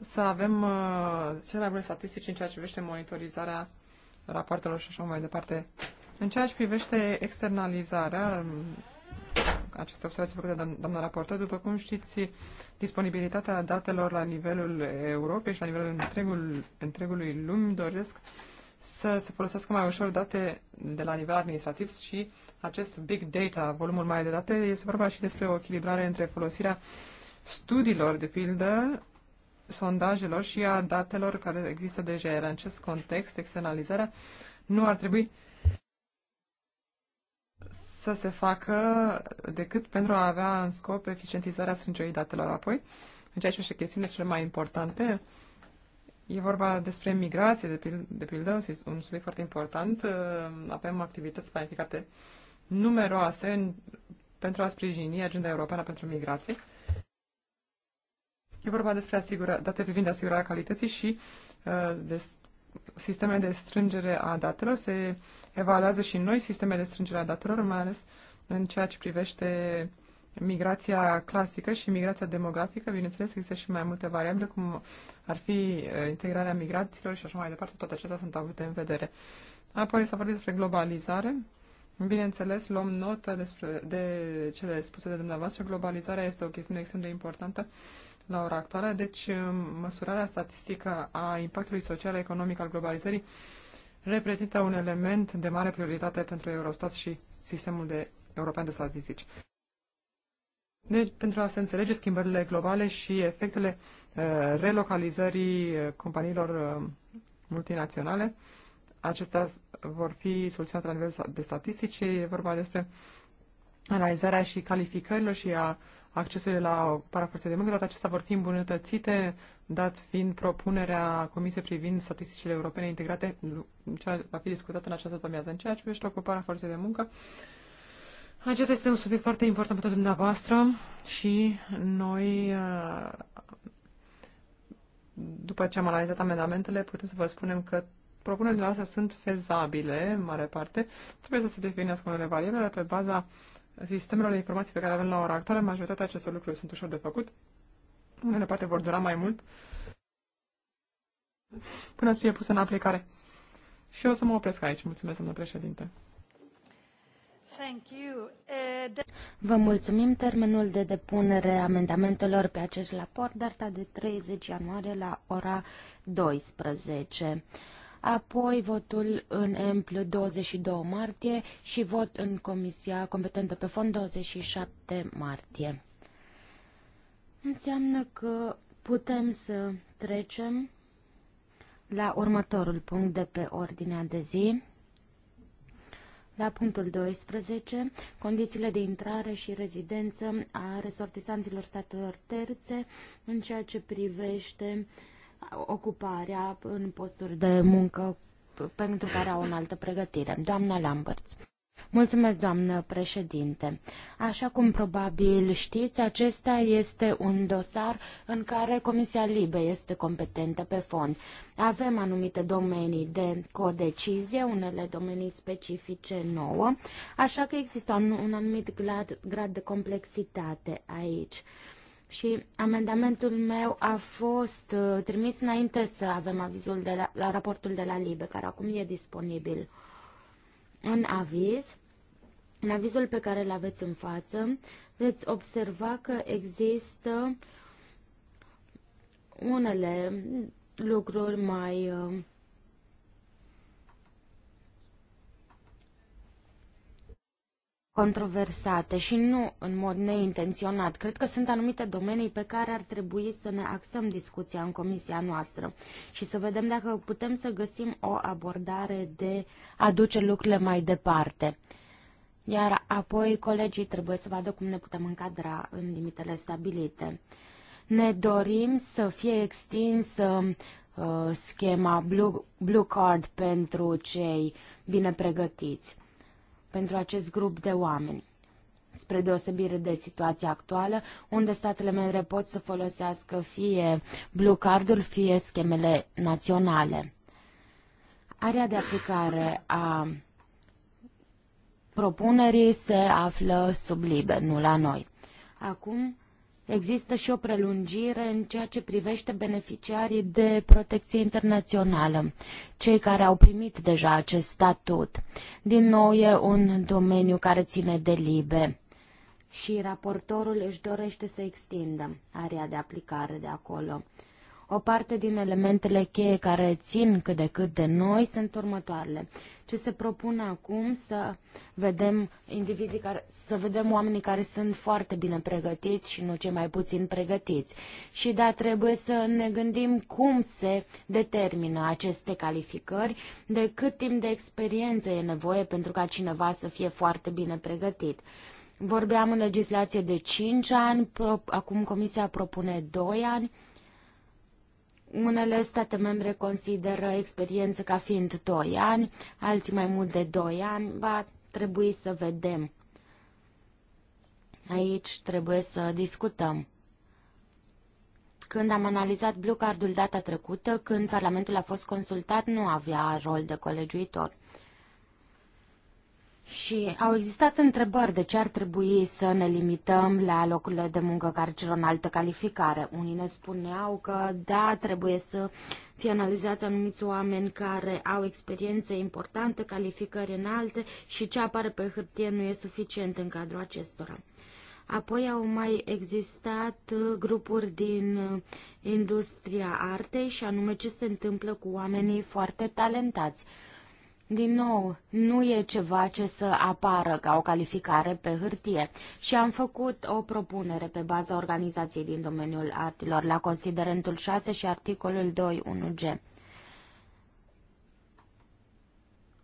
să avem uh, cele mai bune statistici în ceea ce privește monitorizarea rapoartelor și așa mai departe. În ceea ce privește externalizarea, um, aceste observații făcute de doamna raportor, după cum știți, disponibilitatea datelor la nivelul Europei și la nivelul întregul, întregului lumi doresc uh, să se folosească mai ușor date de la nivel administrativ și acest big data, volumul mai de date, este vorba și despre o echilibrare între folosirea studiilor, de pildă, sondajelor și a datelor care există deja. Iar în acest context, externalizarea nu ar trebui să se facă decât pentru a avea în scop eficientizarea strângerii datelor apoi. În ceea ce este chestiunile cele mai importante, E vorba despre migrație, de, de pildă, un subiect foarte important. Uh, avem activități planificate numeroase în, pentru a sprijini agenda europeană pentru migrație. E vorba despre asigura, date privind asigurarea calității și uh, de sisteme de strângere a datelor. Se evaluează și noi sisteme de strângere a datelor, mai ales în ceea ce privește uh, migrația clasică și migrația demografică, bineînțeles, există și mai multe variabile, cum ar fi uh, integrarea migraților și așa mai departe, toate acestea sunt avute în vedere. Apoi s-a vorbit despre globalizare. Bineînțeles, luăm notă despre, de cele spuse de dumneavoastră. Globalizarea este o chestiune extrem de importantă la ora actuală, deci uh, măsurarea statistică a impactului social-economic al globalizării reprezintă un element de mare prioritate pentru Eurostat și sistemul de european de statistici deci, pentru a se înțelege schimbările globale și efectele uh, relocalizării uh, companiilor uh, multinaționale. Acestea vor fi soluționate la nivel de statistici. E vorba despre analizarea și calificărilor și a accesului la paraforțe de muncă. Toate acestea vor fi îmbunătățite, dat fiind propunerea Comisiei privind statisticile europene integrate, ce va fi discutată în această după În ceea ce privește ocuparea forței de muncă, uh, acesta este un subiect foarte important pentru dumneavoastră și noi, uh, după ce am analizat amendamentele, putem să vă spunem că propunerile noastre sunt fezabile, în mare parte. Trebuie să se definească unele variabile pe baza sistemelor de informații pe care le avem la ora actuală. Majoritatea acestor lucruri sunt ușor de făcut. Unele poate vor dura mai mult până să fie pus în aplicare. Și eu o să mă opresc aici. Mulțumesc, domnule președinte. Eh, Vă mulțumim. Termenul de depunere amendamentelor pe acest raport data de 30 ianuarie la ora 12. Apoi votul în emplu 22 martie și vot în comisia competentă pe fond 27 martie. Înseamnă că putem să trecem la următorul punct de pe ordinea de zi. La punctul 12, condițiile de intrare și rezidență a resortisanților statelor terțe în ceea ce privește ocuparea în posturi de muncă pentru care au o altă pregătire. Doamna Lamberts. Mulțumesc, doamnă președinte. Așa cum probabil știți, acesta este un dosar în care Comisia Libe este competentă pe fond. Avem anumite domenii de codecizie, unele domenii specifice nouă, așa că există un anumit grad, grad de complexitate aici și amendamentul meu a fost uh, trimis înainte să avem avizul de la, la raportul de la LIBE, care acum e disponibil. În aviz, în avizul pe care îl aveți în față, veți observa că există unele lucruri mai uh, controversate și nu în mod neintenționat. Cred că sunt anumite domenii pe care ar trebui să ne axăm discuția în comisia noastră și să vedem dacă putem să găsim o abordare de a duce lucrurile mai departe. Iar apoi colegii trebuie să vadă cum ne putem încadra în limitele stabilite. Ne dorim să fie extinsă uh, schema blue, blue Card pentru cei bine pregătiți pentru acest grup de oameni spre deosebire de situația actuală, unde statele membre pot să folosească fie blue cardul, fie schemele naționale. Area de aplicare a propunerii se află sub liber, nu la noi. Acum Există și o prelungire în ceea ce privește beneficiarii de protecție internațională, cei care au primit deja acest statut. Din nou e un domeniu care ține de libe și raportorul își dorește să extindă area de aplicare de acolo. O parte din elementele cheie care țin cât de cât de noi sunt următoarele. Ce se propune acum să vedem indivizii care, să vedem oamenii care sunt foarte bine pregătiți și nu cei mai puțin pregătiți. Și da, trebuie să ne gândim cum se determină aceste calificări, de cât timp de experiență e nevoie pentru ca cineva să fie foarte bine pregătit. Vorbeam în legislație de 5 ani, acum Comisia propune 2 ani. Unele state membre consideră experiență ca fiind 2 ani, alții mai mult de 2 ani. Va trebui să vedem. Aici trebuie să discutăm. Când am analizat Blue Cardul data trecută, când Parlamentul a fost consultat, nu avea rol de colegiuitor. Și au existat întrebări de ce ar trebui să ne limităm la locurile de muncă care cer o altă calificare. Unii ne spuneau că da, trebuie să fie analizați anumiți oameni care au experiențe importante, calificări înalte și ce apare pe hârtie nu e suficient în cadrul acestora. Apoi au mai existat uh, grupuri din uh, industria artei și anume ce se întâmplă cu oamenii foarte talentați din nou, nu e ceva ce să apară ca o calificare pe hârtie și am făcut o propunere pe baza organizației din domeniul artilor la considerentul 6 și articolul 2.1g.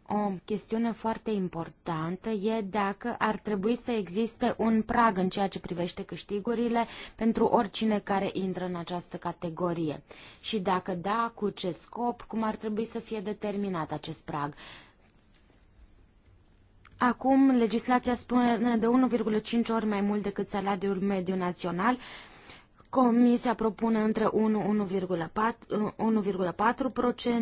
O chestiune foarte importantă e dacă ar trebui să existe un prag în ceea ce privește câștigurile pentru oricine care intră în această categorie. Și dacă da, cu ce scop, cum ar trebui să fie determinat acest prag. Acum, legislația spune de 1,5 ori mai mult decât salariul mediu național, Comisia propune între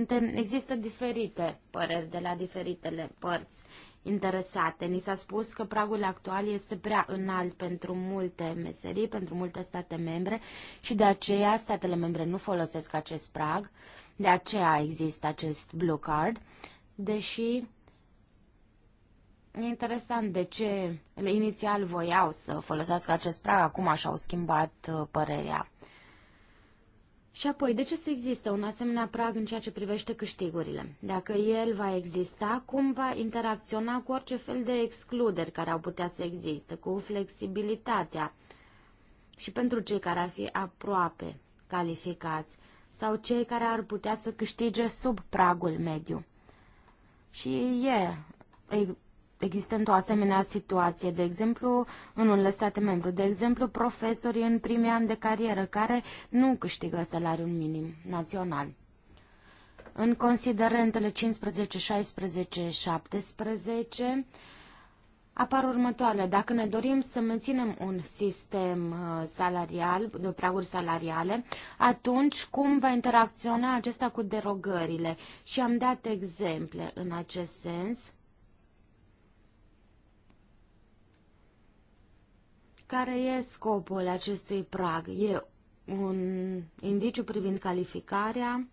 1-1,4%. Există diferite păreri de la diferitele părți interesate. Ni s-a spus că pragul actual este prea înalt pentru multe meserii, pentru multe state membre și de aceea statele membre nu folosesc acest prag, de aceea există acest blue card, deși interesant de ce inițial voiau să folosească acest prag, acum și-au schimbat uh, părerea. Și apoi, de ce să există un asemenea prag în ceea ce privește câștigurile? Dacă el va exista, cum va interacționa cu orice fel de excluderi care au putea să existe, cu flexibilitatea și pentru cei care ar fi aproape calificați sau cei care ar putea să câștige sub pragul mediu? Și e existent o asemenea situație, de exemplu, în unele state membru, de exemplu, profesorii în primii ani de carieră care nu câștigă salariul minim național. În considerentele 15, 16, 17 apar următoarele. Dacă ne dorim să menținem un sistem uh, salarial, de praguri salariale, atunci cum va interacționa acesta cu derogările? Și am dat exemple în acest sens. Care e scopul acestui prag? E un indiciu privind calificarea,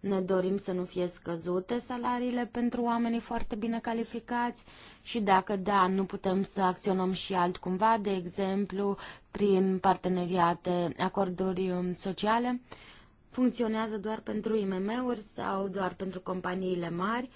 ne dorim să nu fie scăzute salariile pentru oamenii foarte bine calificați și dacă da, nu putem să acționăm și altcumva, de exemplu, prin parteneriate, acorduri um, sociale, funcționează doar pentru IMM-uri sau doar pentru companiile mari.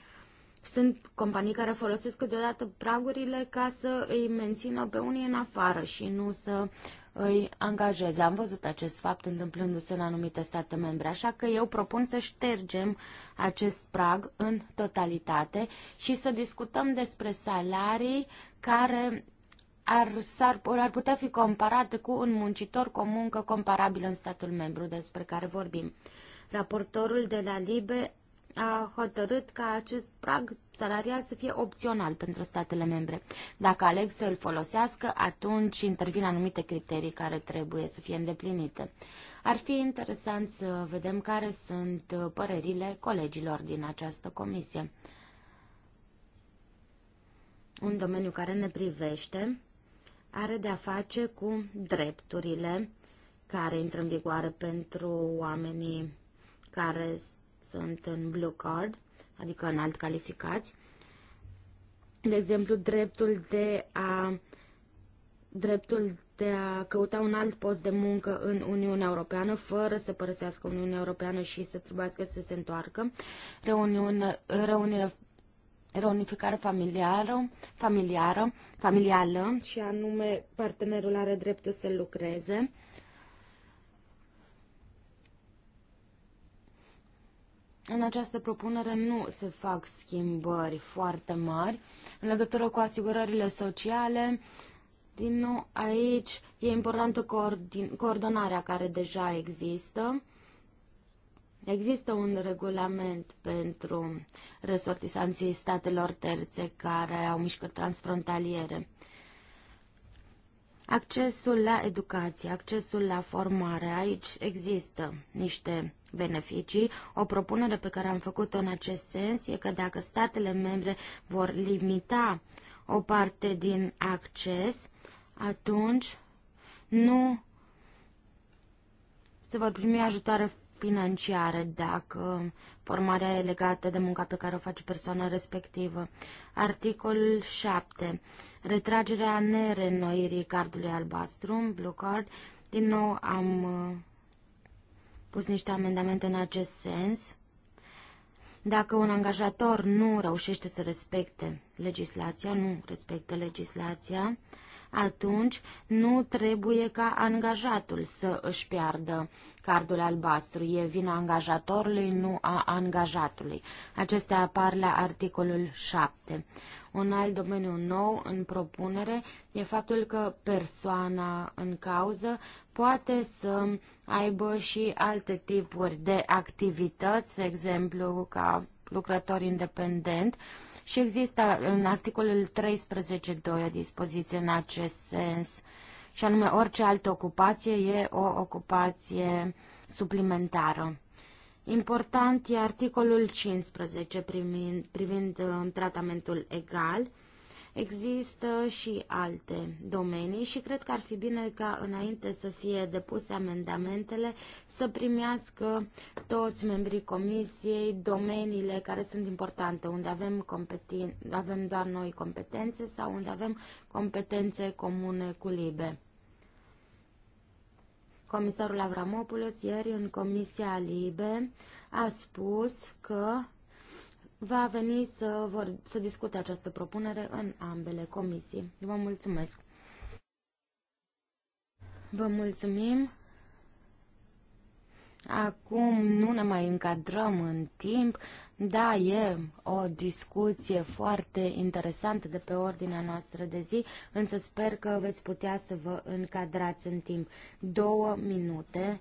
Sunt companii care folosesc câteodată pragurile ca să îi mențină pe unii în afară și nu să îi angajeze. Am văzut acest fapt întâmplându-se în anumite state membre, așa că eu propun să ștergem acest prag în totalitate și să discutăm despre salarii care ar, s-ar, ar putea fi comparate cu un muncitor cu o muncă comparabilă în statul membru despre care vorbim. Raportorul de la LIBE a hotărât ca acest prag salarial să fie opțional pentru statele membre. Dacă aleg să îl folosească, atunci intervin anumite criterii care trebuie să fie îndeplinite. Ar fi interesant să vedem care sunt părerile colegilor din această comisie. Un domeniu care ne privește are de-a face cu drepturile care intră în vigoare pentru oamenii care sunt în blue card, adică în alt calificați. De exemplu, dreptul de a dreptul de a căuta un alt post de muncă în Uniunea Europeană fără să părăsească Uniunea Europeană și să trebuiască să se întoarcă. Reuniune, reunificare familiară, familiară, familială și anume partenerul are dreptul să lucreze. În această propunere nu se fac schimbări foarte mari. În legătură cu asigurările sociale, din nou aici e importantă coordonarea care deja există. Există un regulament pentru resortisanții statelor terțe care au mișcări transfrontaliere. Accesul la educație, accesul la formare, aici există niște beneficii. O propunere pe care am făcut-o în acest sens e că dacă statele membre vor limita o parte din acces, atunci nu se vor primi ajutoare financiare dacă formarea e legată de munca pe care o face persoana respectivă. Articolul 7. Retragerea nerenoirii cardului albastru, blue card. Din nou am uh, pus niște amendamente în acest sens. Dacă un angajator nu reușește să respecte legislația, nu respectă legislația, uh, atunci nu trebuie ca angajatul să își piardă cardul albastru. E vina angajatorului, nu a angajatului. Acestea apar la articolul 7. Un alt domeniu nou în propunere e faptul că persoana în cauză poate să aibă și alte tipuri de activități, de exemplu ca lucrător independent, și există în articolul 13.2 o dispoziție în acest sens și anume orice altă ocupație e o ocupație suplimentară. Important e articolul 15 privind, privind uh, tratamentul egal Există și alte domenii și cred că ar fi bine ca înainte să fie depuse amendamentele să primească toți membrii comisiei domeniile care sunt importante, unde avem, avem doar noi competențe sau unde avem competențe comune cu LIBE. Comisarul Avramopoulos ieri în Comisia LIBE a spus că va veni să, vor, să discute această propunere în ambele comisii. Vă mulțumesc! Vă mulțumim! Acum nu ne mai încadrăm în timp. Da, e o discuție foarte interesantă de pe ordinea noastră de zi, însă sper că veți putea să vă încadrați în timp. Două minute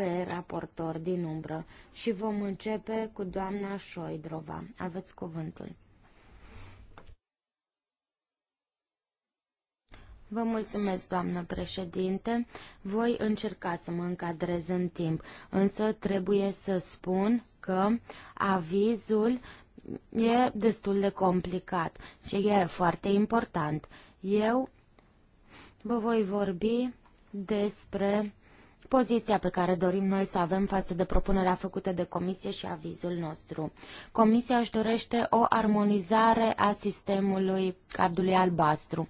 pe raportor din umbră și vom începe cu doamna Șoidrova. Aveți cuvântul. Vă mulțumesc, doamnă președinte. Voi încerca să mă încadrez în timp, însă trebuie să spun că avizul e destul de complicat și e foarte important. Eu vă voi vorbi despre poziția pe care dorim noi să o avem față de propunerea făcută de comisie și avizul nostru. Comisia își dorește o armonizare a sistemului cardului albastru.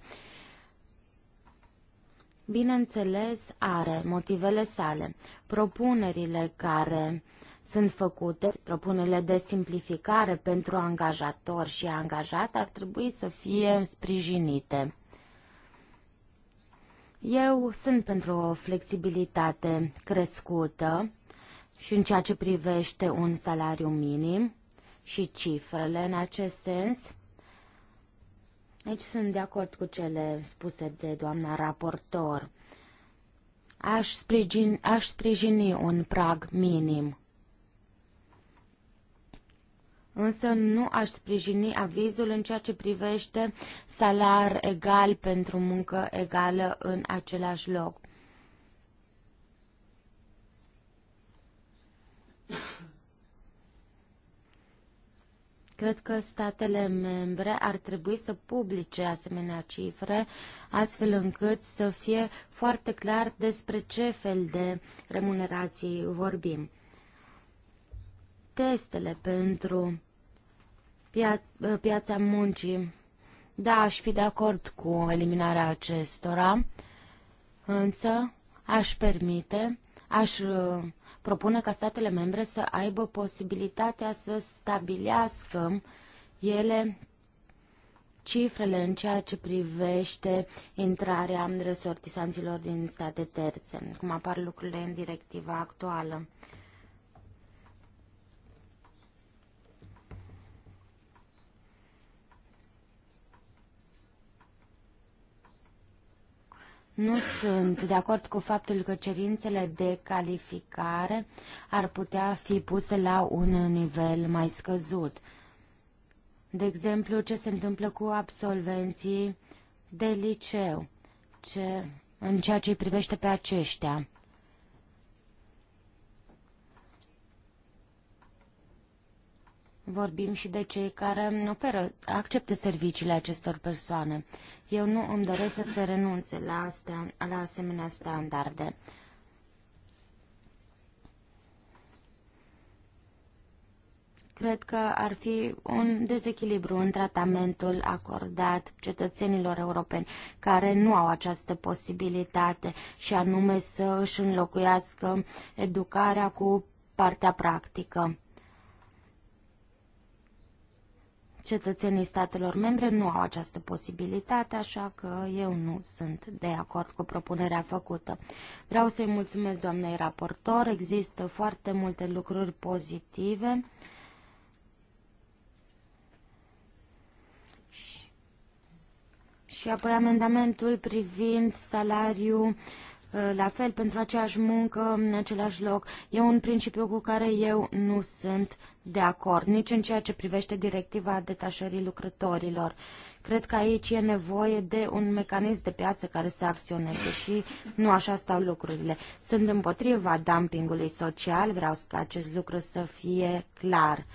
Bineînțeles, are motivele sale. Propunerile care sunt făcute, propunerile de simplificare pentru angajator și angajat ar trebui să fie sprijinite. Eu sunt pentru o flexibilitate crescută și în ceea ce privește un salariu minim și cifrele în acest sens. Aici sunt de acord cu cele spuse de doamna raportor. Aș, sprijin, aș sprijini un prag minim însă nu aș sprijini avizul în ceea ce privește salar egal pentru muncă egală în același loc. Cred că statele membre ar trebui să publice asemenea cifre, astfel încât să fie foarte clar despre ce fel de remunerații vorbim. Testele pentru piaț- uh, piața muncii. Da, aș fi de acord cu eliminarea acestora, însă aș permite, aș uh, propune ca statele membre să aibă posibilitatea să stabilească ele cifrele în ceea ce privește intrarea resortisanților din state terțe, cum apar lucrurile în directiva actuală. Nu sunt de acord cu faptul că cerințele de calificare ar putea fi puse la un nivel mai scăzut. De exemplu, ce se întâmplă cu absolvenții de liceu, ce, în ceea ce îi privește pe aceștia. Vorbim și de cei care oferă, acceptă serviciile acestor persoane. Eu nu îmi doresc să se renunțe la, astea, la asemenea standarde. Cred că ar fi un dezechilibru în tratamentul acordat cetățenilor europeni care nu au această posibilitate și anume să își înlocuiască educarea cu partea practică. Cetățenii statelor membre nu au această posibilitate, așa că eu nu sunt de acord cu propunerea făcută. Vreau să-i mulțumesc doamnei raportor, există foarte multe lucruri pozitive. Și apoi amendamentul privind salariul Uh, la fel pentru aceeași muncă în același loc. E un principiu cu care eu nu sunt de acord, nici în ceea ce privește directiva detașării lucrătorilor. Cred că aici e nevoie de un mecanism de piață care să acționeze și nu așa stau lucrurile. Sunt împotriva dumpingului social, vreau ca acest lucru să fie clar.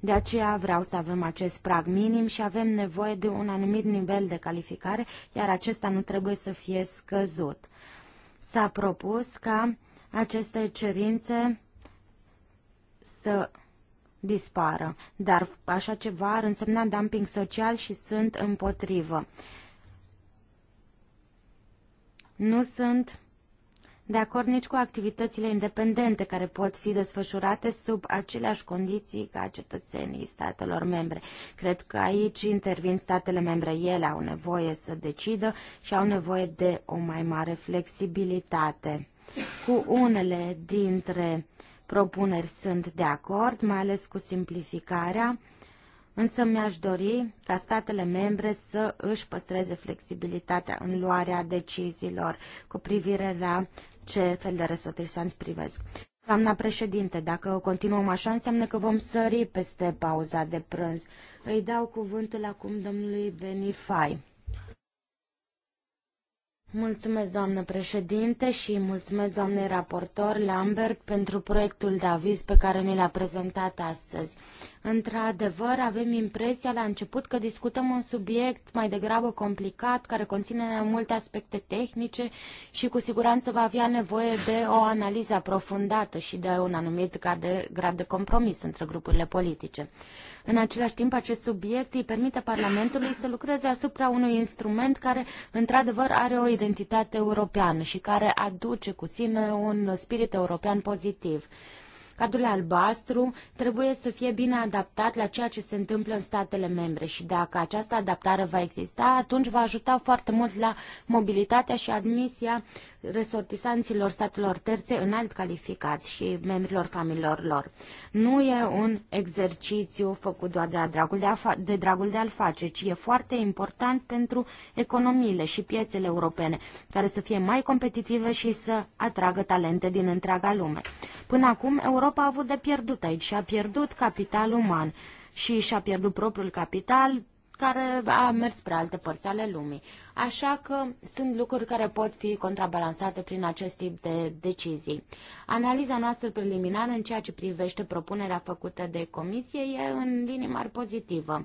De aceea vreau să avem acest prag minim și avem nevoie de un anumit nivel de calificare, iar acesta nu trebuie să fie scăzut. S-a propus ca aceste cerințe să dispară, dar așa ceva ar însemna dumping social și sunt împotrivă. Nu sunt de acord nici cu activitățile independente care pot fi desfășurate sub aceleași condiții ca cetățenii statelor membre. Cred că aici intervin statele membre. Ele au nevoie să decidă și au nevoie de o mai mare flexibilitate. Cu unele dintre propuneri sunt de acord, mai ales cu simplificarea, însă mi-aș dori ca statele membre să își păstreze flexibilitatea în luarea deciziilor cu privire la ce fel de resortisanți privesc. Doamna președinte, dacă o continuăm așa, înseamnă că vom sări peste pauza de prânz. Îi dau cuvântul acum domnului Benifai. Mulțumesc, doamnă președinte, și mulțumesc, doamnei raportor Lambert, pentru proiectul de aviz pe care ni l-a prezentat astăzi. Într-adevăr, avem impresia la început că discutăm un subiect mai degrabă complicat, care conține mai multe aspecte tehnice și cu siguranță va avea nevoie de o analiză aprofundată și de un anumit grad de, grad de compromis între grupurile politice. În același timp, acest subiect îi permite Parlamentului să lucreze asupra unui instrument care, într-adevăr, are o identitate europeană și care aduce cu sine un spirit european pozitiv. Cadrul albastru trebuie să fie bine adaptat la ceea ce se întâmplă în statele membre și dacă această adaptare va exista, atunci va ajuta foarte mult la mobilitatea și admisia resortisanților statelor terțe în alt calificați și membrilor familiilor lor. Nu e un exercițiu făcut doar de dragul de, a de dragul de a-l face, ci e foarte important pentru economiile și piețele europene, care să fie mai competitive și să atragă talente din întreaga lume. Până acum, Europa Europa a avut de pierdut aici și a pierdut capital uman și și-a pierdut propriul capital care a mers spre alte părți ale lumii. Așa că sunt lucruri care pot fi contrabalansate prin acest tip de decizii. Analiza noastră preliminară în ceea ce privește propunerea făcută de comisie e în linii mari pozitivă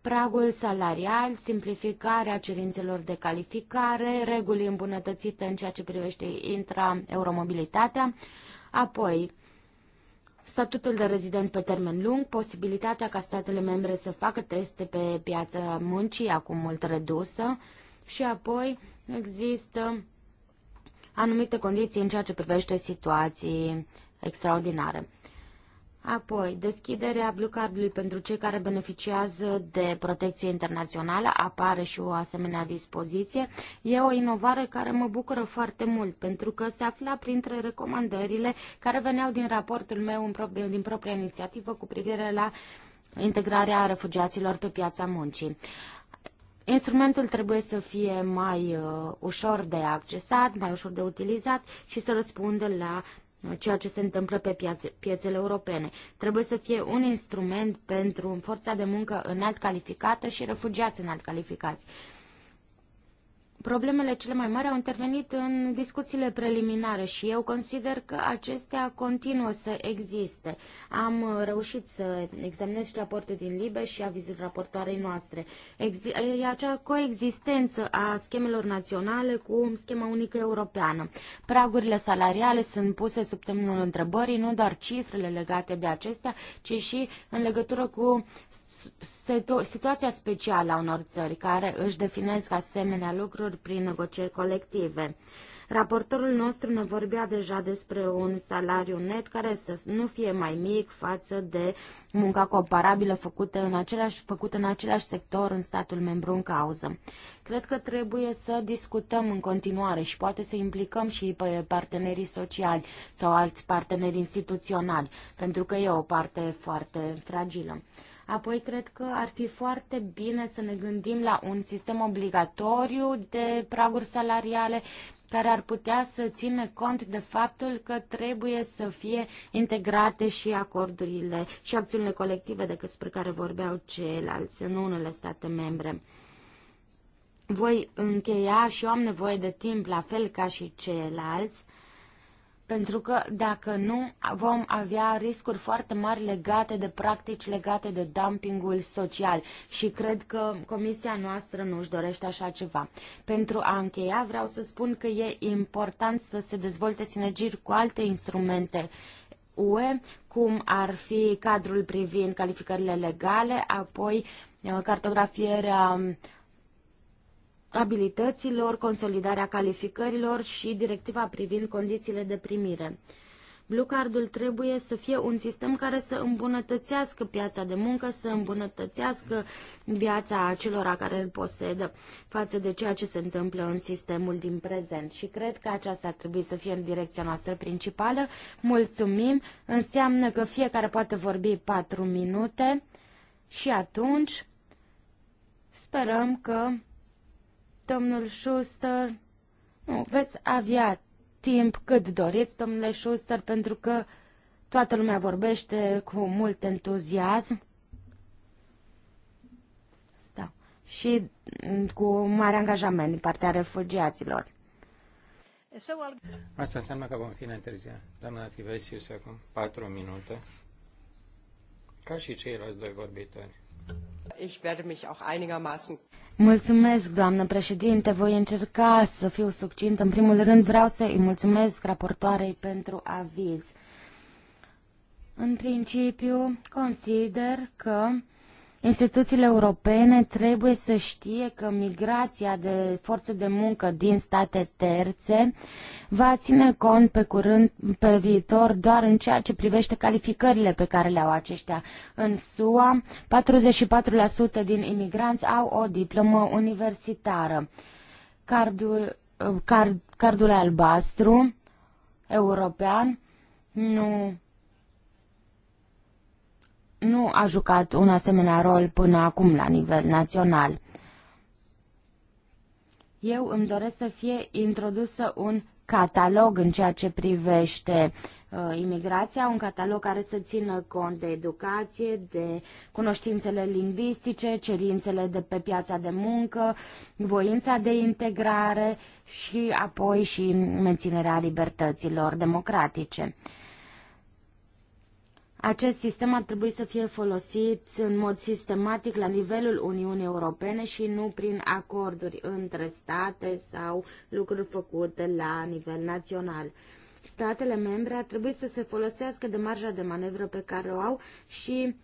pragul salarial, simplificarea cerințelor de calificare, reguli îmbunătățite în ceea ce privește intra-euromobilitatea, apoi statutul de rezident pe termen lung, posibilitatea ca statele membre să facă teste pe piața muncii, acum mult redusă, și apoi există anumite condiții în ceea ce privește situații extraordinare. Apoi, deschiderea Blue Cardului pentru cei care beneficiază de protecție internațională, apare și o asemenea dispoziție. E o inovare care mă bucură foarte mult, pentru că se afla printre recomandările care veneau din raportul meu din propria inițiativă cu privire la integrarea refugiaților pe piața muncii. Instrumentul trebuie să fie mai uh, ușor de accesat, mai ușor de utilizat și să răspundă la ceea ce se întâmplă pe piațe, piețele europene. Trebuie să fie un instrument pentru forța de muncă înalt calificată și refugiați înalt calificați problemele cele mai mari au intervenit în discuțiile preliminare și eu consider că acestea continuă să existe. Am reușit să examinez și raportul din Libe și avizul raportoarei noastre. Exi e acea coexistență a schemelor naționale cu schema unică europeană. Pragurile salariale sunt puse sub semnul întrebării, nu doar cifrele legate de acestea, ci și în legătură cu situ situația specială a unor țări care își definesc asemenea lucruri prin negocieri colective. Raportorul nostru ne vorbea deja despre un salariu net care să nu fie mai mic față de munca comparabilă făcută în același, făcută în același sector în statul membru în cauză. Cred că trebuie să discutăm în continuare și poate să implicăm și pe partenerii sociali sau alți parteneri instituționali, pentru că e o parte foarte fragilă. Apoi cred că ar fi foarte bine să ne gândim la un sistem obligatoriu de praguri salariale care ar putea să țină cont de faptul că trebuie să fie integrate și acordurile și acțiunile colective despre care vorbeau ceilalți în unele state membre. Voi încheia și eu am nevoie de timp la fel ca și ceilalți pentru că dacă nu, vom avea riscuri foarte mari legate de practici legate de dumpingul social și cred că comisia noastră nu își dorește așa ceva. Pentru a încheia, vreau să spun că e important să se dezvolte sinergii cu alte instrumente UE, cum ar fi cadrul privind calificările legale, apoi uh, cartografierea um, abilităților, consolidarea calificărilor și directiva privind condițiile de primire. Blue Cardul trebuie să fie un sistem care să îmbunătățească piața de muncă, să îmbunătățească viața celor care îl posedă față de ceea ce se întâmplă în sistemul din prezent. Și cred că aceasta trebuie să fie în direcția noastră principală. Mulțumim! Înseamnă că fiecare poate vorbi patru minute și atunci sperăm că Domnul Schuster, nu, veți avea timp cât doriți, domnule Schuster, pentru că toată lumea vorbește cu mult entuziasm. Da. Și cu mare angajament din partea refugiaților. Asta înseamnă că vom fi în întârziere. Doamna Tivesius, acum patru minute, ca și ceilalți doi vorbitori. Ich werde mich auch einigermaßen Mulțumesc, doamnă președinte. Voi încerca să fiu succint. În primul rând vreau să îi mulțumesc raportoarei pentru aviz. În principiu, consider că Instituțiile europene trebuie să știe că migrația de forță de muncă din state terțe va ține cont pe curând, pe viitor, doar în ceea ce privește calificările pe care le au aceștia. În SUA, 44% din imigranți au o diplomă universitară. Cardul, card, cardul albastru european nu nu a jucat un asemenea rol până acum la nivel național. Eu îmi doresc să fie introdusă un catalog în ceea ce privește uh, imigrația, un catalog care să țină cont de educație, de cunoștințele lingvistice, cerințele de pe piața de muncă, voința de integrare și apoi și menținerea libertăților democratice. Uh, acest sistem ar trebui să fie folosit în mod sistematic la nivelul Uniunii Europene și nu prin acorduri între state sau lucruri făcute la nivel național. Statele membre ar trebui să se folosească de marja de manevră pe care o au și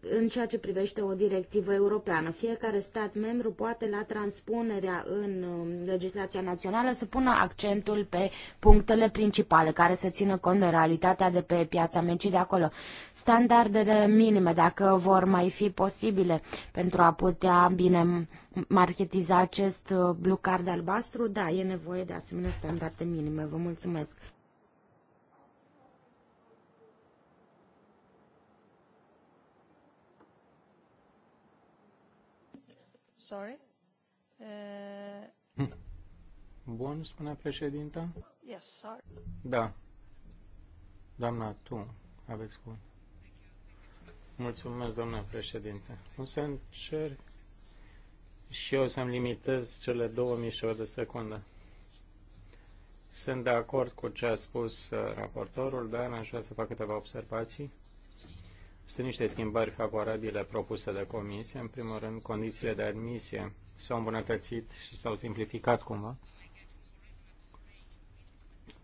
în ceea ce privește o directivă europeană. Fiecare stat membru poate la transpunerea în um, legislația națională să pună accentul pe punctele principale care să țină cont de realitatea de pe piața muncii de acolo. Standardele minime, dacă vor mai fi posibile pentru a putea bine marketiza acest uh, blue card albastru, da, e nevoie de asemenea standarde minime. Vă mulțumesc! sorry. Uh... Bun, spune președinta. Yes, sorry. Da. Doamna, tu aveți cuvânt. Mulțumesc, doamna președinte. O să încerc și eu să-mi limitez cele 2000 de secunde. Sunt de acord cu ce a spus uh, raportorul, dar aș vrea să fac câteva observații. Sunt niște schimbări favorabile propuse de comisie. În primul rând, condițiile de admisie s-au îmbunătățit și s-au simplificat cumva.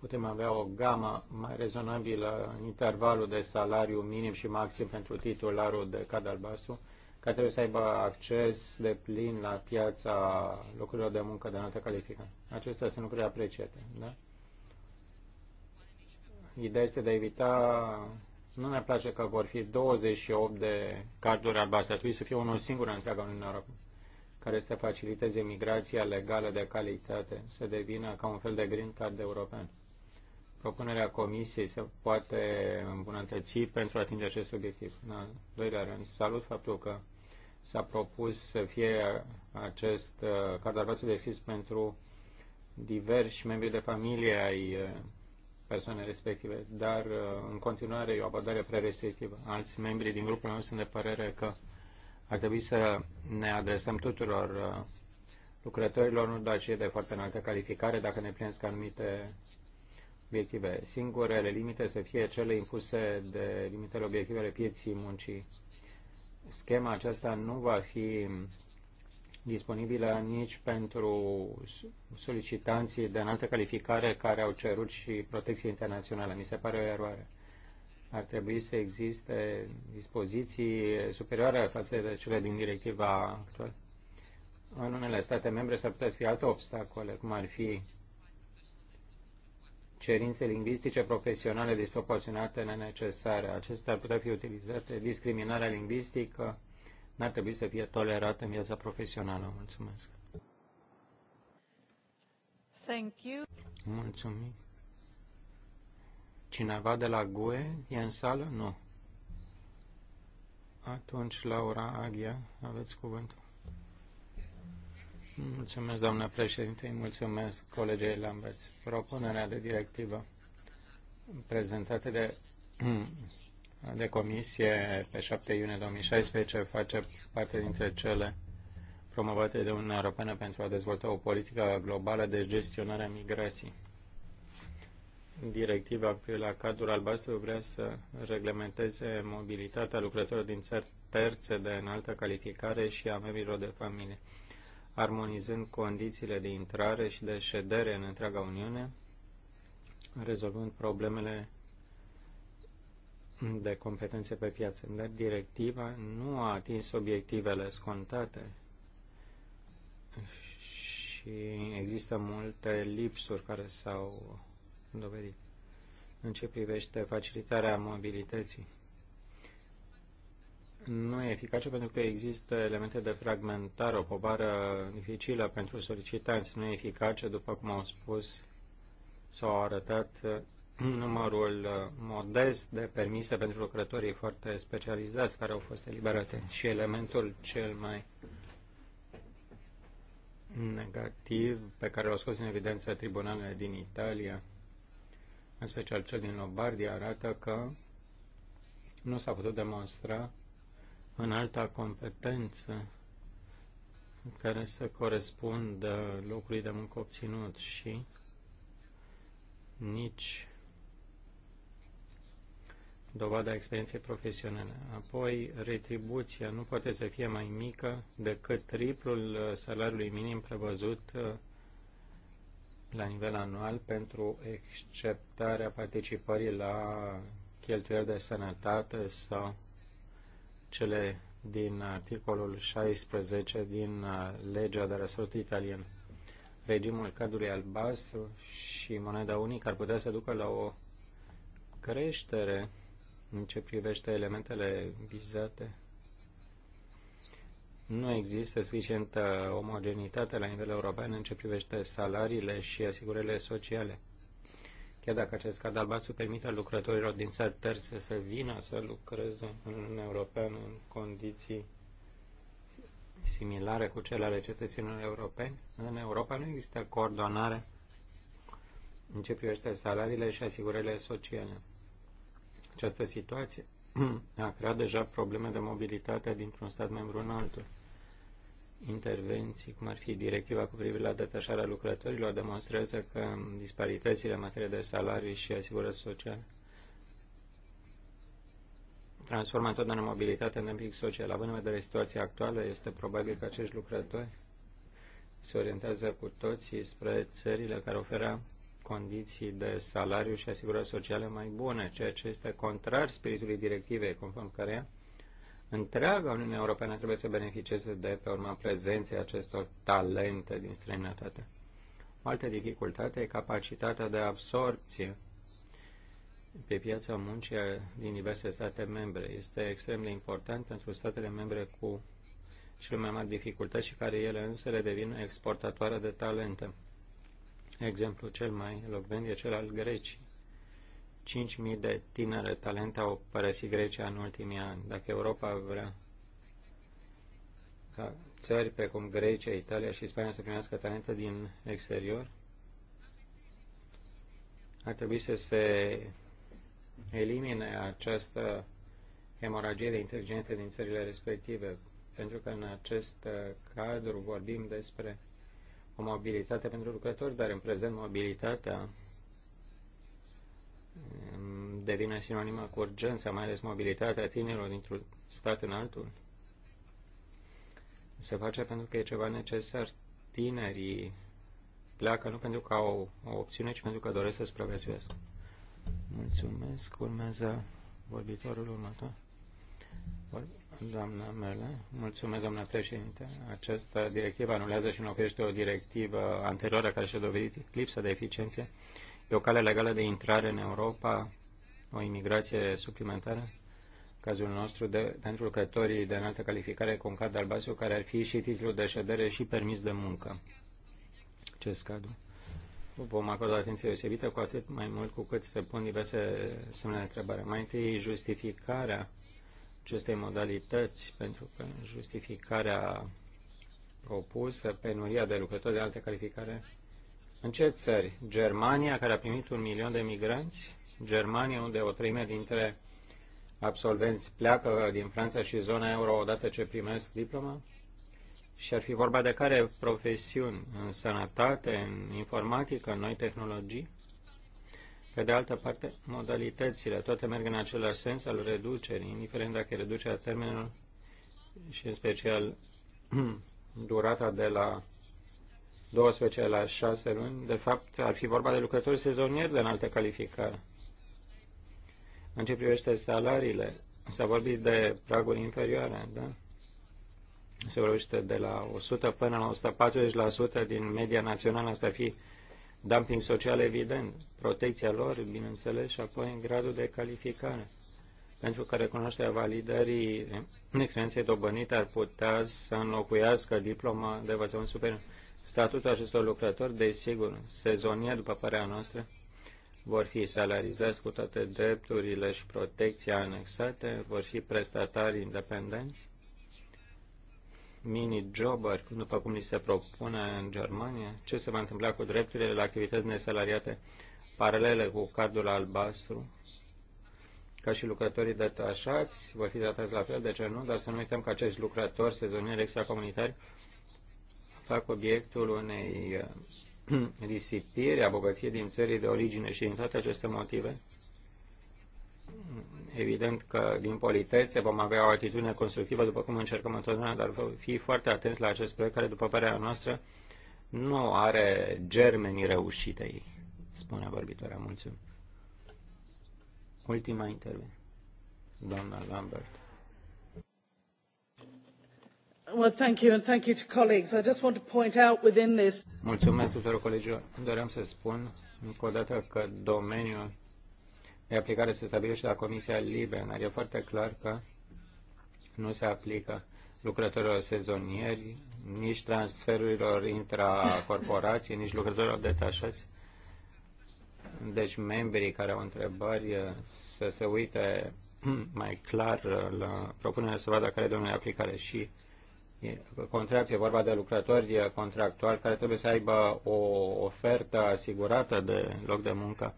Putem avea o gamă mai rezonabilă în intervalul de salariu minim și maxim pentru titularul de cad albastru, care trebuie să aibă acces de plin la piața locurilor de muncă de înaltă calificare. Acestea sunt lucruri apreciate. Da? Ideea este de a evita nu ne place că vor fi 28 de carduri albastre. Ar trebui să fie unul singur în întreaga Uniunea Europeană care să faciliteze migrația legală de calitate, să devină ca un fel de green card european. Propunerea Comisiei se poate îmbunătăți pentru a atinge acest obiectiv. În al doilea rând, salut faptul că s-a propus să fie acest uh, card albastru deschis pentru diversi membri de familie ai uh, persoane respective, dar uh, în continuare e o abordare prea restrictivă. Alți membri din grupul meu sunt de părere că ar trebui să ne adresăm tuturor uh, lucrătorilor, nu doar cei de foarte înaltă calificare, dacă ne prindesc anumite obiective. Singurele limite să fie cele impuse de limitele obiectivele pieții muncii. Schema aceasta nu va fi disponibilă nici pentru solicitanții de înaltă calificare care au cerut și protecție internațională. Mi se pare o eroare. Ar trebui să existe dispoziții superioare față de cele din directiva actuală. În unele state membre s-ar putea fi alte obstacole, cum ar fi cerințe lingvistice profesionale disproporționate, nenecesare. Acestea ar putea fi utilizate, discriminarea lingvistică, n-ar trebui să fie tolerată în viața profesională. Mulțumesc. Thank you. Mulțumim. Cineva de la GUE e în sală? Nu. Atunci, Laura Aghia, aveți cuvântul. Mulțumesc, doamna președinte, mulțumesc colegei Lamberts. Propunerea de directivă prezentată de de comisie pe 7 iunie 2016 face parte dintre cele promovate de Uniunea Europeană pentru a dezvolta o politică globală de gestionare a migrației. Directiva la cadrul albastru vrea să reglementeze mobilitatea lucrătorilor din țări terțe de înaltă calificare și a membrilor de familie, armonizând condițiile de intrare și de ședere în întreaga Uniune, rezolvând problemele de competențe pe piață, dar directiva nu a atins obiectivele scontate și există multe lipsuri care s-au dovedit în ce privește facilitarea mobilității. Nu e eficace pentru că există elemente de fragmentare, o povară dificilă pentru solicitanți. Nu e eficace, după cum au spus sau au arătat numărul uh, modest de permise pentru lucrătorii foarte specializați care au fost eliberate și elementul cel mai negativ pe care l-au scos în evidență tribunalele din Italia, în special cel din Lombardia, arată că nu s-a putut demonstra în alta competență care să corespundă locului de muncă obținut și nici dovada experienței profesionale. Apoi, retribuția nu poate să fie mai mică decât triplul uh, salariului minim prevăzut uh, la nivel anual pentru acceptarea participării la cheltuieli de sănătate sau cele din articolul 16 din uh, legea de resort italiană. Regimul cadrului albastru și moneda unică ar putea să ducă la o creștere în ce privește elementele vizate, nu există suficientă omogenitate la nivel european în ce privește salariile și asigurările sociale. Chiar dacă acest cad albastru permite lucrătorilor din țări terțe să vină să lucreze în Uniunea Europeană în condiții similare cu cele ale cetățenilor europeni, în Europa nu există coordonare în ce privește salariile și asigurările sociale. Această situație a creat deja probleme de mobilitate dintr-un stat membru în altul. Intervenții, cum ar fi directiva cu privire la detașarea lucrătorilor, demonstrează că disparitățile în materie de salarii și asigurări sociale transformă întotdeauna mobilitatea în împic social. Având în vedere situația actuală, este probabil că acești lucrători se orientează cu toții spre țările care oferă condiții de salariu și asigurări sociale mai bune, ceea ce este contrar spiritului directivei, conform căreia întreaga Uniune Europeană trebuie să beneficieze de pe urma prezenței acestor talente din străinătate. O altă dificultate e capacitatea de absorpție pe piața muncii din diverse state membre. Este extrem de important pentru statele membre cu cele mai mari dificultăți și care ele le devin exportatoare de talente. Exemplul cel mai elocvent e cel al Greciei. 5.000 de tinere talente au părăsit Grecia în ultimii ani. Dacă Europa vrea ca țări precum Grecia, Italia și Spania să primească talente din exterior, ar trebui să se elimine această hemoragie de inteligență din țările respective, pentru că în acest uh, cadru vorbim despre o mobilitate pentru lucrători, dar în prezent mobilitatea mm, devine sinonimă cu urgența, mai ales mobilitatea tinerilor dintr-un stat în altul. Se face pentru că e ceva necesar. Tinerii pleacă nu pentru că au o opțiune, ci pentru că doresc să supraviețuiesc. Mulțumesc. Urmează vorbitorul următor. Doamna Mele, mulțumesc, doamna președinte. Această directivă anulează și înlocuiește o directivă anterioară care și-a dovedit lipsa de eficiență. E o cale legală de intrare în Europa, o imigrație suplimentară, cazul nostru, de, pentru lucrătorii de înaltă calificare cu un card albastru, care ar fi și titlul de ședere și permis de muncă. Ce scadu? Vom acorda atenție deosebită, cu atât mai mult cu cât se pun diverse semne de întrebare. Mai întâi, justificarea aceste modalități pentru că justificarea propusă, penuria de lucrători de altă calificare. În ce țări? Germania, care a primit un milion de migranți, Germania, unde o treime dintre absolvenți pleacă din Franța și zona euro odată ce primesc diploma? Și ar fi vorba de care profesiuni? În sănătate, în informatică, în noi tehnologii? Pe de altă parte, modalitățile toate merg în același sens al reducerii, indiferent dacă reducerea termenului și în special durata de la 12 la 6 luni, de fapt ar fi vorba de lucrători sezonieri de înaltă calificare. În ce privește salariile, s-a vorbit de praguri inferioare, da? Se vorbește de la 100 până la 140% din media națională, asta ar fi dumping social evident, protecția lor, bineînțeles, și apoi în gradul de calificare. Pentru că recunoașterea validării experienței dobănite ar putea să înlocuiască diploma de învățământ superior. Statutul acestor lucrători, desigur, sezonier, după părerea noastră, vor fi salarizați cu toate drepturile și protecția anexate, vor fi prestatari independenți, mini-joburi, după cum ni se propune în Germania? Ce se va întâmpla cu drepturile la activități nesalariate paralele cu cardul albastru? Ca și lucrătorii detașați, vor fi tratați la fel, de ce nu? Dar să nu uităm că acești lucrători sezonieri extracomunitari fac obiectul unei eh, risipiri a bogăției din țării de origine și din toate aceste motive Evident că din politețe vom avea o atitudine constructivă, după cum încercăm întotdeauna, dar vom fi foarte atenți la acest proiect care, după părerea noastră, nu are germenii reușitei, spune vorbitoarea. Mulțumim. Ultima intervenție. Doamna Lambert. Mulțumesc tuturor colegilor. Doream să spun încă o dată că domeniul de aplicare se stabilește la Comisia Libe, dar e foarte clar că nu se aplică lucrătorilor sezonieri, nici transferurilor intracorporații, nici lucrătorilor detașați. Deci membrii care au întrebări să se uite mai clar la propunerea să vadă care domnul aplicare și contract, e vorba de lucrători contractuali care trebuie să aibă o ofertă asigurată de loc de muncă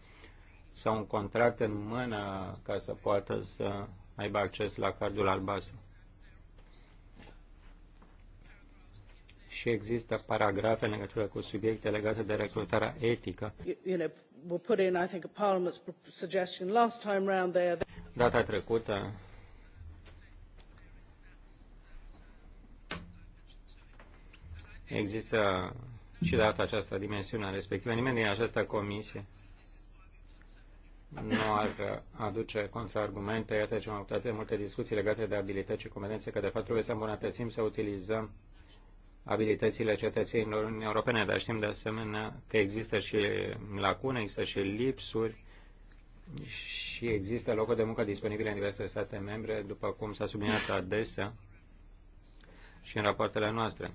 sau un contract în mână ca să poată să aibă acces la cardul albastru. Și există paragrafe în legătură cu subiecte legate de recrutarea etică. Data trecută, există și data aceasta dimensiunea respectivă. Nimeni din această comisie nu ar aduce contraargumente, iată ce am avut atât multe discuții legate de abilități și competențe, că de fapt trebuie să îmbunătățim, să utilizăm abilitățile cetățenilor Uniunii Europene, dar știm de asemenea că există și lacune, există și lipsuri și există locuri de muncă disponibile în diverse state membre, după cum s-a subliniat adesea și în rapoartele noastre.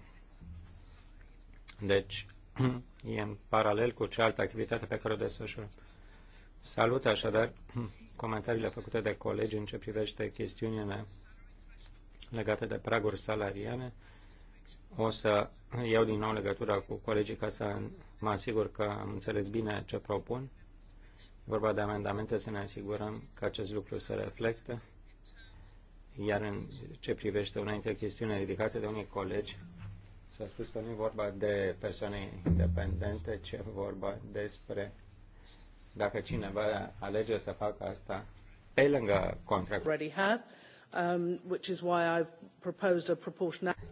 Deci, e în paralel cu cealaltă activitate pe care o desfășurăm. Salut așadar comentariile făcute de colegi în ce privește chestiunile legate de praguri salariale. O să iau din nou legătura cu colegii ca să mă asigur că am înțeles bine ce propun. Vorba de amendamente să ne asigurăm că acest lucru se reflectă. Iar în ce privește una dintre chestiunile ridicate de unii colegi, s-a spus că nu e vorba de persoane independente, ci e vorba despre dacă cineva alege să facă asta pe lângă contract.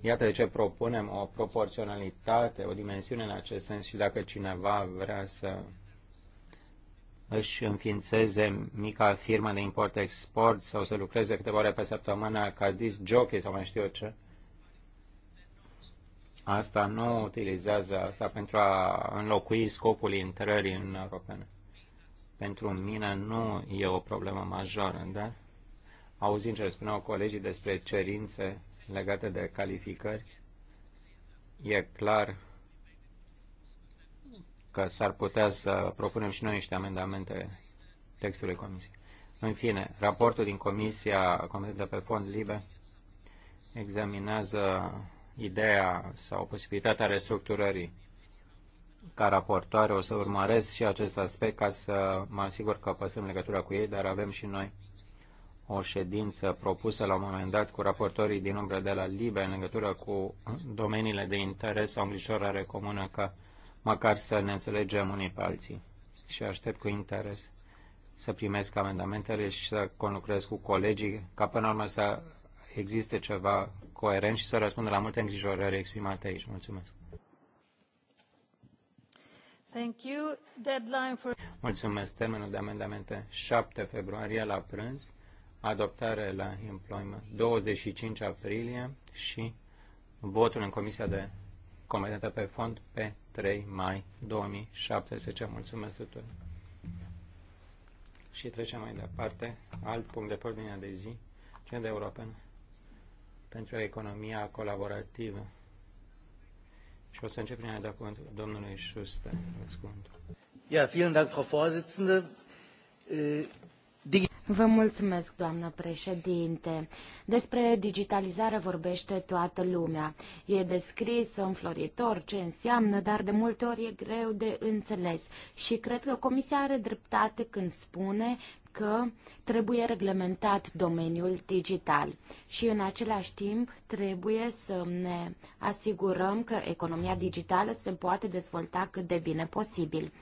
Iată de ce propunem o proporționalitate, o dimensiune în acest sens și dacă cineva vrea să își înființeze mica firmă de import-export sau să lucreze câteva ore pe săptămână ca disc jockey sau mai știu eu ce, asta nu utilizează asta pentru a înlocui scopul intrării în Europa pentru mine nu e o problemă majoră, da? auzind ce spuneau colegii despre cerințe legate de calificări, e clar că s-ar putea să propunem și noi niște amendamente textului comisiei. În fine, raportul din Comisia Comitetă pe Fond Liber examinează ideea sau posibilitatea restructurării ca raportoare o să urmăresc și acest aspect ca să mă asigur că păstrăm legătura cu ei, dar avem și noi o ședință propusă la un moment dat cu raportorii din umbră de la Libe în legătură cu domeniile de interes sau îngrijorare comună ca măcar să ne înțelegem unii pe alții. Și aștept cu interes să primesc amendamentele și să conlucrez cu colegii ca până la urmă să existe ceva coerent și să răspundă la multe îngrijorări exprimate aici. Mulțumesc! Thank you. Deadline for... Mulțumesc. Termenul de amendamente 7 februarie la prânz, adoptare la employment 25 aprilie și votul în Comisia de Comitetă pe Fond pe 3 mai 2017. Mulțumesc tuturor. Și trecem mai departe, alt punct de ordine de zi, de european pentru economia colaborativă. Și o să încep prin a da cuvântul domnului Schuster. Aveți Ja, vielen Dank, Frau Vorsitzende. Äh, Vă mulțumesc, doamnă președinte. Despre digitalizare vorbește toată lumea. E descris înfloritor ce înseamnă, dar de multe ori e greu de înțeles. Și cred că Comisia are dreptate când spune că trebuie reglementat domeniul digital și în același timp trebuie să ne asigurăm că economia digitală se poate dezvolta cât de bine posibil.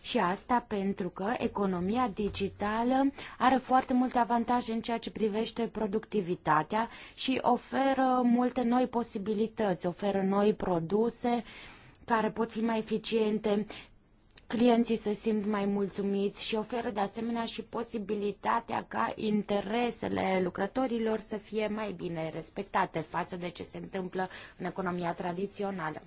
Și asta pentru că economia digitală are foarte multe avantaje în ceea ce privește productivitatea și oferă multe noi posibilități, oferă noi produse care pot fi mai eficiente, clienții se simt mai mulțumiți și oferă de asemenea și posibilitatea ca interesele lucrătorilor să fie mai bine respectate față de ce se întâmplă în economia tradițională.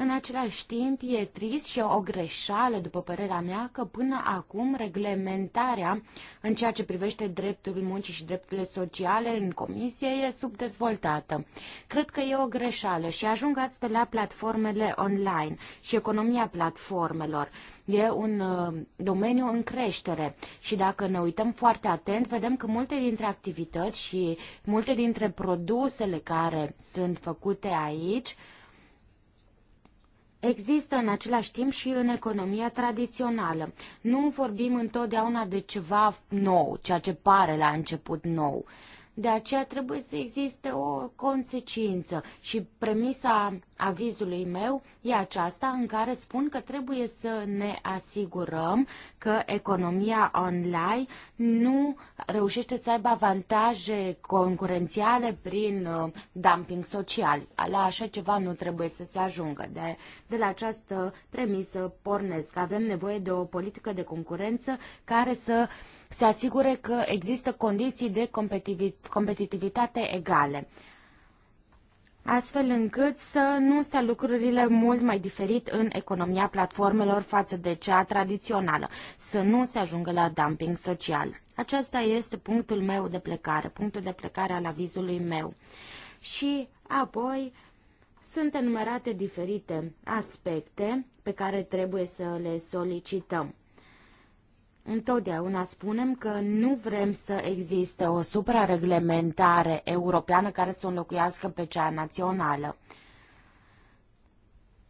În același timp, e trist și o greșeală, după părerea mea, că până acum reglementarea în ceea ce privește dreptul muncii și drepturile sociale în comisie e subdezvoltată. Cred că e o greșeală și ajung astfel la platformele online și economia platformelor. E un uh, domeniu în creștere și dacă ne uităm foarte atent, vedem că multe dintre activități și multe dintre produsele care sunt făcute aici, Există în același timp și în economia tradițională. Nu vorbim întotdeauna de ceva nou, ceea ce pare la început nou. De aceea trebuie să existe o consecință și premisa avizului meu e aceasta în care spun că trebuie să ne asigurăm că economia online nu reușește să aibă avantaje concurențiale prin uh, dumping social. La așa ceva nu trebuie să se ajungă. De, de la această premisă pornesc. Avem nevoie de o politică de concurență care să uh, se asigure că există condiții de competitivitate egale, astfel încât să nu stea lucrurile mult mai diferit în economia platformelor față de cea tradițională, să nu se ajungă la dumping social. Acesta este punctul meu de plecare, punctul de plecare al avizului meu. Și apoi sunt enumerate diferite aspecte pe care trebuie să le solicităm. Întotdeauna spunem că nu vrem să existe o suprareglementare europeană care să înlocuiască pe cea națională.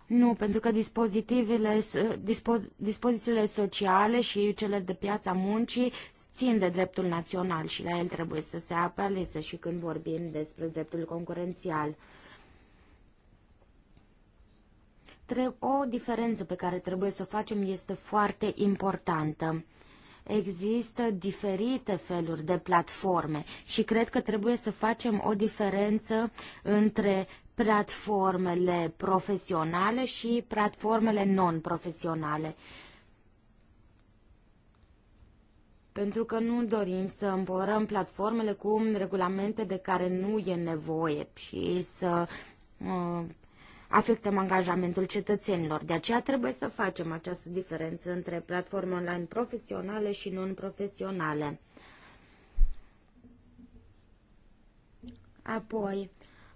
Nu, pentru că dispozitivele, dispo, dispozițiile sociale și cele de piața muncii țin de dreptul național și la el trebuie să se apeleze și când vorbim despre dreptul concurențial. O diferență pe care trebuie să o facem este foarte importantă. Există diferite feluri de platforme și cred că trebuie să facem o diferență între platformele profesionale și platformele non-profesionale. Pentru că nu dorim să împărăm platformele cu regulamente de care nu e nevoie și să uh, afectăm angajamentul cetățenilor. De aceea trebuie să facem această diferență între platforme online profesionale și non-profesionale. Apoi,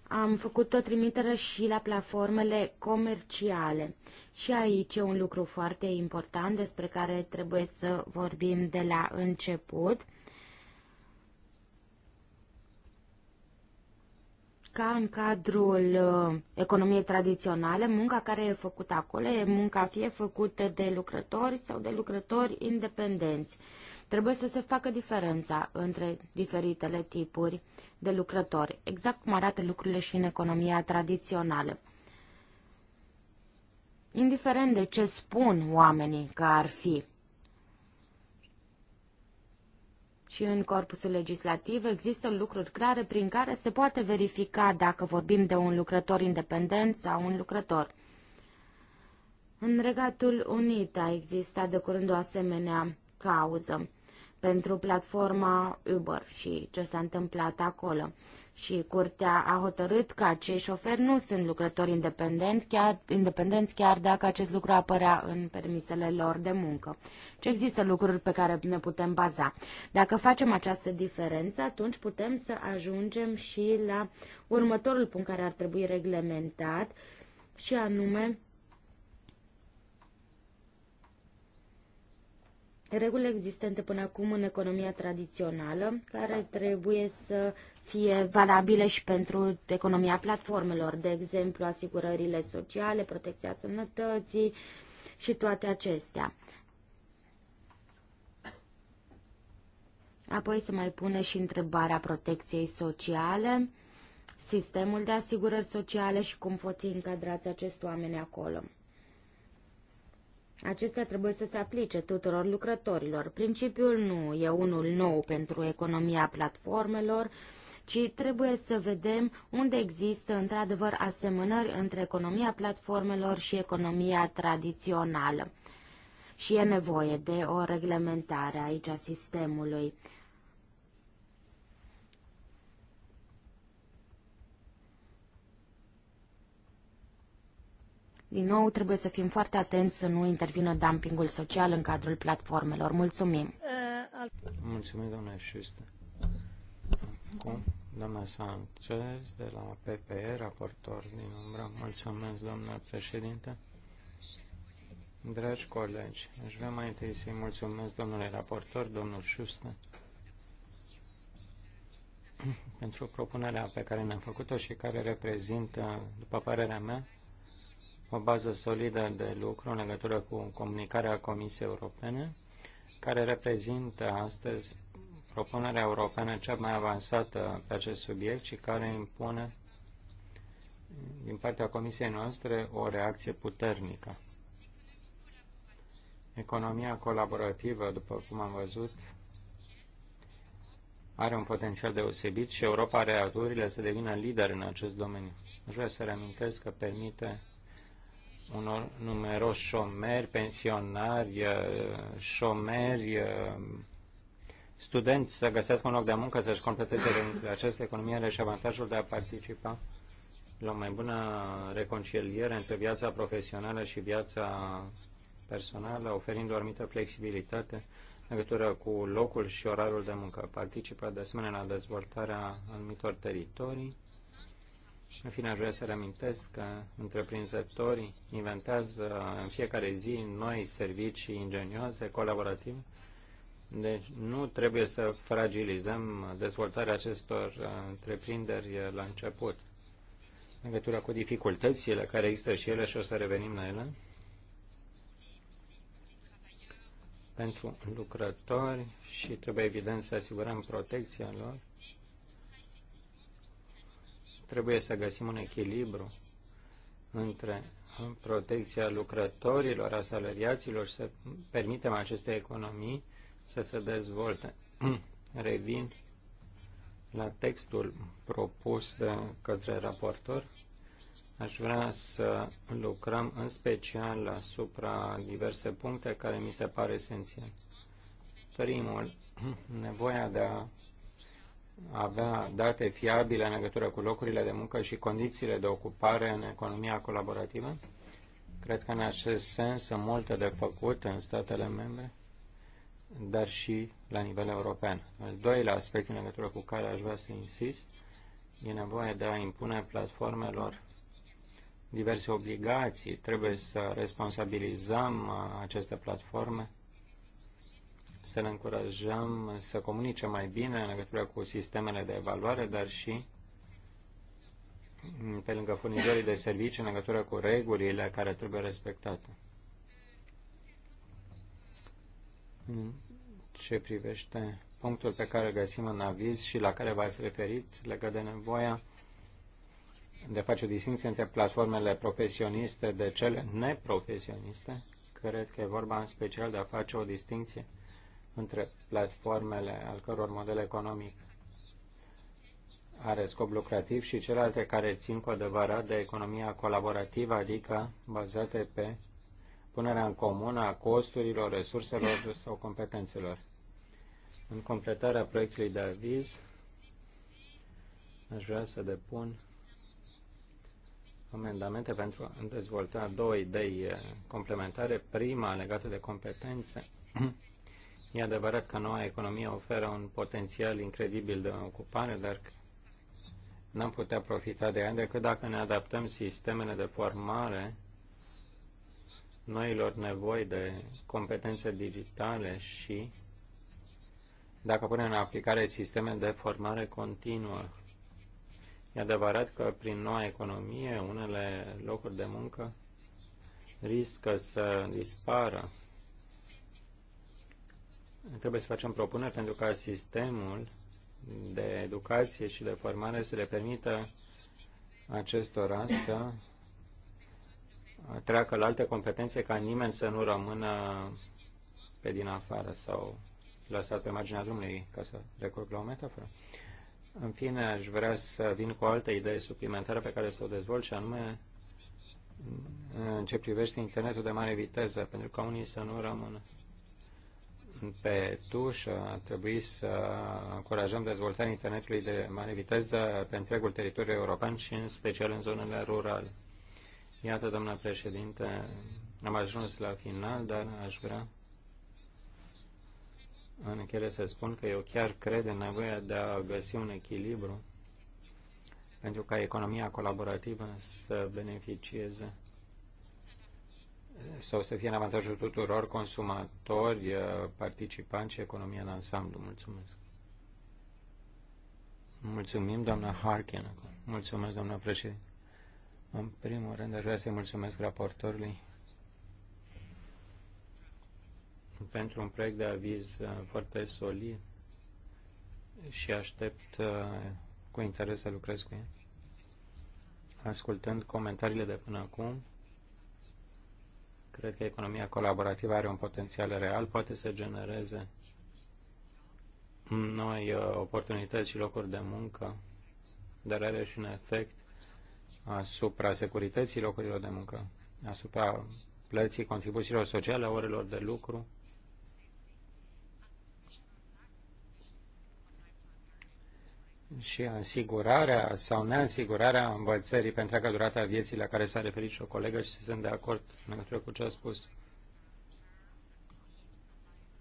am făcut o trimitere și la platformele comerciale. Și aici e un lucru foarte important despre care trebuie să vorbim de la început. ca în cadrul uh, economiei tradiționale, munca care e făcută acolo e munca fie făcută de lucrători sau de lucrători independenți. Trebuie să se facă diferența între diferitele tipuri de lucrători, exact cum arată lucrurile și în economia tradițională. Indiferent de ce spun oamenii că ar fi, și în corpusul legislativ există lucruri clare prin care se poate verifica dacă vorbim de un lucrător independent sau un lucrător. În Regatul Unit a existat de curând o asemenea cauză pentru platforma Uber și ce s-a întâmplat acolo. Și curtea a hotărât că acei șoferi nu sunt lucrători independenți chiar, independenți, chiar dacă acest lucru apărea în permisele lor de muncă. Ce deci există lucruri pe care ne putem baza. Dacă facem această diferență, atunci putem să ajungem și la următorul punct care ar trebui reglementat, și anume regulile existente până acum în economia tradițională, care trebuie să fie valabile și pentru economia platformelor, de exemplu asigurările sociale, protecția sănătății și toate acestea. Apoi se mai pune și întrebarea protecției sociale, sistemul de asigurări sociale și cum pot fi încadrați acești oameni acolo. Acestea trebuie să se aplice tuturor lucrătorilor. Principiul nu e unul nou pentru economia platformelor, ci trebuie să vedem unde există într-adevăr asemănări între economia platformelor și economia tradițională. Și e nevoie de o reglementare aici a sistemului. Din nou, trebuie să fim foarte atenți să nu intervină dumpingul social în cadrul platformelor. Mulțumim! Mulțumim, doamna Șuste. Acum, doamna Sanchez, de la PPE, raportor din umbră. Mulțumesc, doamna președinte. Dragi colegi, aș vrea mai întâi să-i mulțumesc domnule raportor, domnul Șuste, pentru propunerea pe care ne-am făcut-o și care reprezintă, după părerea mea, o bază solidă de lucru în legătură cu comunicarea Comisiei Europene, care reprezintă astăzi propunerea europeană cea mai avansată pe acest subiect și care impune din partea Comisiei noastre o reacție puternică. Economia colaborativă, după cum am văzut, are un potențial deosebit și Europa are aturile să devină lider în acest domeniu. Aș vrea să reamintesc că permite unor numeroși șomeri, pensionari, eh, șomeri, eh, studenți să găsească un loc de muncă, să-și completeze această economie, are și avantajul de a participa la o mai bună reconciliere între viața profesională și viața personală, oferind o anumită flexibilitate în legătură cu locul și orarul de muncă. Participă de asemenea la dezvoltarea anumitor teritorii în fine, aș vrea să reamintesc că întreprinzătorii inventează în fiecare zi noi servicii ingenioase, colaborative, deci nu trebuie să fragilizăm dezvoltarea acestor uh, întreprinderi uh, la început. În legătură cu dificultățile care există și ele și o să revenim la ele. Pentru lucrători și trebuie evident să asigurăm protecția lor Trebuie să găsim un echilibru între protecția lucrătorilor, a salariaților și să permitem aceste economii să se dezvolte. Revin la textul propus de către raportor. Aș vrea să lucrăm în special asupra diverse puncte care mi se pare esențiale. Primul, nevoia de a avea date fiabile în legătură cu locurile de muncă și condițiile de ocupare în economia colaborativă. Cred că în acest sens sunt multe de făcut în statele membre, dar și la nivel european. Al doilea aspect în legătură cu care aș vrea să insist e nevoie de a impune platformelor diverse obligații. Trebuie să responsabilizăm uh, aceste platforme să ne încurajăm să comunice mai bine în legătură cu sistemele de evaluare, dar și pe lângă furnizorii de servicii în legătură cu regulile care trebuie respectate. ce privește punctul pe care îl găsim în aviz și la care v-ați referit legat de nevoia de a face o distinție între platformele profesioniste de cele neprofesioniste, cred că e vorba în special de a face o distinție între platformele al căror model economic are scop lucrativ și celelalte care țin cu adevărat de economia colaborativă, adică bazate pe punerea în comun a costurilor, resurselor sau competențelor. În completarea proiectului de aviz, aș vrea să depun amendamente pentru a dezvolta două idei complementare. Prima legată de competențe E adevărat că noua economie oferă un potențial incredibil de ocupare, dar n-am putea profita de ea decât dacă ne adaptăm sistemele de formare noilor nevoi de competențe digitale și dacă punem în aplicare sisteme de formare continuă. E adevărat că prin noua economie unele locuri de muncă riscă să dispară Trebuie să facem propuneri pentru ca sistemul de educație și de formare să le permită acestora să treacă la alte competențe ca nimeni să nu rămână pe din afară sau lăsat pe marginea drumului, ca să recurg la o metaforă. În fine, aș vrea să vin cu o altă idee suplimentară pe care să o dezvolt și anume în ce privește internetul de mare viteză, pentru ca unii să nu rămână pe tuș, a trebuit să încurajăm dezvoltarea internetului de mare viteză pe întregul teritoriu european și în special în zonele rurale. Iată, doamna președinte, am ajuns la final, dar aș vrea în încheiere să spun că eu chiar cred în nevoia de a găsi un echilibru pentru ca economia colaborativă să beneficieze sau să fie în avantajul tuturor consumatori, eh, participanți și economia în ansamblu. Mulțumesc. Mulțumim, doamna Harkin. Mulțumesc, doamna președinte. În primul rând, aș vrea să-i mulțumesc raportorului pentru un proiect de aviz eh, foarte solid și aștept eh, cu interes să lucrez cu el. Ascultând comentariile de până acum, Cred că economia colaborativă are un potențial real, poate să genereze noi uh, oportunități și locuri de muncă, dar are și un efect asupra securității locurilor de muncă, asupra plății contribuțiilor sociale, orelor de lucru, și asigurarea sau neasigurarea învățării pe întreaga durată a vieții la care s-a referit și o colegă și sunt de acord în cu ce a spus.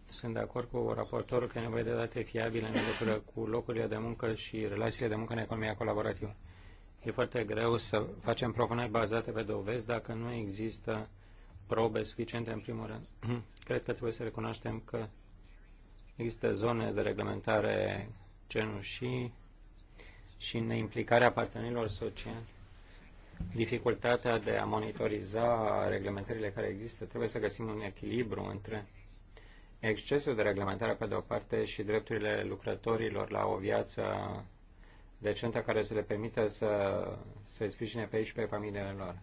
Sunt de acord cu raportorul că e nevoie de date fiabile în legătură cu locurile de muncă și relațiile de muncă în economia colaborativă. E foarte greu să facem propuneri bazate pe dovezi dacă nu există probe suficiente în primul rând. Cred că trebuie să recunoaștem că există zone de reglementare cenușii și în implicarea partenerilor sociali. Dificultatea de a monitoriza reglementările care există, trebuie să găsim un echilibru între excesul de reglementare pe de o parte și drepturile lucrătorilor la o viață decentă care să le permită să se sprijine pe ei și pe familiile lor.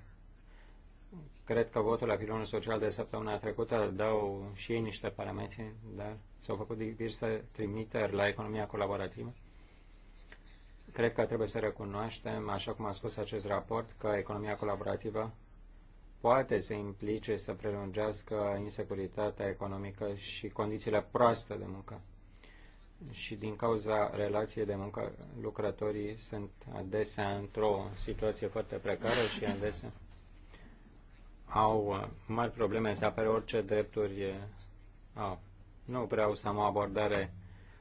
Cred că votul la pilonul social de săptămâna trecută dau și ei niște parametri, dar s-au făcut diverse trimiteri la economia colaborativă Cred că trebuie să recunoaștem, așa cum a spus acest raport, că economia colaborativă poate să implice să prelungească insecuritatea economică și condițiile proaste de muncă. Și din cauza relației de muncă, lucrătorii sunt adesea într-o situație foarte precară și adesea au uh, mari probleme să apere orice drepturi uh, au. Nu vreau să am o abordare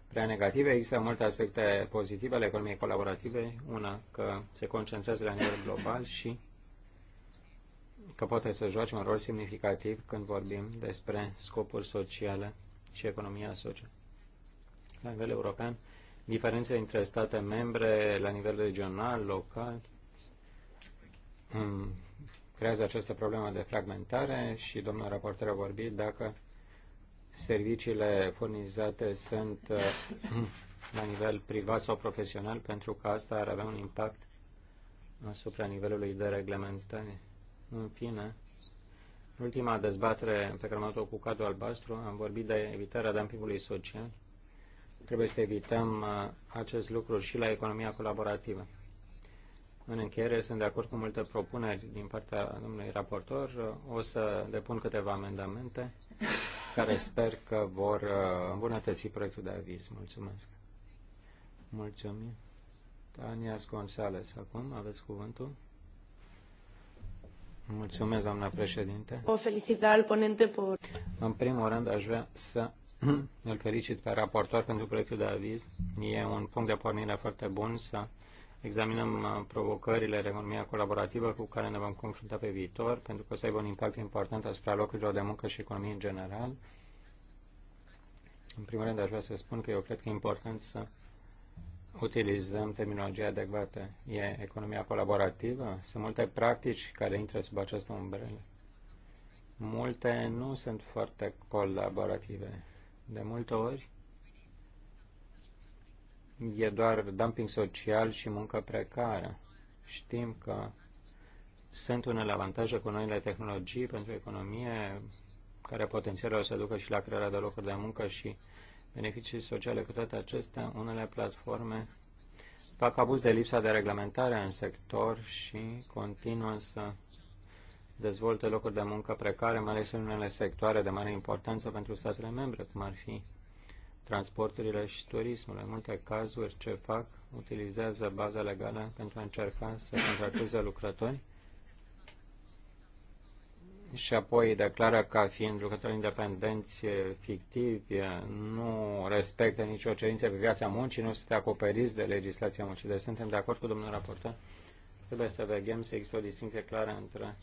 prea negative. Există multe aspecte pozitive ale economiei colaborative. Una, că se concentrează la nivel global și că poate să joace un rol semnificativ când vorbim despre scopuri sociale și economia socială. La nivel european, diferențe între state membre la nivel regional, local, mm, creează această problemă de fragmentare și domnul raportor a vorbit dacă serviciile furnizate sunt uh, la nivel privat sau profesional, pentru că asta ar avea un impact asupra nivelului de reglementare. În fine, în ultima dezbatere pe care am avut-o cu cadrul albastru, am vorbit de evitarea dumpingului social. Trebuie să evităm uh, acest lucru și la economia colaborativă. În încheiere, sunt de acord cu multe propuneri din partea domnului raportor. O să depun câteva amendamente care sper că vor uh, îmbunătăți proiectul de aviz. Mulțumesc. Mulțumim. Tanias Gonzalez, acum aveți cuvântul. Mulțumesc, doamna președinte. O felicită al ponente por... În primul rând, aș vrea să îl felicit pe raportor pentru proiectul de aviz. E un punct de pornire foarte bun să examinăm uh, provocările în economia colaborativă cu care ne vom confrunta pe viitor, pentru că o să aibă un impact important asupra locurilor de muncă și economiei în general. În primul rând, aș vrea să spun că eu cred că e important să utilizăm terminologia adecvată. E economia colaborativă? Sunt multe practici care intră sub această umbrelă. Multe nu sunt foarte colaborative. De multe ori, e doar dumping social și muncă precară. Știm că sunt unele avantaje cu noile tehnologii pentru economie, care potențial o să ducă și la crearea de locuri de muncă și beneficii sociale. Cu toate acestea, unele platforme fac abuz de lipsa de reglementare în sector și continuă să dezvolte locuri de muncă precare, mai ales în unele sectoare de mare importanță pentru statele membre, cum ar fi transporturile și turismul. În multe cazuri, ce fac? Utilizează baza legală pentru a încerca să contracteze lucrători și apoi declară ca fiind lucrători independenți fictivi, nu respectă nicio cerință pe viața muncii, nu sunt acoperiți de legislația muncii. Deci suntem de acord cu domnul raportor. Trebuie să vegem să există o distinție clară între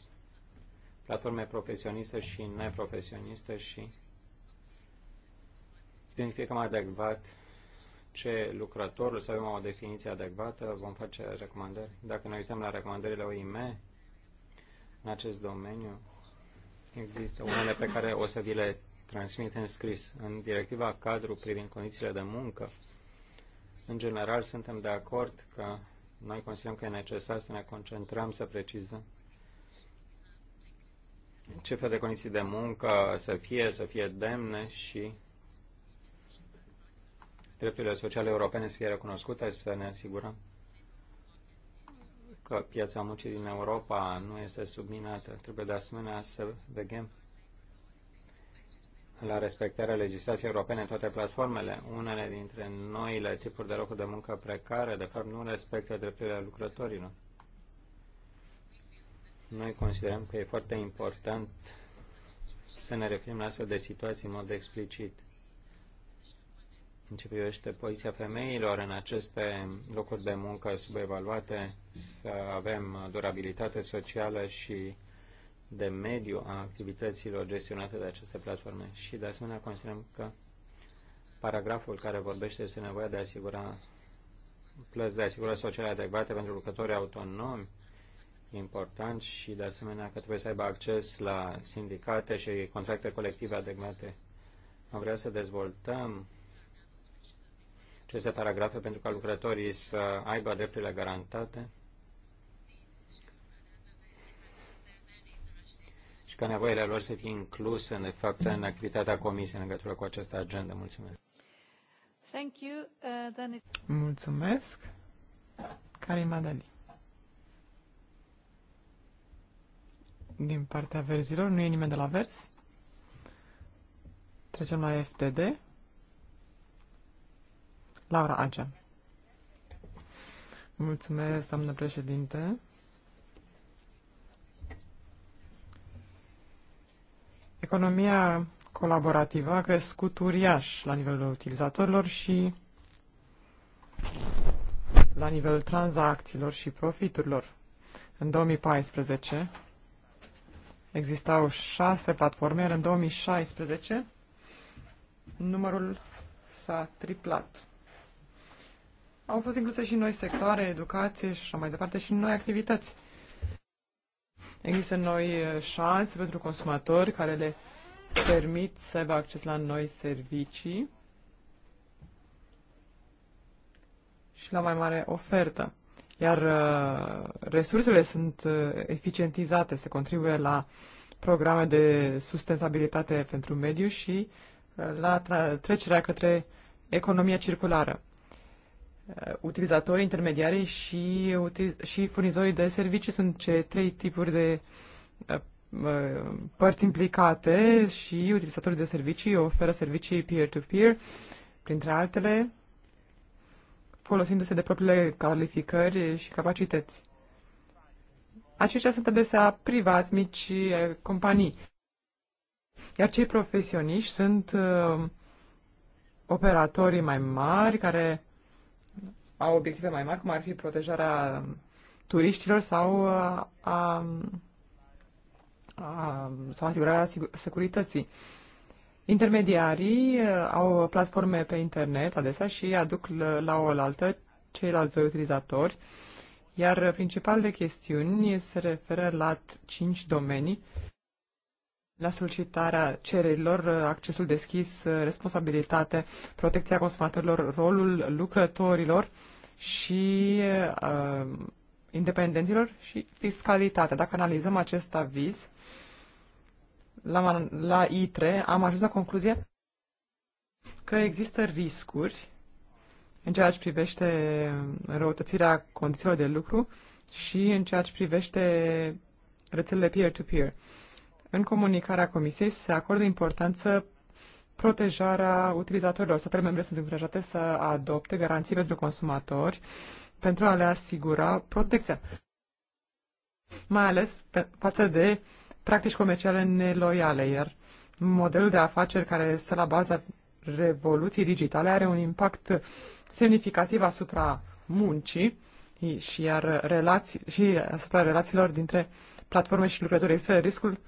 platforme profesioniste și neprofesioniste și identificăm adecvat ce lucrătorul, să avem o definiție adecvată, vom face recomandări. Dacă ne uităm la recomandările OIM în acest domeniu, există unele pe care o să vi le transmit în scris. În directiva cadru privind condițiile de muncă, în general suntem de acord că noi considerăm că e necesar să ne concentrăm, să precizăm ce fel de condiții de muncă să fie, să fie demne și drepturile sociale europene să fie recunoscute, să ne asigurăm că piața muncii din Europa nu este subminată. Trebuie de asemenea să vegem la respectarea legislației europene în toate platformele. Unele dintre noile tipuri de locuri de muncă precare, de fapt, nu respectă drepturile lucrătorilor. Noi considerăm că e foarte important să ne referim la astfel de situații în mod explicit în ce privește poziția femeilor în aceste locuri de muncă subevaluate, să avem durabilitate socială și de mediu a activităților gestionate de aceste platforme. Și de asemenea considerăm că paragraful care vorbește este nevoia de a asigura plăți de asigurări sociale adecvate pentru lucrătorii autonomi, important și de asemenea că trebuie să aibă acces la sindicate și contracte colective adecvate. Am vrea să dezvoltăm aceste paragrafe pentru ca lucrătorii să aibă drepturile garantate și ca nevoile lor să fie incluse, de fapt, în activitatea comisiei în legătură cu această agendă. Mulțumesc. Thank you. Uh, then it... Mulțumesc. Karim Adali. Din partea verzilor, nu e nimeni de la vers. Trecem la FTD. Laura Agea. Mulțumesc, doamnă președinte. Economia colaborativă a crescut uriaș la nivelul utilizatorilor și la nivelul tranzacțiilor și profiturilor. În 2014 existau șase platforme, iar în 2016 numărul s-a triplat. Au fost incluse și noi sectoare, educație și așa mai departe, și noi activități. Există noi eh, șanse pentru consumatori care le permit să aibă acces la noi servicii și la mai mare ofertă. Iar eh, resursele sunt eh, eficientizate, se contribuie la programe de sustenabilitate pentru mediu și la trecerea către economia circulară. Uh, utilizatorii, intermediarii și, și furnizorii de servicii sunt cei trei tipuri de uh, uh, părți implicate și utilizatorii de servicii oferă servicii peer-to-peer, -peer, printre altele, folosindu-se de propriile calificări și capacități. Aceștia sunt adesea privați, mici companii. Iar cei profesioniști sunt uh, operatorii mai mari care au obiective mai mari, cum ar fi protejarea turiștilor sau a, uh, a, a, sau asigurarea securității. Intermediarii uh, au platforme pe internet adesea și aduc la oaltă ceilalți doi utilizatori, iar principalele chestiuni se referă la cinci domenii la solicitarea cererilor, uh, accesul deschis, uh, responsabilitate, protecția consumatorilor, rolul lucrătorilor și uh, independenților și fiscalitatea. Dacă analizăm acest aviz, la, la ITRE am ajuns la concluzia că există riscuri în ceea ce privește răutățirea condițiilor de lucru și în ceea ce privește rețelele peer-to-peer. -peer. În comunicarea Comisiei se acordă importanță protejarea utilizatorilor. Statele membre sunt încurajate să adopte garanții pentru consumatori pentru a le asigura protecția, mai ales pe, față de practici comerciale neloiale, iar modelul de afaceri care este la baza revoluției digitale are un impact semnificativ asupra muncii și, iar relații, și asupra relațiilor dintre platforme și lucrători. Este riscul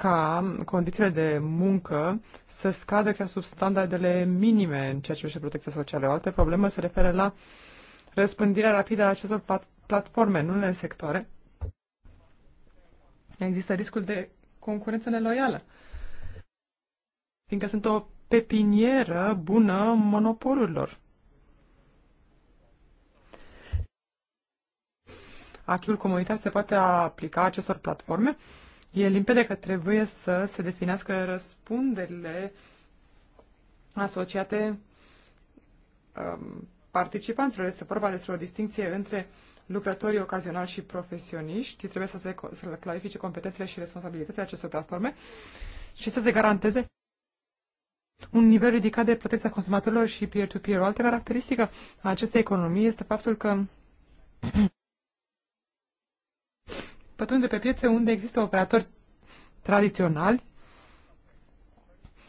ca condițiile de muncă să scadă chiar sub standardele minime în ceea ce privește protecția socială. O altă problemă se referă la răspândirea rapidă a acestor plat- platforme în sectoare. Există riscul de concurență neloială, fiindcă sunt o pepinieră bună monopolurilor. Achiul comunitar se poate aplica acestor platforme E limpede că trebuie să se definească răspunderile asociate um, participanților. Este vorba despre o distinție între lucrătorii ocazionali și profesioniști. Trebuie să se să clarifice competențele și responsabilitățile acestor platforme și să se garanteze un nivel ridicat de protecția consumatorilor și peer-to-peer. -peer. O altă caracteristică a acestei economii este faptul că pătrunde pe piețe unde există operatori tradiționali,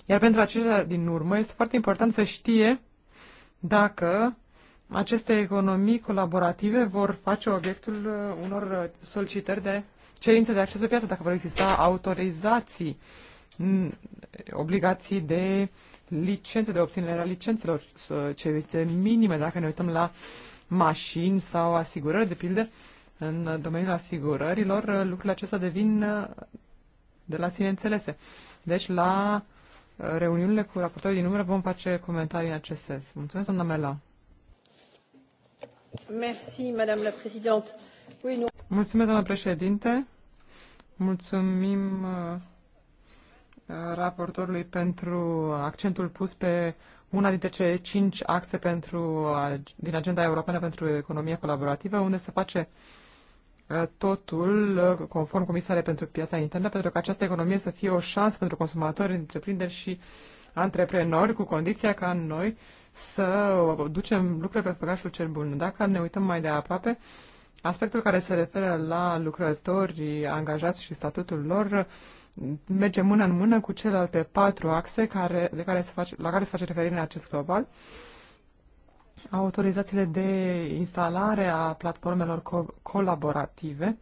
iar pentru acelea din urmă este foarte important să știe dacă aceste economii colaborative vor face obiectul uh, unor uh, solicitări de cerințe de acces pe piață, dacă vor exista autorizații, mm, obligații de licențe, de obținerea licențelor, cerințe minime, dacă ne uităm la mașini sau asigurări, de pildă, în domeniul asigurărilor, lucrurile acestea devin uh, de la sine înțelese. Deci, la uh, reuniunile cu raportorii din umbră vom face comentarii în acest sens. Mulțumesc, doamna Mela. Merci, madame la présidente. Oui, nous... Mulțumesc, doamna președinte. Mulțumim uh, raportorului pentru accentul pus pe una dintre cele cinci axe pentru, din agenda europeană pentru economie colaborativă, unde se face uh, Uh, totul uh, conform Comisare pentru Piața Internă, pentru că această economie să fie o șansă pentru consumatori, întreprinderi și antreprenori, cu condiția ca noi să ducem lucrurile pe făcașul cel bun. Dacă ne uităm mai de aproape, aspectul care se referă la lucrători angajați și statutul lor merge mână în mână cu celelalte patru axe care, de care se face, la care se face referire în acest global autorizațiile de instalare a platformelor co- colaborative.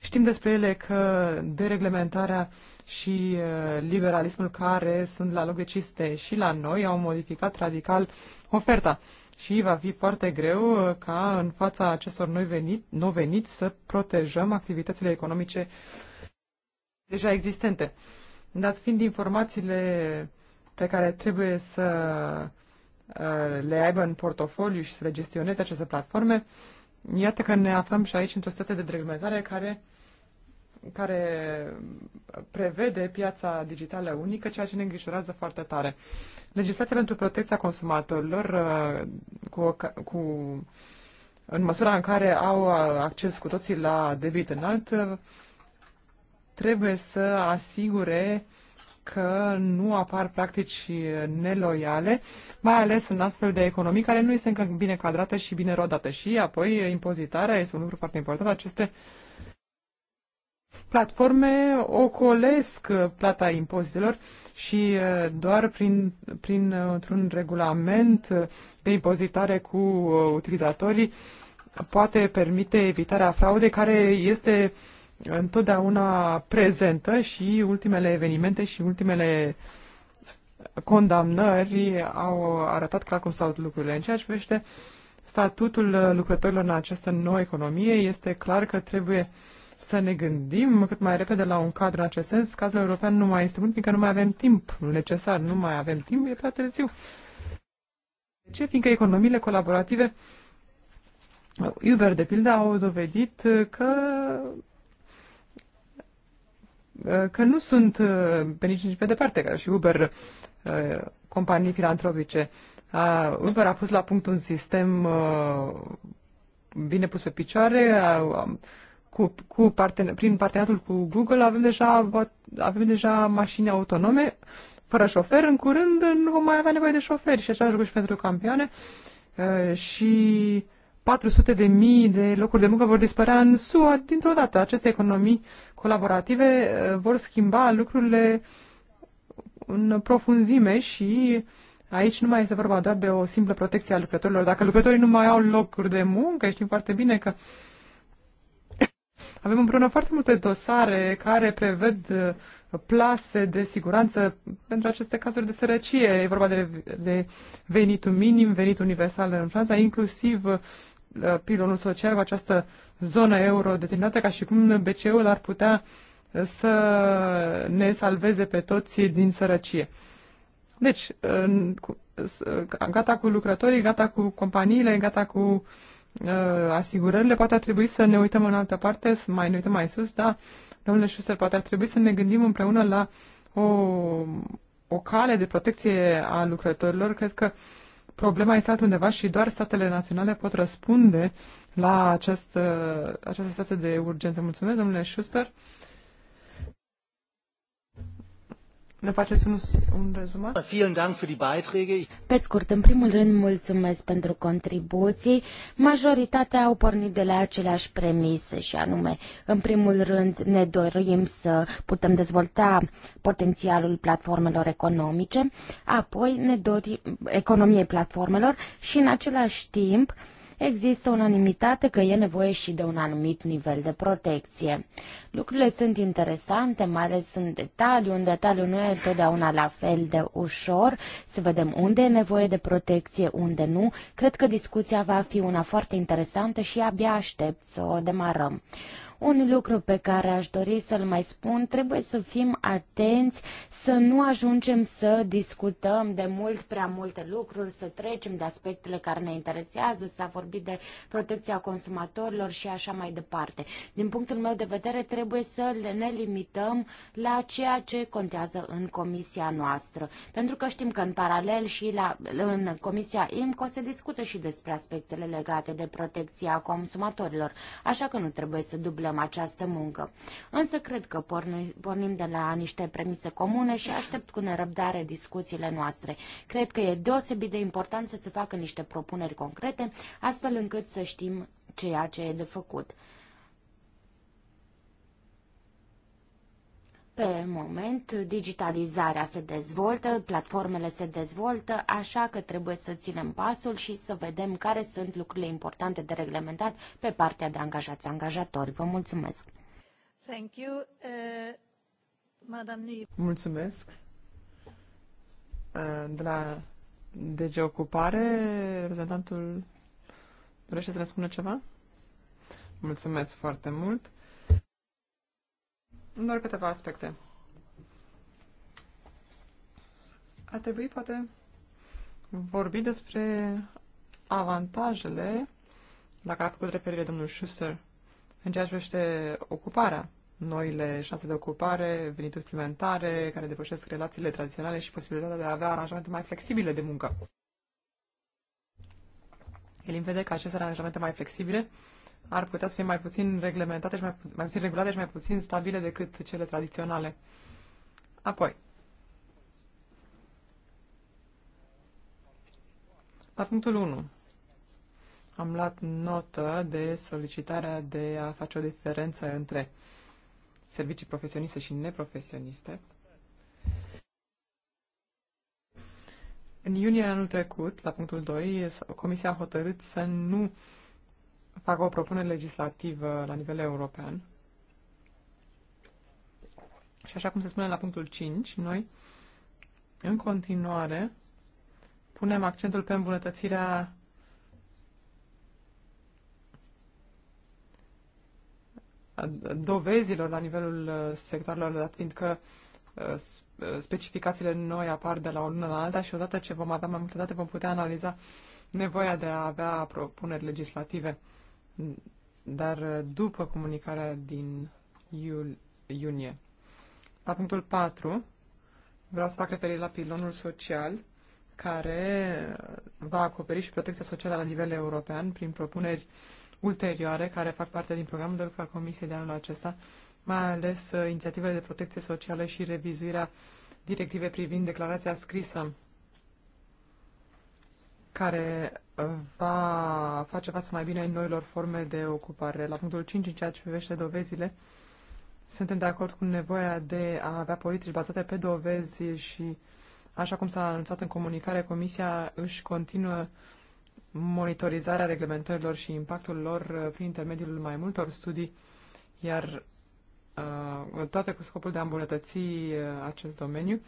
Știm despre ele că dereglementarea și uh, liberalismul care sunt la loc de ciste și la noi au modificat radical oferta și va fi foarte greu uh, ca în fața acestor noi venit, nou veniți să protejăm activitățile economice deja existente. Dat fiind informațiile pe care trebuie să Uh, le aibă în portofoliu și să le gestioneze aceste platforme, iată că ne aflăm și aici într-o situație de reglementare care, care prevede piața digitală unică, ceea ce ne îngrijorează foarte tare. Legislația pentru protecția consumatorilor uh, cu, cu în măsura în care au uh, acces cu toții la debit înalt, trebuie să asigure uh, că nu apar practici neloiale, mai ales în astfel de economii care nu este încă bine cadrată și bine rodată. Și apoi impozitarea este un lucru foarte important. Aceste platforme ocolesc plata impozitelor și doar prin, prin un regulament de impozitare cu utilizatorii poate permite evitarea fraudei care este întotdeauna prezentă și ultimele evenimente și ultimele condamnări au arătat clar cum stau lucrurile. În ceea ce privește statutul lucrătorilor în această nouă economie, este clar că trebuie să ne gândim cât mai repede la un cadru în acest sens. Cadrul european nu mai este bun, fiindcă nu mai avem timp necesar, nu mai avem timp, e prea târziu. De ce? Fiindcă economiile colaborative Uber, de pildă, au dovedit că Uh, că nu sunt uh, pe nici, nici pe departe ca și Uber uh, companii filantropice. Uber a pus la punct un sistem bine pus pe picioare, um, cu, cu parten- prin parteneriatul cu Google avem deja, avem deja mașini autonome fără șofer. În curând nu vom mai avea nevoie de șoferi și așa a și pentru campioane. Și 400 de mii de locuri de muncă vor dispărea în SUA dintr-o dată. Aceste economii colaborative uh, vor schimba lucrurile în profunzime și aici nu mai este vorba doar de o simplă protecție a lucrătorilor. Dacă lucrătorii nu mai au locuri de muncă, știm foarte bine că avem împreună foarte multe dosare care prevăd uh, plase de siguranță pentru aceste cazuri de sărăcie. E vorba de, de venitul minim, venit universal în Franța, inclusiv uh, pilonul social, cu această zonă euro determinată, ca și cum BCE-ul ar putea uh, să ne salveze pe toți din sărăcie. Deci, uh, gata cu lucrătorii, gata cu companiile, gata cu uh, asigurările, poate ar trebui să ne uităm în altă parte, să mai ne uităm mai sus, dar, domnule Schuster, poate ar trebui să ne gândim împreună la o, o cale de protecție a lucrătorilor. Cred că uh, problema este altundeva și doar statele naționale pot răspunde la această, această situație de urgență. Mulțumesc, domnule Schuster. Ne faceți un, un rezumat? Pe scurt, în primul rând, mulțumesc pentru contribuții. Majoritatea au pornit de la aceleași premise și anume, în primul rând, ne dorim să putem dezvolta potențialul platformelor economice, apoi ne dorim economiei platformelor și în același timp, există unanimitate că e nevoie și de un anumit nivel de protecție. Lucrurile sunt interesante, mai ales în detaliu. Un detaliu nu e întotdeauna la fel de ușor. Să vedem unde e nevoie de protecție, unde nu. Cred că discuția va fi una foarte interesantă și abia aștept să o demarăm. Un lucru pe care aș dori să-l mai spun, trebuie să fim atenți să nu ajungem să discutăm de mult prea multe lucruri, să trecem de aspectele care ne interesează, s-a vorbit de protecția consumatorilor și așa mai departe. Din punctul meu de vedere, trebuie să ne limităm la ceea ce contează în comisia noastră. Pentru că știm că în paralel și la, în comisia IMCO se discută și despre aspectele legate de protecția consumatorilor, așa că nu trebuie să dublăm derulăm această muncă. Însă cred că pornim de la niște premise comune și aștept cu nerăbdare discuțiile noastre. Cred că e deosebit de important să se facă niște propuneri concrete, astfel încât să știm ceea ce e de făcut. Pe moment, digitalizarea se dezvoltă, platformele se dezvoltă, așa că trebuie să ținem pasul și să vedem care sunt lucrurile importante de reglementat pe partea de angajați-angajatori. Vă mulțumesc! Thank you, uh, Madame Mulțumesc! Uh, de la DG Ocupare, reprezentantul dorește să răspundă ceva? Mulțumesc foarte mult! doar câteva aspecte. A trebui poate vorbi despre avantajele la care a făcut referire domnul Schuster în ceea ce privește ocuparea, noile șanse de ocupare, venituri suplimentare care depășesc relațiile tradiționale și posibilitatea de a avea aranjamente mai flexibile de muncă. El vede că aceste aranjamente mai flexibile ar putea să fie mai puțin reglementate și mai, mai puțin regulate și mai puțin stabile decât cele tradiționale. Apoi, la punctul 1, am luat notă de solicitarea de a face o diferență între servicii profesioniste și neprofesioniste. În iunie anul trecut, la punctul 2, Comisia a hotărât să nu facă o propunere legislativă la nivel european. Și așa cum se spune la punctul 5, noi în continuare punem accentul pe îmbunătățirea dovezilor la nivelul uh, sectoarelor, dat fiindcă uh, specificațiile noi apar de la o lună la alta și odată ce vom avea mai multe date vom putea analiza nevoia de a avea propuneri legislative dar uh, după comunicarea din iul, iunie. La punctul 4 vreau să fac referire la pilonul social care uh, va acoperi și protecția socială la nivel european prin propuneri ulterioare care fac parte din programul de lucru al Comisiei de anul acesta, mai ales uh, inițiativele de protecție socială și revizuirea directivei privind declarația scrisă care uh, va face față mai bine noilor forme de ocupare. La punctul 5, în ceea ce privește dovezile, suntem de acord cu nevoia de a avea politici bazate pe dovezi și, așa cum s-a anunțat în comunicare, Comisia își continuă monitorizarea reglementărilor și impactul lor uh, prin intermediul mai multor studii, iar uh, toate cu scopul de a îmbunătăți acest domeniu.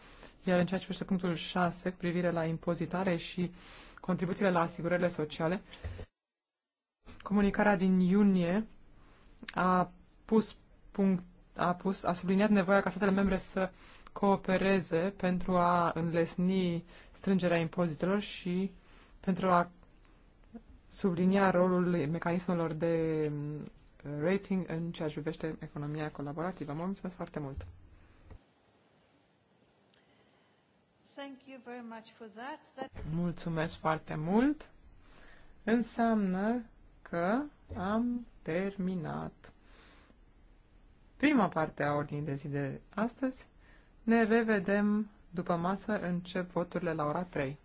Iar în ceea ce privește punctul 6, cu privire la impozitare și uh, contribuțiile la asigurările sociale. Comunicarea din iunie a pus punct, a, pus, a subliniat nevoia ca statele membre să coopereze pentru a înlesni strângerea impozitelor și pentru a sublinia rolul mecanismelor de mm, rating în ceea ce privește economia colaborativă. Mă mulțumesc foarte mult! Thank you very much for that. that... Mulțumesc foarte mult. Înseamnă că am terminat. Prima parte a ordinii de zi de astăzi. Ne revedem după masă, ce voturile la ora 3.